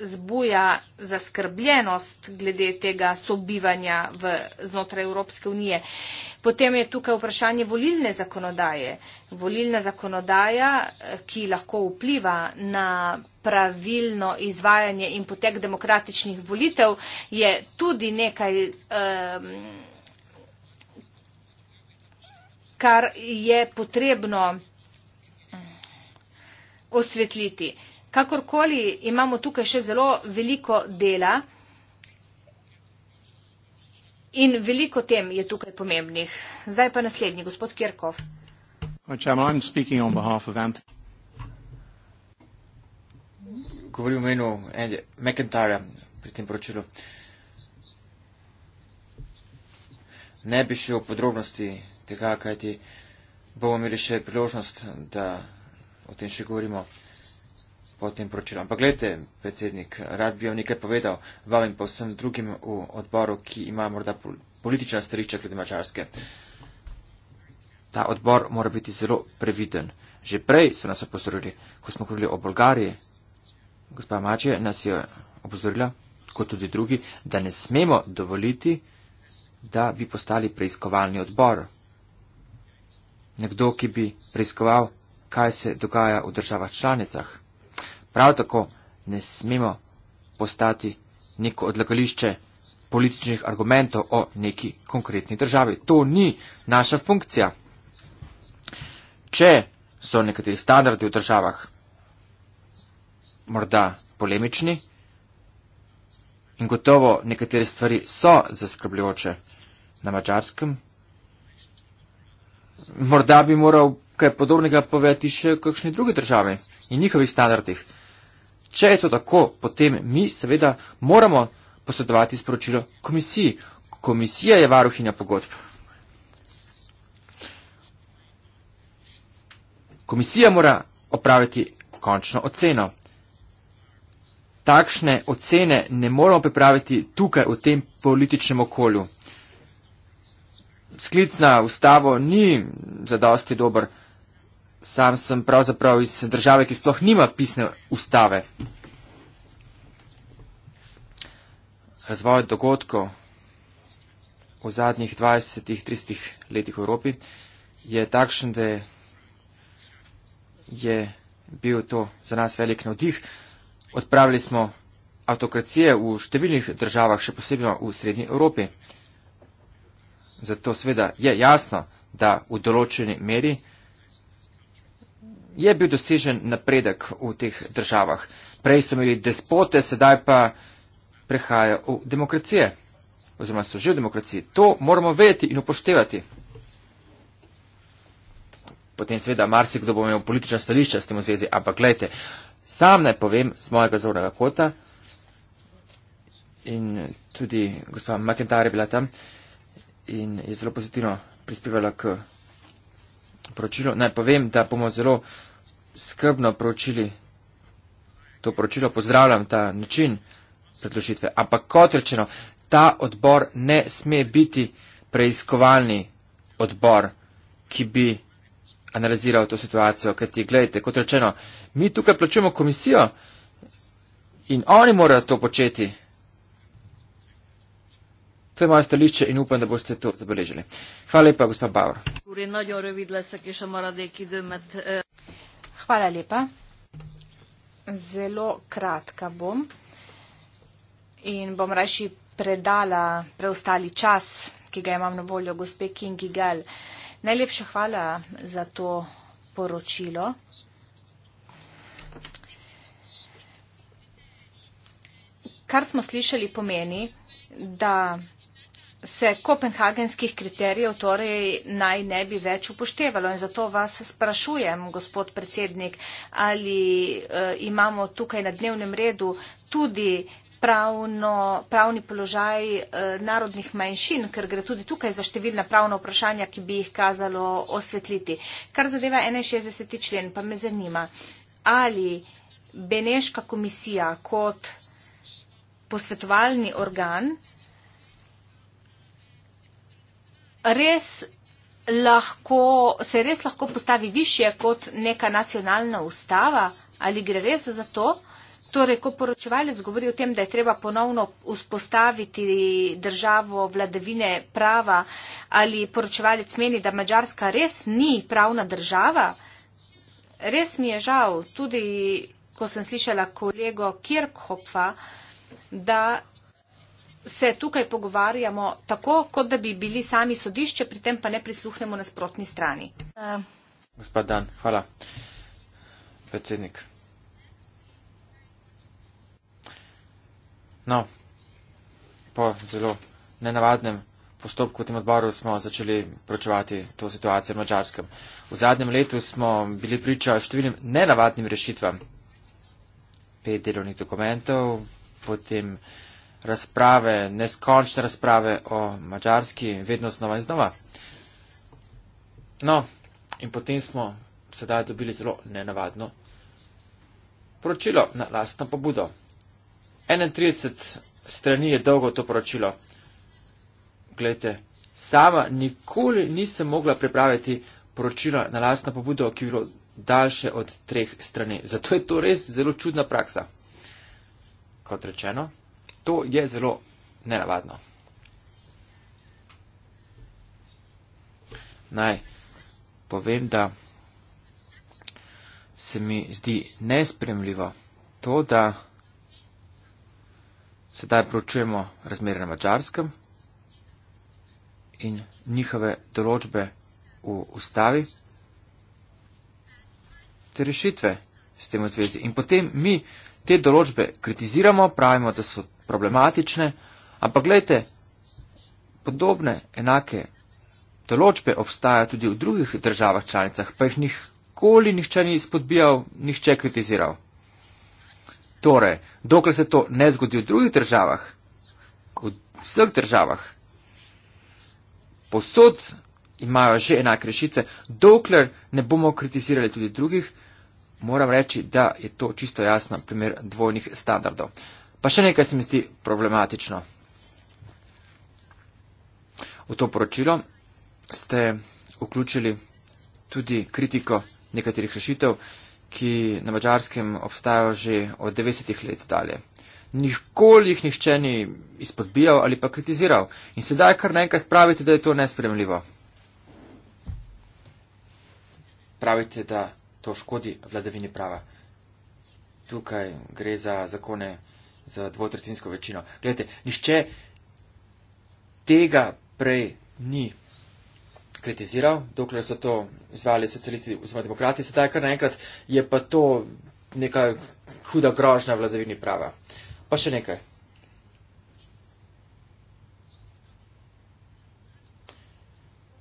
zbuja zaskrbljenost glede tega sobivanja v, znotraj Evropske unije. Potem je tukaj vprašanje volilne zakonodaje. Volilna zakonodaja, ki lahko vpliva na pravilno izvajanje in potek demokratičnih volitev, je tudi nekaj, um, kar je potrebno osvetliti. Kakorkoli imamo tukaj še zelo veliko dela in veliko tem je tukaj pomembnih. Zdaj pa naslednji, gospod Kirkov. Govorim v imenu McIntyra pri tem poročilu. Ne bi šel v podrobnosti tega, kajti bomo imeli še priložnost, da o tem še govorimo po tem poročilu. Ampak gledajte, predsednik, rad bi vam nekaj povedal, vam in povsem drugim v odboru, ki ima morda politična stališča glede mačarske. Ta odbor mora biti zelo previden. Že prej so nas opozorili, ko smo govorili o Bolgariji, gospa Mače nas je opozorila, kot tudi drugi, da ne smemo dovoliti, da bi postali preiskovalni odbor. Nekdo, ki bi preiskoval, kaj se dogaja v državah članicah. Prav tako ne smemo postati neko odlagališče političnih argumentov o neki konkretni državi. To ni naša funkcija. Če so nekateri standardi v državah morda polemični in gotovo nekatere stvari so zaskrbljujoče na mačarskem, morda bi moral kaj podobnega povedati še v kakšni drugi državi in njihovih standardih. Če je to tako, potem mi seveda moramo posredovati sporočilo komisiji. Komisija je varuhinja pogodb. Komisija mora opraviti končno oceno. Takšne ocene ne moramo pripraviti tukaj v tem političnem okolju. Sklic na ustavo ni zadosti dober. Sam sem pravzaprav iz države, ki sploh nima pisne ustave. Razvoj dogodkov v zadnjih 20-30 letih v Evropi je takšen, da je bil to za nas velik navdih. Odpravili smo avtokracije v številnih državah, še posebej v srednji Evropi. Zato seveda je jasno, da v določeni meri je bil dosežen napredek v teh državah. Prej so imeli despote, sedaj pa prehajajo v demokracije. Oziroma so že v demokraciji. To moramo vedeti in upoštevati. Potem seveda marsikdo bo imel politična stališča s tem v zvezi, ampak gledajte, sam ne povem z mojega zornega kota in tudi gospa McIntyre je bila tam in je zelo pozitivno prispevala k pročilo. Naj povem, da bomo zelo skrbno pročili to pročilo. Pozdravljam ta način predložitve. Ampak kot rečeno, ta odbor ne sme biti preiskovalni odbor, ki bi analiziral to situacijo, ker ti gledajte, kot rečeno, mi tukaj plačujemo komisijo in oni morajo to početi. To je moje stališče in upam, da boste to zabeležili. Hvala lepa, gospod Bauer. Hvala lepa. Zelo kratka bom in bom rajši predala preostali čas, ki ga imam na voljo gospe Kingi Gal. Najlepša hvala za to poročilo. Kar smo slišali pomeni, da se kopenhagenskih kriterijev torej naj ne bi več upoštevalo. In zato vas sprašujem, gospod predsednik, ali uh, imamo tukaj na dnevnem redu tudi pravno, pravni položaj uh, narodnih manjšin, ker gre tudi tukaj za številna pravna vprašanja, ki bi jih kazalo osvetliti. Kar zadeva 61. člen, pa me zanima, ali Beneška komisija kot posvetovalni organ res lahko, se res lahko postavi više kot neka nacionalna ustava ali gre res za to? Torej, ko poročevalec govori o tem, da je treba ponovno vzpostaviti državo vladavine prava, ali poročevalec meni, da Mačarska res ni pravna država, res mi je žal, tudi ko sem slišala kolego Kirkhopfa, da se tukaj pogovarjamo tako, kot da bi bili sami sodišče, pri tem pa ne prisluhnemo nasprotni strani. Uh. Gospod Dan, hvala. Predsednik. No, po zelo nenavadnem postopku v tem odboru smo začeli pročevati to situacijo v Mačarskem. V zadnjem letu smo bili priča številnim nenavadnim rešitvam. Pet delovnih dokumentov, potem razprave, neskončne razprave o mačarski, vedno znova in znova. No, in potem smo sedaj dobili zelo nenavadno poročilo na lastno pobudo. 31 strani je dolgo to poročilo. Glejte, sama nikoli nisem mogla pripraviti poročila na lastno pobudo, ki je bilo daljše od treh strani. Zato je to res zelo čudna praksa. Kot rečeno, To je zelo nenavadno. Naj povem, da se mi zdi nespremljivo to, da sedaj pročujemo razmere na mačarskem in njihove določbe v ustavi, te rešitve s tem v zvezi. In potem mi te določbe kritiziramo, pravimo, da so problematične, ampak gledajte, podobne, enake določbe obstajajo tudi v drugih državah članicah, pa jih nikoli nihče ni spodbijal, nihče kritiziral. Torej, dokler se to ne zgodi v drugih državah, v vseh državah, posod imajo že enake rešitve, dokler ne bomo kritizirali tudi drugih, moram reči, da je to čisto jasno primer dvojnih standardov. Pa še nekaj se mi zdi problematično. V to poročilo ste vključili tudi kritiko nekaterih rešitev, ki na mačarskem obstajajo že od 90-ih let dalje. Nikoli jih nihče ni izpodbijal ali pa kritiziral. In sedaj kar naenkrat pravite, da je to nespremljivo. Pravite, da to škodi vladavini prava. Tukaj gre za zakone z dvotretinsko večino. Glede, nišče tega prej ni kritiziral, dokler so to izvali socialisti oziroma demokrati, sedaj kar naenkrat je pa to neka huda grožna vladavini prava. Pa še nekaj.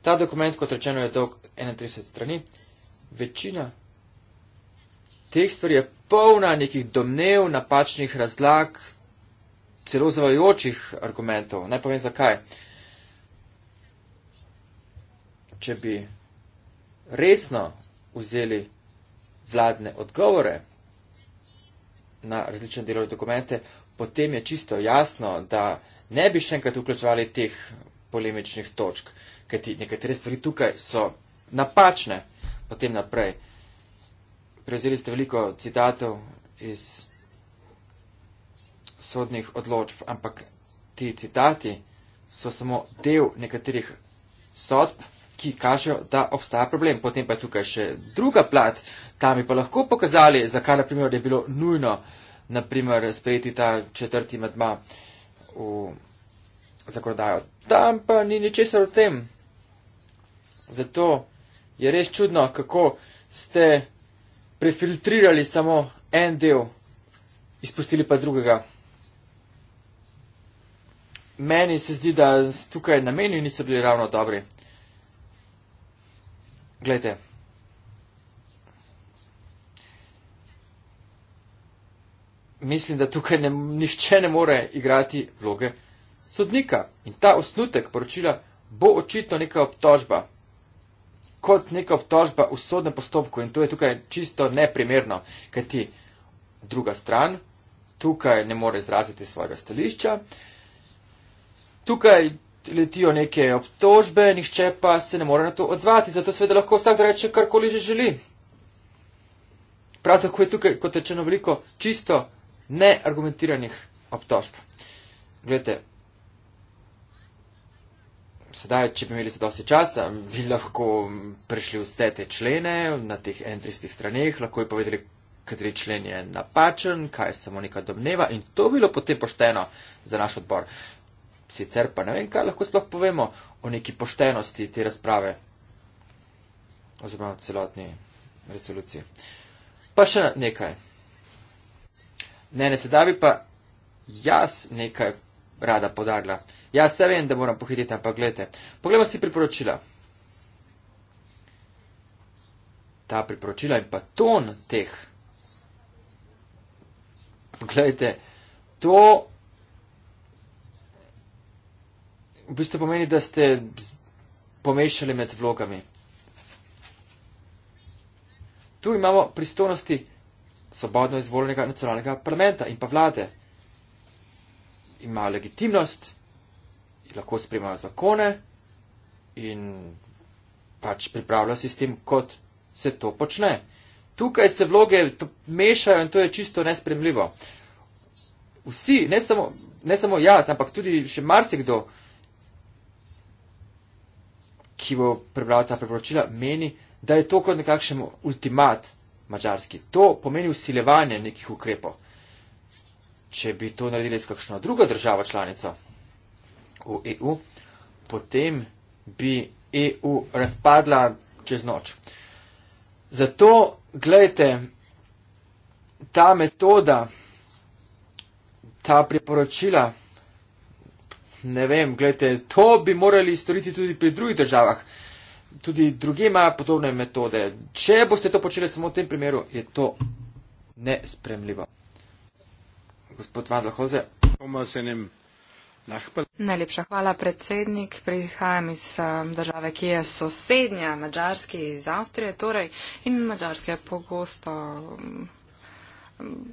Ta dokument, kot rečeno, je dolg 31 strani. Večina teh stvari je polna nekih domnev, napačnih razlag, celo zavajočih argumentov. Naj povem zakaj. Če bi resno vzeli vladne odgovore na različne delove dokumente, potem je čisto jasno, da ne bi še enkrat vključevali teh polemičnih točk, kajti nekatere stvari tukaj so napačne. Potem naprej prevzeli ste veliko citatov iz sodnih odločb, ampak ti citati so samo del nekaterih sodb, ki kažejo, da obstaja problem. Potem pa je tukaj še druga plat, tam bi pa lahko pokazali, zakaj naprimer, je bilo nujno naprimer, sprejeti ta četrti medma v zakonodajo. Tam pa ni ničesar o tem. Zato je res čudno, kako ste prefiltrirali samo en del, izpustili pa drugega. Meni se zdi, da tukaj nameni niso bili ravno dobri. Glejte. Mislim, da tukaj ne, nihče ne more igrati vloge sodnika. In ta osnutek poročila bo očitno neka obtožba kot neka obtožba v sodnem postopku in to je tukaj čisto neprimerno, kaj ti druga stran tukaj ne more izraziti svojega stališča. Tukaj letijo neke obtožbe, nihče pa se ne more na to odzvati, zato seveda lahko vsak reče karkoli že želi. Prav tako je tukaj kot rečeno veliko čisto neargumentiranih obtožb. Glede, sedaj, če bi imeli zadosti časa, bi lahko prišli vse te člene na teh entristih straneh, lahko bi povedali, kateri člen je napačen, kaj je samo neka domneva in to bi bilo potem pošteno za naš odbor. Sicer pa ne vem, kaj lahko sploh povemo o neki poštenosti te razprave oziroma celotni resoluciji. Pa še nekaj. Ne, ne, sedaj bi pa jaz nekaj rada podarila. Jaz se vem, da moram pohititi, ampak gledajte, poglejmo si priporočila. Ta priporočila in pa ton teh. Poglejte, to v bistvu pomeni, da ste pomešali med vlogami. Tu imamo pristojnosti svobodno izvoljenega nacionalnega parlamenta in pa vlade imajo legitimnost, lahko spremajo zakone in pač pripravljajo sistem, kot se to počne. Tukaj se vloge mešajo in to je čisto nespremljivo. Vsi, ne samo, ne samo jaz, ampak tudi še marsikdo, ki bo prebral ta priporočila, meni, da je to kot nekakšen ultimat mačarski. To pomeni usilevanje nekih ukrepov če bi to naredili s kakšno drugo državo članico v EU, potem bi EU razpadla čez noč. Zato, gledajte, ta metoda, ta priporočila, ne vem, gledajte, to bi morali storiti tudi pri drugih državah. Tudi druge imajo podobne metode. Če boste to počeli samo v tem primeru, je to nespremljivo gospod Vado Hoze. Najlepša hvala, predsednik. Prihajam iz um, države, ki je sosednja Mačarski iz Avstrije, torej in Mačarska je pogosto um, um,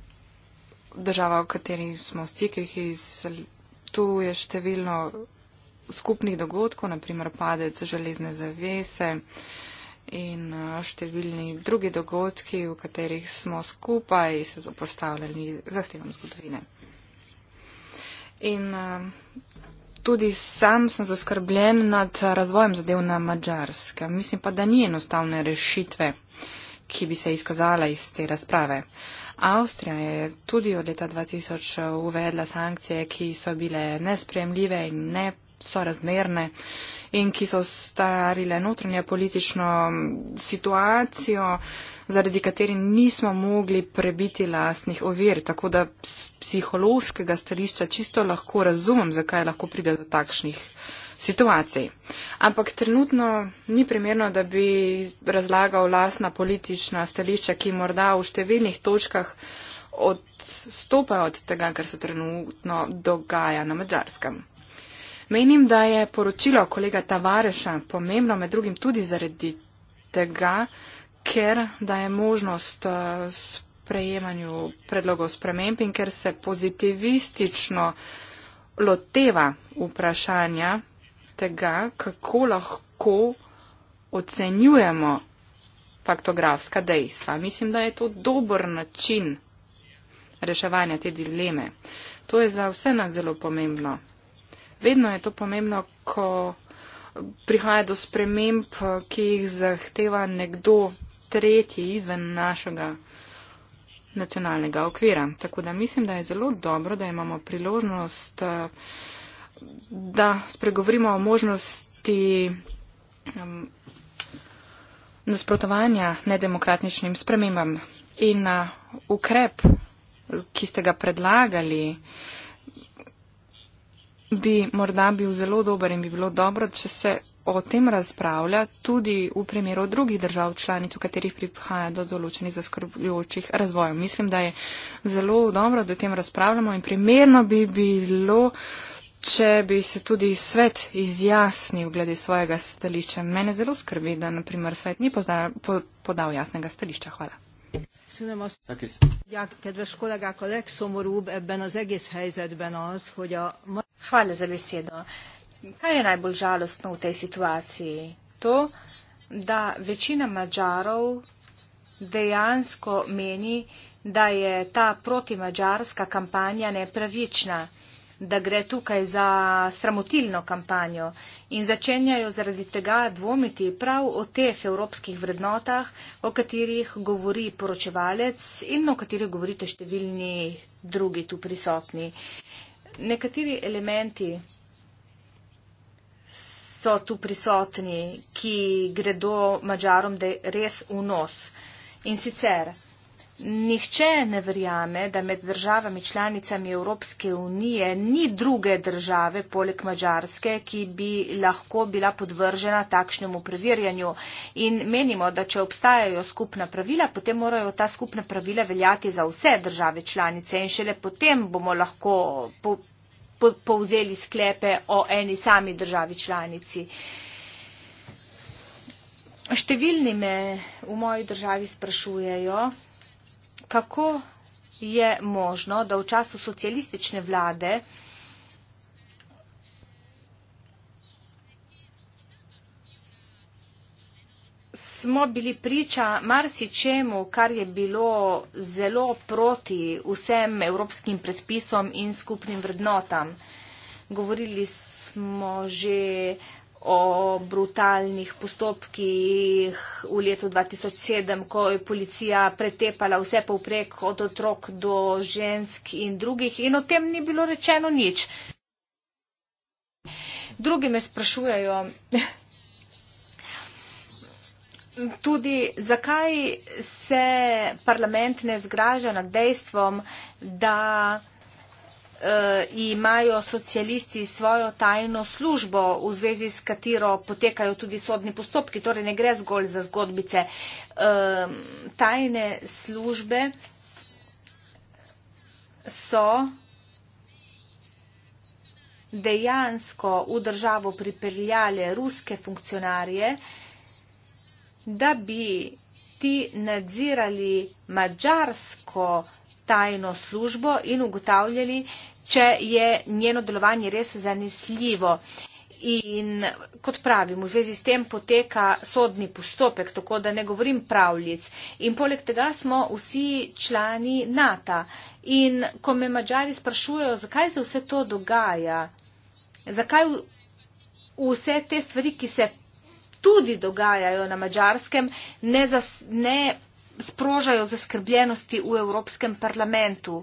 država, v kateri smo v stikih iz. Tu je številno skupnih dogodkov, naprimer padec železne zavese. Uh, in številni drugi dogodki, v katerih smo skupaj se zoprostavljali zahtevam zgodovine. In tudi sam sem zaskrbljen nad razvojem zadev na Mačarska. Mislim pa, da ni enostavne rešitve, ki bi se izkazala iz te razprave. Avstrija je tudi od leta 2000 uvedla sankcije, ki so bile nespremljive in nesorazmerne in ki so starile notranje politično situacijo, zaradi kateri nismo mogli prebiti lastnih ovir. Tako da z psihološkega stališča čisto lahko razumem, zakaj lahko pride do takšnih. Situaciji. Ampak trenutno ni primerno, da bi razlagal lasna politična stališča, ki morda v številnih točkah odstopajo od tega, kar se trenutno dogaja na Mačarskem. Menim, da je poročilo kolega Tavareša pomembno med drugim tudi zaradi tega, ker daje možnost eh, sprejemanju predlogov sprememb in ker se pozitivistično loteva vprašanja tega, kako lahko ocenjujemo faktografska dejstva. Mislim, da je to dober način reševanja te dileme. To je za vse nas zelo pomembno vedno je to pomembno, ko prihaja do sprememb, ki jih zahteva nekdo tretji izven našega nacionalnega okvira. Tako da mislim, da je zelo dobro, da imamo priložnost, da spregovorimo o možnosti nasprotovanja nedemokratičnim spremembam in ukrep, ki ste ga predlagali, bi morda bil zelo dober in bi bilo dobro, če se o tem razpravlja tudi v primeru drugih držav članic, v katerih prihaja do določenih zaskrbljujočih razvojev. Mislim, da je zelo dobro, da o tem razpravljamo in primerno bi bilo, če bi se tudi svet izjasnil glede svojega stališča. Mene zelo skrbi, da naprimer svet ni podal jasnega stališča. Hvala. Köszönöm azt. Takis. Ja, kedves kollégák, a legszomorúbb ebben az egész helyzetben az, hogy a... Hvala za besedo. Kaj je najbolj žalostno v tej situaciji? To, da večina Mačarov dejansko meni, da je ta protimačarska kampanja nepravična da gre tukaj za sramotilno kampanjo in začenjajo zaradi tega dvomiti prav o teh evropskih vrednotah, o katerih govori poročevalec in o katerih govorite številni drugi tu prisotni. Nekateri elementi so tu prisotni, ki gredo mačarom, da je res v nos. In sicer, Nihče ne verjame, da med državami članicami Evropske unije ni druge države poleg Mačarske, ki bi lahko bila podvržena takšnemu preverjanju. In menimo, da če obstajajo skupna pravila, potem morajo ta skupna pravila veljati za vse države članice in šele potem bomo lahko po, po, povzeli sklepe o eni sami državi članici. Številni me v moji državi sprašujejo, kako je možno, da v času socialistične vlade smo bili priča marsičemu, kar je bilo zelo proti vsem evropskim predpisom in skupnim vrednotam. Govorili smo že o brutalnih postopkih v letu 2007, ko je policija pretepala vse povprek od otrok do žensk in drugih in o tem ni bilo rečeno nič. Drugi me sprašujejo (laughs) tudi, zakaj se parlament ne zgraža nad dejstvom, da uh, imajo socialisti svojo tajno službo, v zvezi s katero potekajo tudi sodni postopki, torej ne gre zgolj za zgodbice. Uh, tajne službe so dejansko v državo pripeljale ruske funkcionarje, da bi ti nadzirali mađarsko tajno službo in ugotavljali, če je njeno delovanje res zanesljivo. In kot pravim, v zvezi s tem poteka sodni postopek, tako da ne govorim pravljic. In poleg tega smo vsi člani NATO. In ko me mačari sprašujejo, zakaj se vse to dogaja, zakaj vse te stvari, ki se tudi dogajajo na mačarskem, ne, zas, ne sprožajo zaskrbljenosti v Evropskem parlamentu.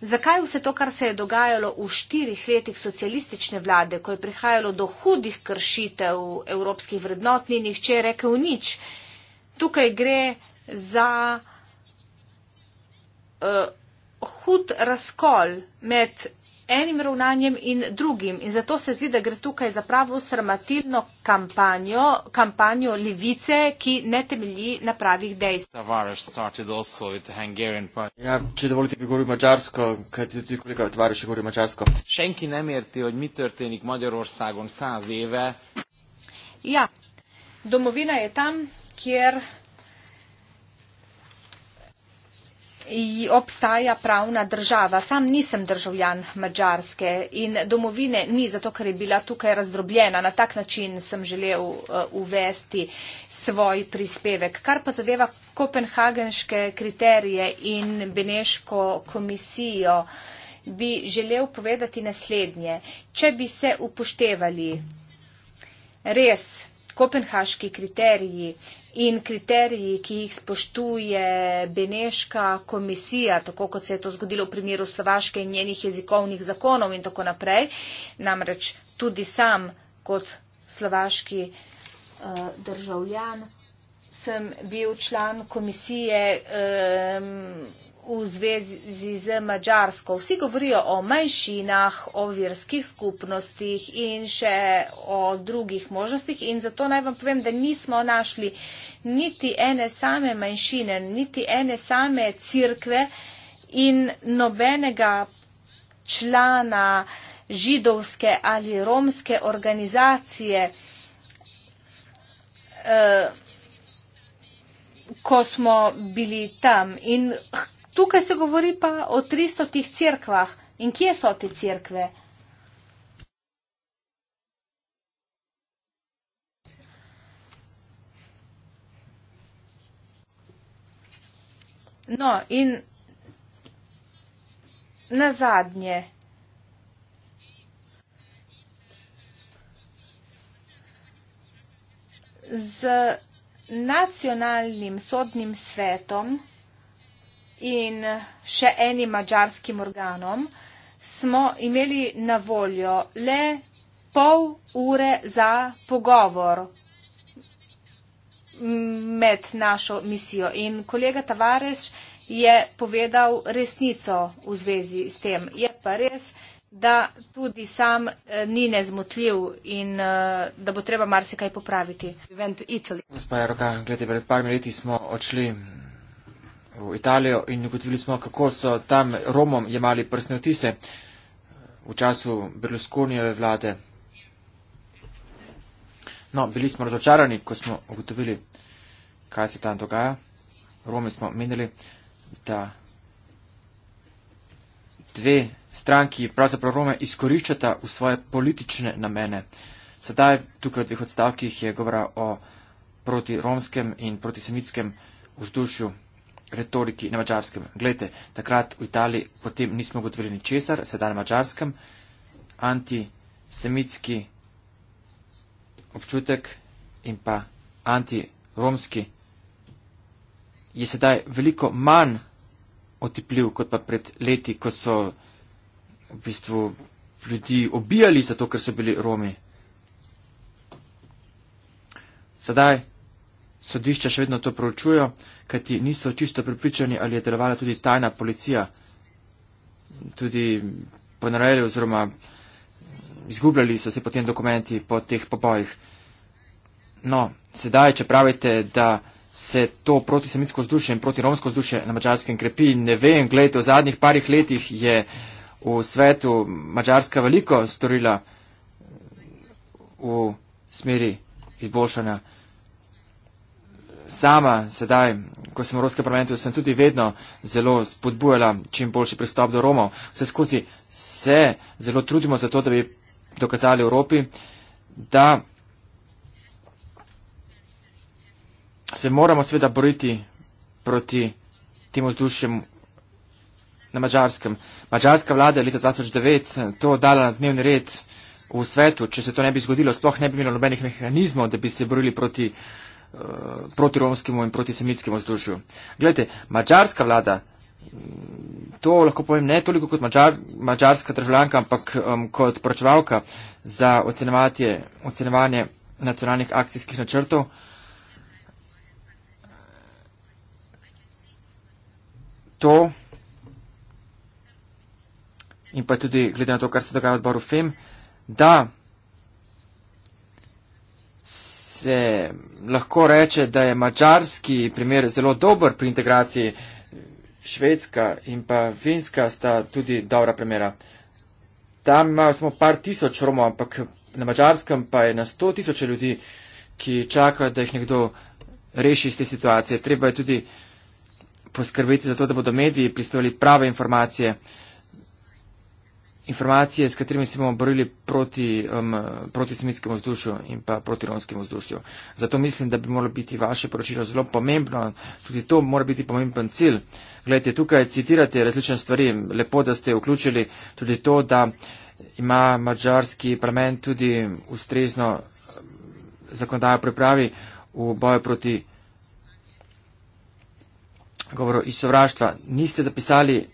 Zakaj vse to, kar se je dogajalo v štirih letih socialistične vlade, ko je prihajalo do hudih kršitev evropskih vrednot, ni nihče rekel nič. Tukaj gre za uh, hud razkol med enim ravnanjem in drugim. In zato se zdi, da gre tukaj za pravo sramatilno kampanjo, kampanjo levice, ki ne temelji na pravih dejstvih. Ja, če dovolite, bi govoril mačarsko, kaj ti tudi kolega Tavares govori mačarsko. Šenki ne merti, od mi trtenik Magyarországon száz éve. Ja, domovina je tam, kjer obstaja pravna država. Sam nisem državljan Mačarske in domovine ni zato, ker je bila tukaj razdrobljena. Na tak način sem želel eh, uvesti svoj prispevek. Kar pa zadeva kopenhagenške kriterije in Beneško komisijo, bi želel povedati naslednje. Če bi se upoštevali res kopenhaški kriteriji in kriteriji, ki jih spoštuje Beneška komisija, tako kot se je to zgodilo v primeru Slovaške in njenih jezikovnih zakonov in tako naprej, namreč tudi sam kot slovaški uh, državljan sem bil član komisije. Um, v zvezi z Mačarsko. Vsi govorijo o manjšinah, o verskih skupnostih in še o drugih možnostih. In zato naj vam povem, da nismo našli niti ene same manjšine, niti ene same crkve in nobenega člana židovske ali romske organizacije. Uh, ko smo bili tam in Tukaj se govori pa o 300 crkvah in kje so te crkve? No, in na zadnje. Z nacionalnim sodnim svetom in še enim mačarskim organom, smo imeli na voljo le pol ure za pogovor med našo misijo. In kolega Tavares je povedal resnico v zvezi s tem. Je pa res, da tudi sam eh, ni nezmotljiv in eh, da bo treba marsikaj popraviti. Gospa Jaroka, glede pred parmi leti smo odšli v Italijo in ugotovili smo, kako so tam Romom jemali prsne otise v času Berlusconijeve vlade. No, bili smo razočarani, ko smo ugotovili, kaj se tam dogaja. Romi smo menili, da dve stranki, pravzaprav Rome, izkoriščata v svoje politične namene. Sedaj tukaj v dveh odstavkih je govora o protiromskem in protisemitskem vzdušju retoriki na mačarskem. Glejte, takrat v Italiji potem nismo gotovili ni česar, sedaj na mačarskem. Antisemitski občutek in pa antiromski je sedaj veliko manj otipljiv kot pa pred leti, ko so v bistvu ljudi obijali zato, ker so bili Romi. Sedaj sodišča še vedno to proučujo kajti niso čisto pripričani, ali je delovala tudi tajna policija, tudi ponarejali oziroma izgubljali so se potem dokumenti po teh pobojih. No, sedaj, če pravite, da se to protisemitsko vzdušje in protiromsko vzdušje na mačarskem krepi, ne vem, gledajte, v zadnjih parih letih je v svetu Mačarska veliko storila v smeri izboljšanja sama sedaj, ko sem v Evropskem parlamentu, sem tudi vedno zelo spodbujala čim boljši pristop do Romov. Vse skozi se zelo trudimo za to, da bi dokazali Evropi, da se moramo sveda boriti proti tem vzdušjem na Mačarskem. Mačarska vlada je leta 2009 to dala na dnevni red v svetu. Če se to ne bi zgodilo, sploh ne bi imelo nobenih mehanizmov, da bi se borili proti protiromskemu in protisemitskemu vzdušju. Glede, mačarska vlada, mm, to lahko povem ne toliko kot mačar, mačarska državljanka, ampak um, kot pročevalka za ocenovanje nacionalnih akcijskih načrtov. To in pa tudi glede na to, kar se dogaja v odboru FEM, da se lahko reče, da je mačarski primer zelo dober pri integraciji. Švedska in pa Finska sta tudi dobra primera. Tam imajo samo par tisoč Romov, ampak na mačarskem pa je na sto tisoče ljudi, ki čakajo, da jih nekdo reši iz te situacije. Treba je tudi poskrbeti za to, da bodo mediji prispevali prave informacije. Uh, informacije, s katerimi se bomo borili proti, um, proti semitskemu vzdušju in pa proti romskemu vzdušju. Zato mislim, da bi moralo biti vaše poročilo zelo pomembno, tudi to mora biti pomemben cilj. Gledajte, tukaj citirate različne stvari, lepo, da ste vključili tudi to, da ima mađarski parlament tudi ustrezno um, zakonodajo pripravi v boju proti govoru iz sovraštva. Niste zapisali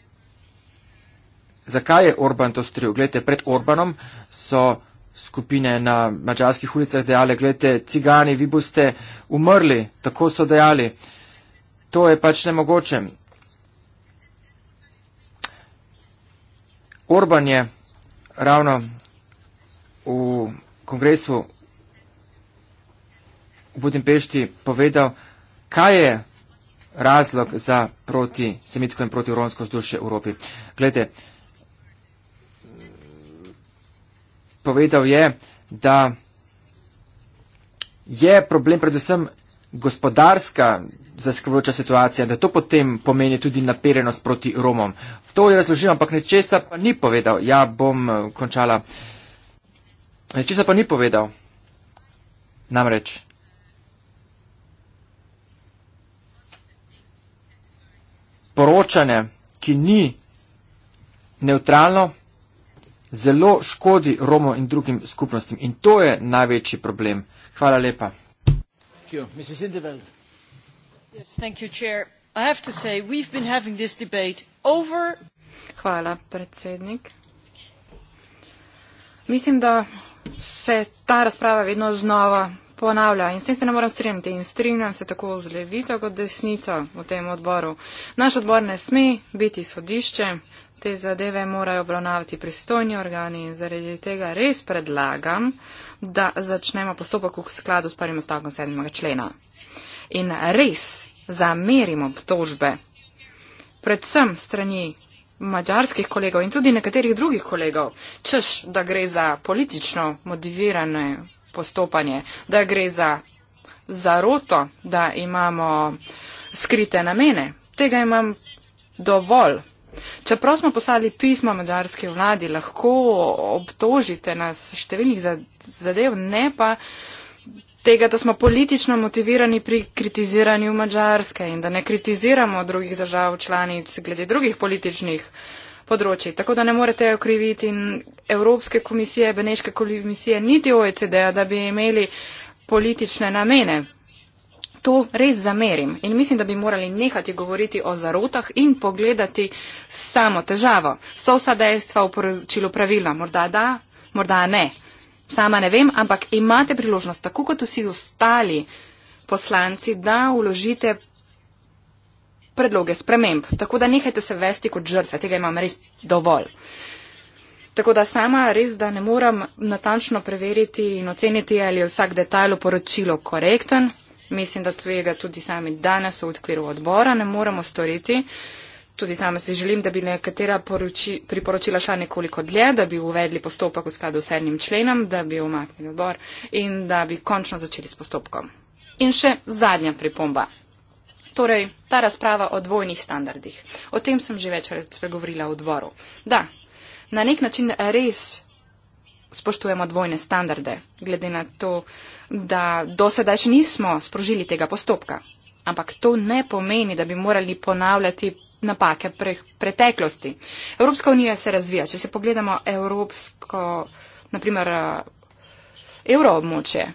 Zakaj je Orban to storil? Glede, pred Orbanom so skupine na mađarskih ulicah dejale, gledajte, cigani, vi boste umrli, tako so dejali. To je pač nemogoče. Orban je ravno v kongresu v Budimpešti povedal, kaj je razlog za protisemitsko in protivronsko vzdušje v Evropi. Gledajte, povedal je, da je problem predvsem gospodarska zaskrbljujoča situacija, da to potem pomeni tudi naperenost proti Romom. To je razložil, ampak nečesa pa ni povedal. Ja, bom eh, končala. Nečesa pa ni povedal. Namreč. Poročanje, ki ni neutralno, zelo škodi Romo in drugim skupnostim. In to je največji problem. Hvala lepa. Hvala, predsednik. Mislim, da se ta razprava vedno znova ponavlja in s tem se ne morem strinjati. In strinjam se tako z levico kot desnico v tem odboru. Naš odbor ne sme biti sodišče, te zadeve morajo obravnavati pristojni organi in zaradi tega res predlagam, da začnemo postopek v skladu s prvim odstavkom 7. člena. In res zamerimo obtožbe, predvsem strani mađarskih kolegov in tudi nekaterih drugih kolegov, češ, da gre za politično motivirane postopanje, da gre za zaroto, da imamo skrite namene. Tega imam dovolj. Čeprav smo poslali pismo mađarski vladi, lahko obtožite nas številnih zadev, ne pa tega, da smo politično motivirani pri kritiziranju Mačarske in da ne kritiziramo drugih držav članic glede drugih političnih področji. Tako da ne morete okriviti in Evropske komisije, Beneške komisije, niti OECD-a, da bi imeli politične namene. To res zamerim in mislim, da bi morali nehati govoriti o zarotah in pogledati samo težavo. So vsa dejstva v poročilu pravilna? Morda da, morda ne. Sama ne vem, ampak imate priložnost, tako kot vsi ostali poslanci, da uložite predloge sprememb. Tako da nehajte se vesti kot žrtve, tega imam res dovolj. Tako da sama res, da ne moram natančno preveriti in oceniti, ali je vsak detalj v poročilu korekten. Mislim, da tvega tudi sami danes v odkviru odbora ne moremo storiti. Tudi sama si želim, da bi nekatera poruči, priporočila šla nekoliko dlje, da bi uvedli postopek v skladu s sednim členom, da bi omaknili odbor in da bi končno začeli s postopkom. In še zadnja pripomba. Torej, ta razprava o dvojnih standardih. O tem sem že večkrat spregovorila v odboru. Da, na nek način res spoštujemo dvojne standarde, glede na to, da do sedaj še nismo sprožili tega postopka. Ampak to ne pomeni, da bi morali ponavljati napake pre preteklosti. Evropska unija se razvija. Če se pogledamo evropsko, naprimer, evroobmočje,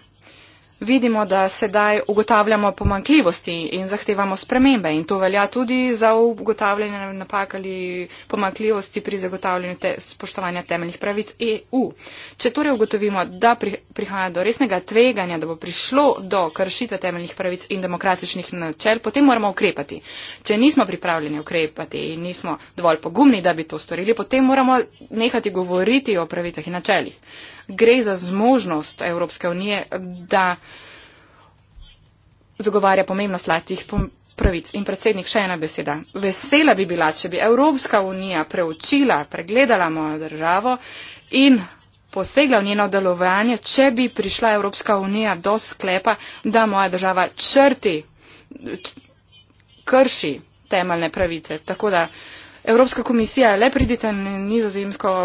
vidimo, da sedaj ugotavljamo pomankljivosti in zahtevamo spremembe. In to velja tudi za ugotavljanje napak ali pomankljivosti pri zagotavljanju te spoštovanja temeljnih pravic EU. Če torej ugotovimo, da prihaja do resnega tveganja, da bo prišlo do kršitve temeljnih pravic in demokratičnih načel, potem moramo ukrepati. Če nismo pripravljeni ukrepati in nismo dovolj pogumni, da bi to storili, potem moramo nehati govoriti o pravicah in načelih gre za zmožnost Evropske unije, da zagovarja pomembnost latih pravic. In predsednik, še ena beseda. Vesela bi bila, če bi Evropska unija preučila, pregledala mojo državo in posegla v njeno delovanje, če bi prišla Evropska unija do sklepa, da moja država črti, krši temeljne pravice. Tako da Evropska komisija, le pridite na nizozemsko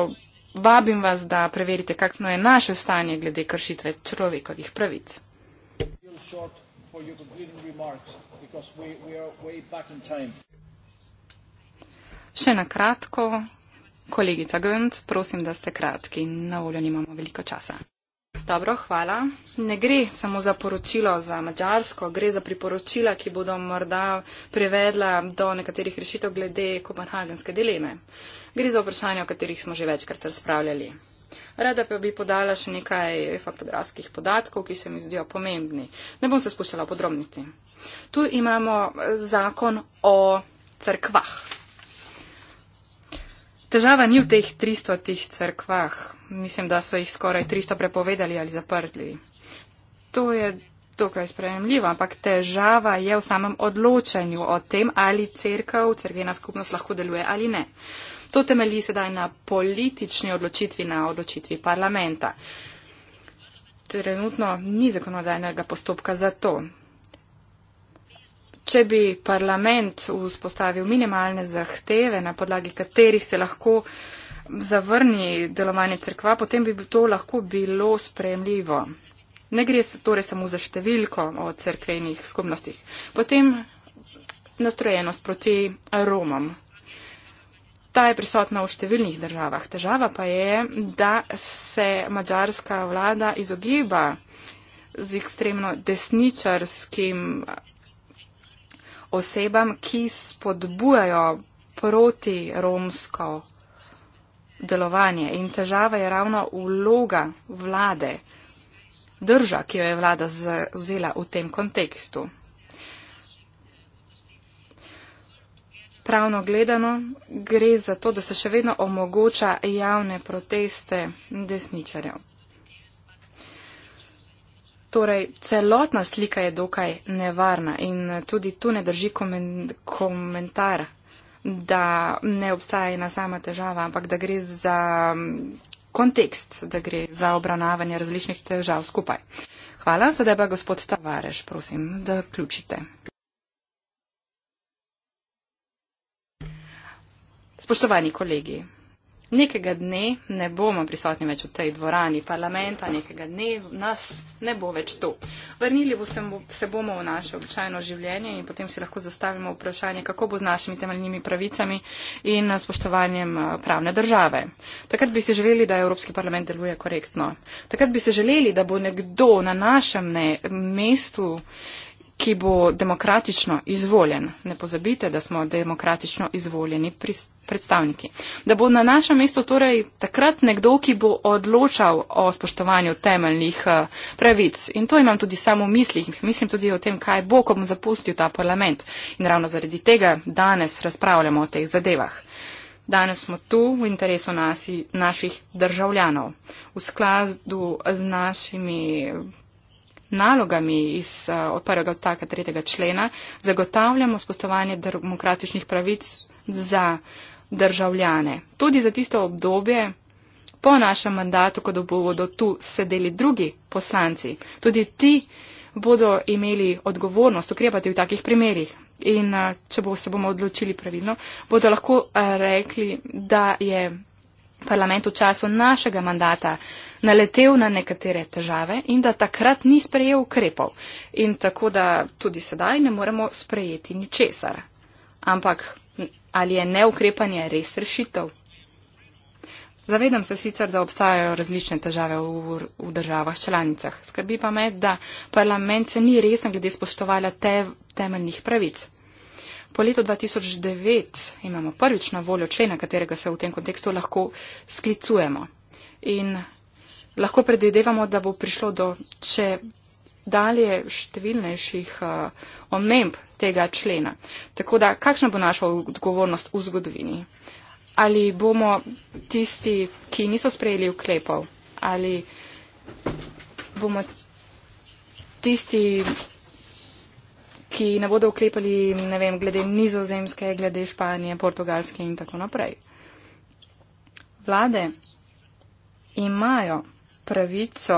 vabim vas, da preverite, kakšno je naše stanje glede kršitve človekovih pravic. Še na kratko, kolegica Gönc, prosim, da ste kratki, na voljo nimamo veliko časa. Dobro, hvala. Ne gre samo za poročilo za Mačarsko, gre za priporočila, ki bodo morda prevedla do nekaterih rešitev glede kopenhagenske dileme. Gre za vprašanje, o katerih smo že večkrat razpravljali. Rada pa bi podala še nekaj faktografskih podatkov, ki se mi zdijo pomembni. Ne bom se spuščala podrobniti. Tu imamo zakon o crkvah. Težava ni v teh 300 tih crkvah. Mislim, da so jih skoraj 300 prepovedali ali zaprli. To je dokaj sprejemljivo, ampak težava je v samem odločanju o tem, ali crkva, crkvena skupnost lahko deluje ali ne. To temelji sedaj na politični odločitvi, na odločitvi parlamenta. Trenutno ni zakonodajnega postopka za to. Če bi parlament vzpostavil minimalne zahteve, na podlagi katerih se lahko zavrni delovanje crkva, potem bi to lahko bilo sprejemljivo. Ne gre torej samo za številko o crkvenih skupnostih. Potem nastrojenost proti Romom. Ta je prisotna v številnih državah. Težava pa je, da se mađarska vlada izogiba z ekstremno desničarskim osebam, ki spodbujajo proti romsko delovanje. In težava je ravno vloga vlade, drža, ki jo je vlada vzela v tem kontekstu. pravno gledano gre za to, da se še vedno omogoča javne proteste desničarjev. Torej, celotna slika je dokaj nevarna in tudi tu ne drži komentar, da ne obstaja ena sama težava, ampak da gre za mm, kontekst, da gre za obravnavanje različnih težav skupaj. Hvala, sedaj pa gospod Tavareš, prosim, da ključite. Spoštovani kolegi, nekega dne ne bomo prisotni več v tej dvorani parlamenta, nekega dne nas ne bo več tu. Vrnili se bomo v naše običajno življenje in potem si lahko zastavimo vprašanje, kako bo z našimi temeljnimi pravicami in eh, spoštovanjem eh, pravne države. Takrat bi si želeli, da Evropski parlament deluje korektno. Takrat bi si želeli, da bo nekdo na našem ne, mestu ki bo demokratično izvoljen. Ne pozabite, da smo demokratično izvoljeni predstavniki. Da bo na našem mestu torej takrat nekdo, ki bo odločal o spoštovanju temeljnih eh, pravic. In to imam tudi samo v mislih. Mislim tudi o tem, kaj bo, ko bom zapustil ta parlament. In ravno zaradi tega danes razpravljamo o teh zadevah. Danes smo tu v interesu nasi, naših državljanov. V skladu z našimi nalogami iz uh, prvega odstavka tretjega člena zagotavljamo spoštovanje demokratičnih pravic za državljane. Tudi za tisto obdobje po našem mandatu, ko bodo tu sedeli drugi poslanci, tudi ti bodo imeli odgovornost ukrepati v takih primerjih. In uh, če bo, se bomo odločili pravilno, bodo lahko uh, rekli, da je parlament v času našega mandata naletel na nekatere težave in da takrat ni sprejel ukrepov. In tako da tudi sedaj ne moremo sprejeti ničesar. Ampak ali je neukrepanje res rešitev? Zavedam se sicer, da obstajajo različne težave v, v državah članicah. Skrbi pa me, da parlament se ni resen glede spoštovala te, temeljnih pravic. Po letu 2009 imamo prvič na voljo člena, katerega se v tem kontekstu lahko sklicujemo. In lahko predvidevamo, da bo prišlo do če dalje številnejših uh, omemb tega člena. Tako da, kakšna bo naša odgovornost v zgodovini? Ali bomo tisti, ki niso sprejeli ukrepov, ali bomo tisti, ki ne bodo vklepali, ne vem, glede nizozemske, glede Španije, portugalske in tako naprej. Vlade imajo pravico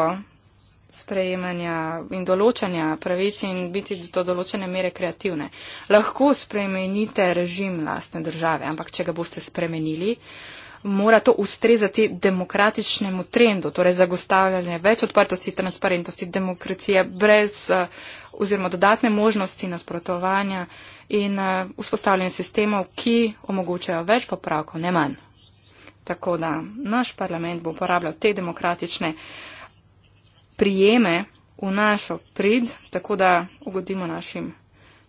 sprejemanja in določanja pravic in biti do določene mere kreativne. Lahko spremenite režim lastne države, ampak če ga boste spremenili, uh, mora to ustrezati demokratičnemu trendu, torej zagostavljanje več odprtosti, transparentnosti, demokracije brez eh, oziroma dodatne možnosti nasprotovanja in eh, vzpostavljanje sistemov, ki omogočajo več popravkov, ne manj. Tako da naš parlament bo uporabljal te demokratične prijeme v našo prid, tako da ugodimo našim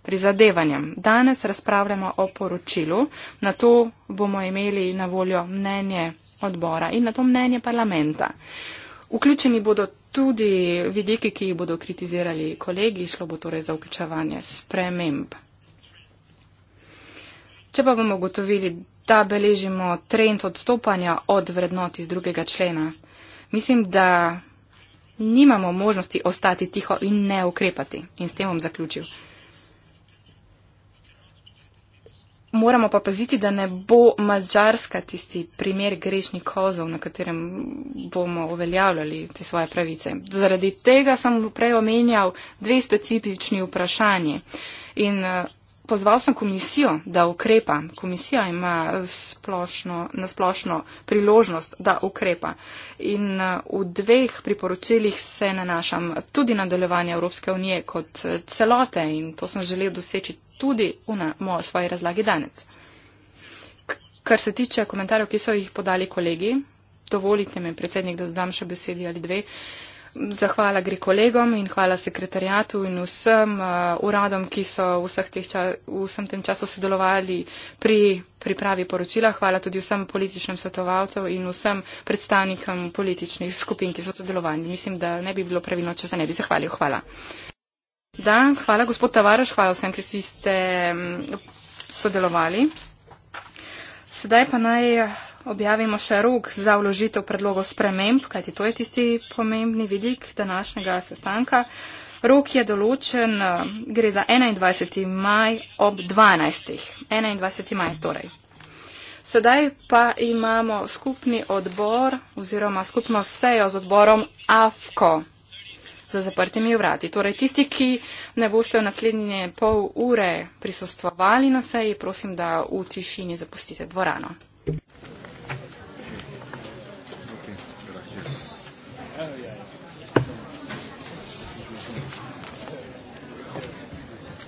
prizadevanjem. Danes razpravljamo o poročilu, na to bomo imeli na voljo mnenje odbora in na to mnenje parlamenta. Vključeni bodo tudi vidiki, ki jih bodo kritizirali kolegi, šlo bo torej za vključevanje sprememb. Če pa bomo ugotovili, da beležimo trend odstopanja od vrednot iz drugega člena, mislim, da nimamo možnosti ostati tiho in ne ukrepati. In s tem bom zaključil. moramo pa paziti, da ne bo Mačarska tisti primer grešnih kozov, na katerem bomo uveljavljali te svoje pravice. Zaradi tega sem prej omenjal dve specifični vprašanje. In eh, pozval sem komisijo, da ukrepa. Komisija ima splošno, nasplošno priložnost, da ukrepa. In eh, v dveh priporočilih se nanašam tudi na delovanje Evropske unije kot eh, celote in to sem želel doseči tudi unamo o svoji razlagi danes. Kar se tiče komentarjev, ki so jih podali kolegi, dovolite mi, predsednik, da dodam še besedi ali dve. Zahvala gre kolegom in hvala sekretarjatu in vsem uh, uradom, ki so v vsem tem času sodelovali pri pripravi poročila. Hvala tudi vsem političnim svetovalcem in vsem predstavnikom političnih skupin, ki so sodelovali. Mislim, da ne bi bilo pravilno, če se ne bi zahvalil. Hvala. Da, hvala gospod Tavaraš, hvala vsem, ki ste mm, sodelovali. Sedaj pa naj objavimo še rok za vložitev predlogov sprememb, kajti to je tisti pomembni vidik današnjega sestanka. Rok je določen, mm, gre za 21. maj ob 12. 21. maj torej. Sedaj pa imamo skupni odbor oziroma skupno sejo z odborom AFKO zaprtimi vrati. Torej, tisti, ki ne boste v naslednje pol ure prisostovali na seji, prosim, da v tišini zapustite dvorano.